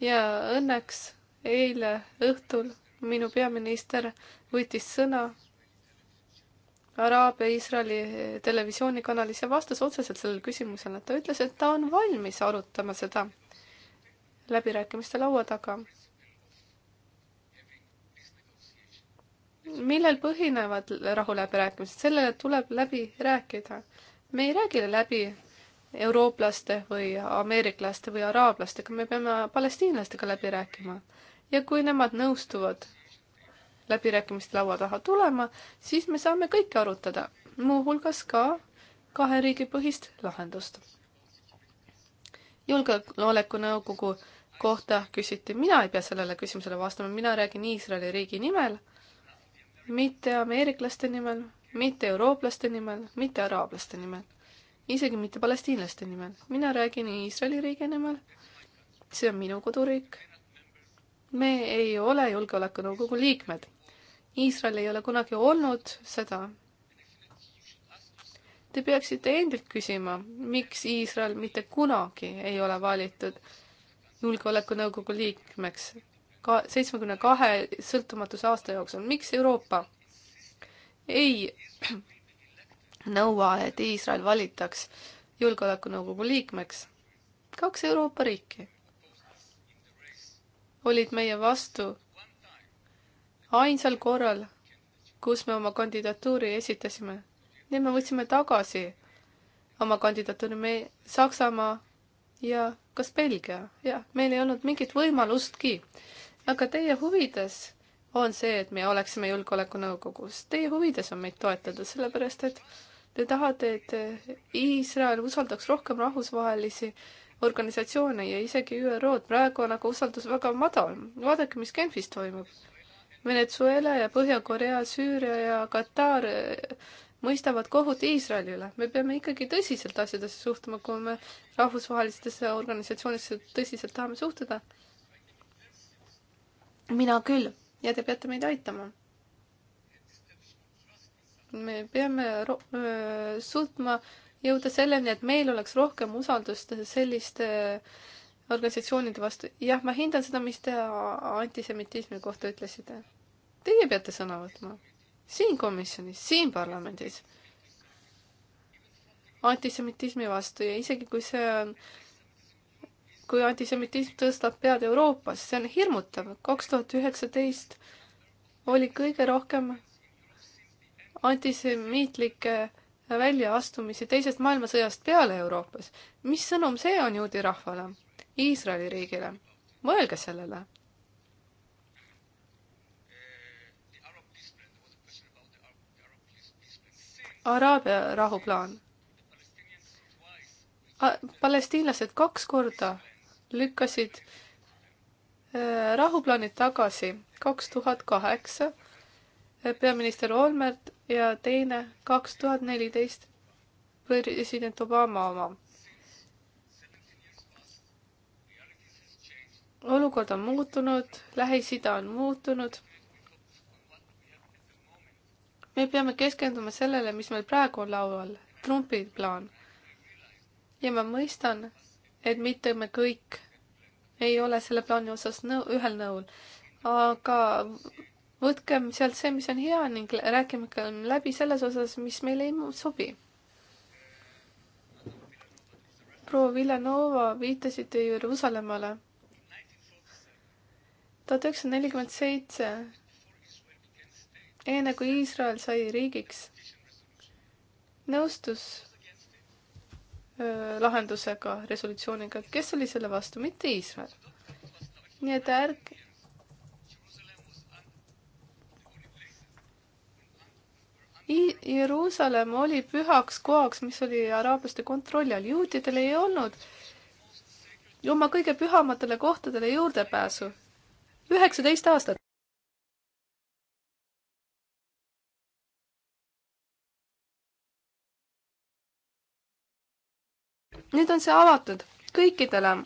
ja õnneks eile õhtul minu peaminister võttis sõna Araabia Iisraeli televisioonikanalis ja vastas otseselt sellele küsimusele. ta ütles, et ta on valmis arutama seda läbirääkimiste laua taga. millel põhinevad rahuläbirääkimised, sellele tuleb läbi rääkida. me ei räägi läbi eurooplaste või ameeriklaste või araablastega, me peame palestiinlastega läbi rääkima ja kui nemad nõustuvad läbirääkimiste laua taha tulema, siis me saame kõike arutada, muuhulgas ka kahe riigi põhist lahendust. julgeolekunõukogu kohta küsiti, mina ei pea sellele küsimusele vastama, mina räägin Iisraeli riigi nimel, mitte ameeriklaste nimel, mitte eurooplaste nimel, mitte araablaste nimel, isegi mitte palestiinlaste nimel, mina räägin Iisraeli riigi nimel, see on minu koduriik me ei ole Julgeolekunõukogu liikmed. Iisrael ei ole kunagi olnud seda. Te peaksite endilt küsima, miks Iisrael mitte kunagi ei ole valitud Julgeolekunõukogu liikmeks ka seitsmekümne kahe sõltumatuse aasta jooksul, miks Euroopa ei nõua, et Iisrael valitaks Julgeolekunõukogu liikmeks? kaks Euroopa riiki olid meie vastu ainsal korral, kus me oma kandidatuuri esitasime. nii me võtsime tagasi oma kandidatuuri, me, Saksamaa ja kas Belgia, jah, meil ei olnud mingit võimalustki. aga teie huvides on see, et me oleksime Julgeolekunõukogus, teie huvides on meid toetada, sellepärast et te tahate, et Iisrael usaldaks rohkem rahvusvahelisi äh, organisatsioone ja isegi ÜRO-d. praegu on aga usaldus väga madal. vaadake, mis Genfis toimub. Venezuela ja Põhja-Korea, Süüria ja Katar eh, mõistavad kohut Iisraelile. me peame ikkagi tõsiselt asjadesse suhtuma, kui me rahvusvahelistesse organisatsioonidesse tõsiselt tahame suhtuda. mina küll ja te peate meid aitama. me peame eh, suutma äh, jõuda selleni, et meil oleks rohkem usaldust selliste äh, organisatsioonide vastu. jah, ma hindan seda, mis te antisemitismi kohta ütlesite. Teie peate sõna võtma. siin komisjonis, siin parlamendis. antisemitismi vastu ja isegi kui see on, kui antisemitism tõstab pead Euroopas, see on hirmutav. kaks tuhat üheksateist oli kõige rohkem antisemiitlikke väljaastumisi Teisest maailmasõjast peale Euroopas. mis sõnum see on juudi rahvale, Iisraeli riigile? mõelge sellele. Araabia rahuplaan. palestiinlased kaks korda lükkasid äh, rahuplaanid tagasi kaks tuhat kaheksa peaminister Olmert ja teine kaks tuhat neliteist president Obama oma. olukord on muutunud, Lähis-Ida on muutunud. me peame keskenduma sellele, mis meil praegu on laual, Trumpi plaan. ja ma mõistan, et mitte me kõik ei ole selle plaani osas nõu-, ühel nõul, aga võtkem sealt see, mis on hea ning rääkigem läbi selles osas, mis meile ei sobi. proua Villanova viitasite Jeruusalemmale. tuhat üheksasada nelikümmend seitse, enne kui Iisrael sai riigiks, nõustus öö, lahendusega, resolutsiooniga, kes oli selle vastu, mitte Iisrael. nii et ärge Jeruusalemm oli pühaks kohaks, mis oli araablaste kontrolli all, juutidel ei olnud oma kõige pühamatele kohtadele juurdepääsu. üheksateist aastat. nüüd on see avatud kõikidele,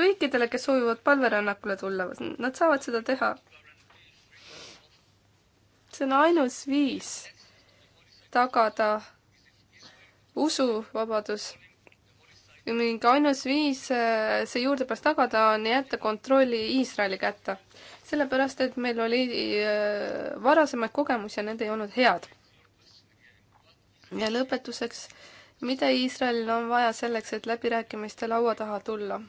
kõikidele, kes soovivad palverännakule tulla, nad saavad seda teha see on ainus viis tagada usuvabadus ning ainus viis eh, see juurdepääs tagada on jätta kontrolli Iisraeli kätte. sellepärast, et meil oli eh, varasemaid kogemusi ja need ei olnud head. ja lõpetuseks, mida Iisraelil on vaja selleks, et läbirääkimiste laua taha tulla?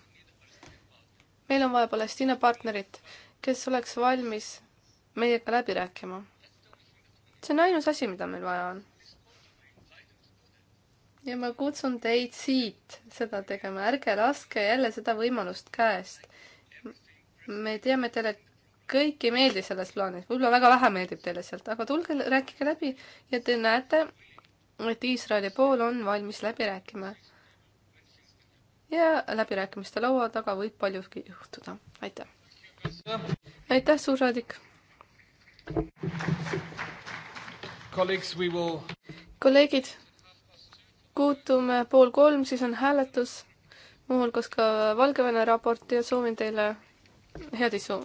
meil on vaja Palestiina partnerit, kes oleks valmis meiega läbi rääkima see on ainus asi, mida meil vaja on. ja ma kutsun teid siit seda tegema, ärge laske jälle seda võimalust käest. me teame, teile kõik ei meeldi selles plaanis, võib-olla väga vähe meeldib teile sealt, aga tulge, rääkige läbi ja te näete, et Iisraeli pool on valmis läbi rääkima. ja läbirääkimiste laua taga võib paljugi juhtuda. aitäh! aitäh, suursaadik! kolleegid, kohtume pool kolm, siis on hääletus, muuhulgas ka Valgevene raport ja soovin teile head isu.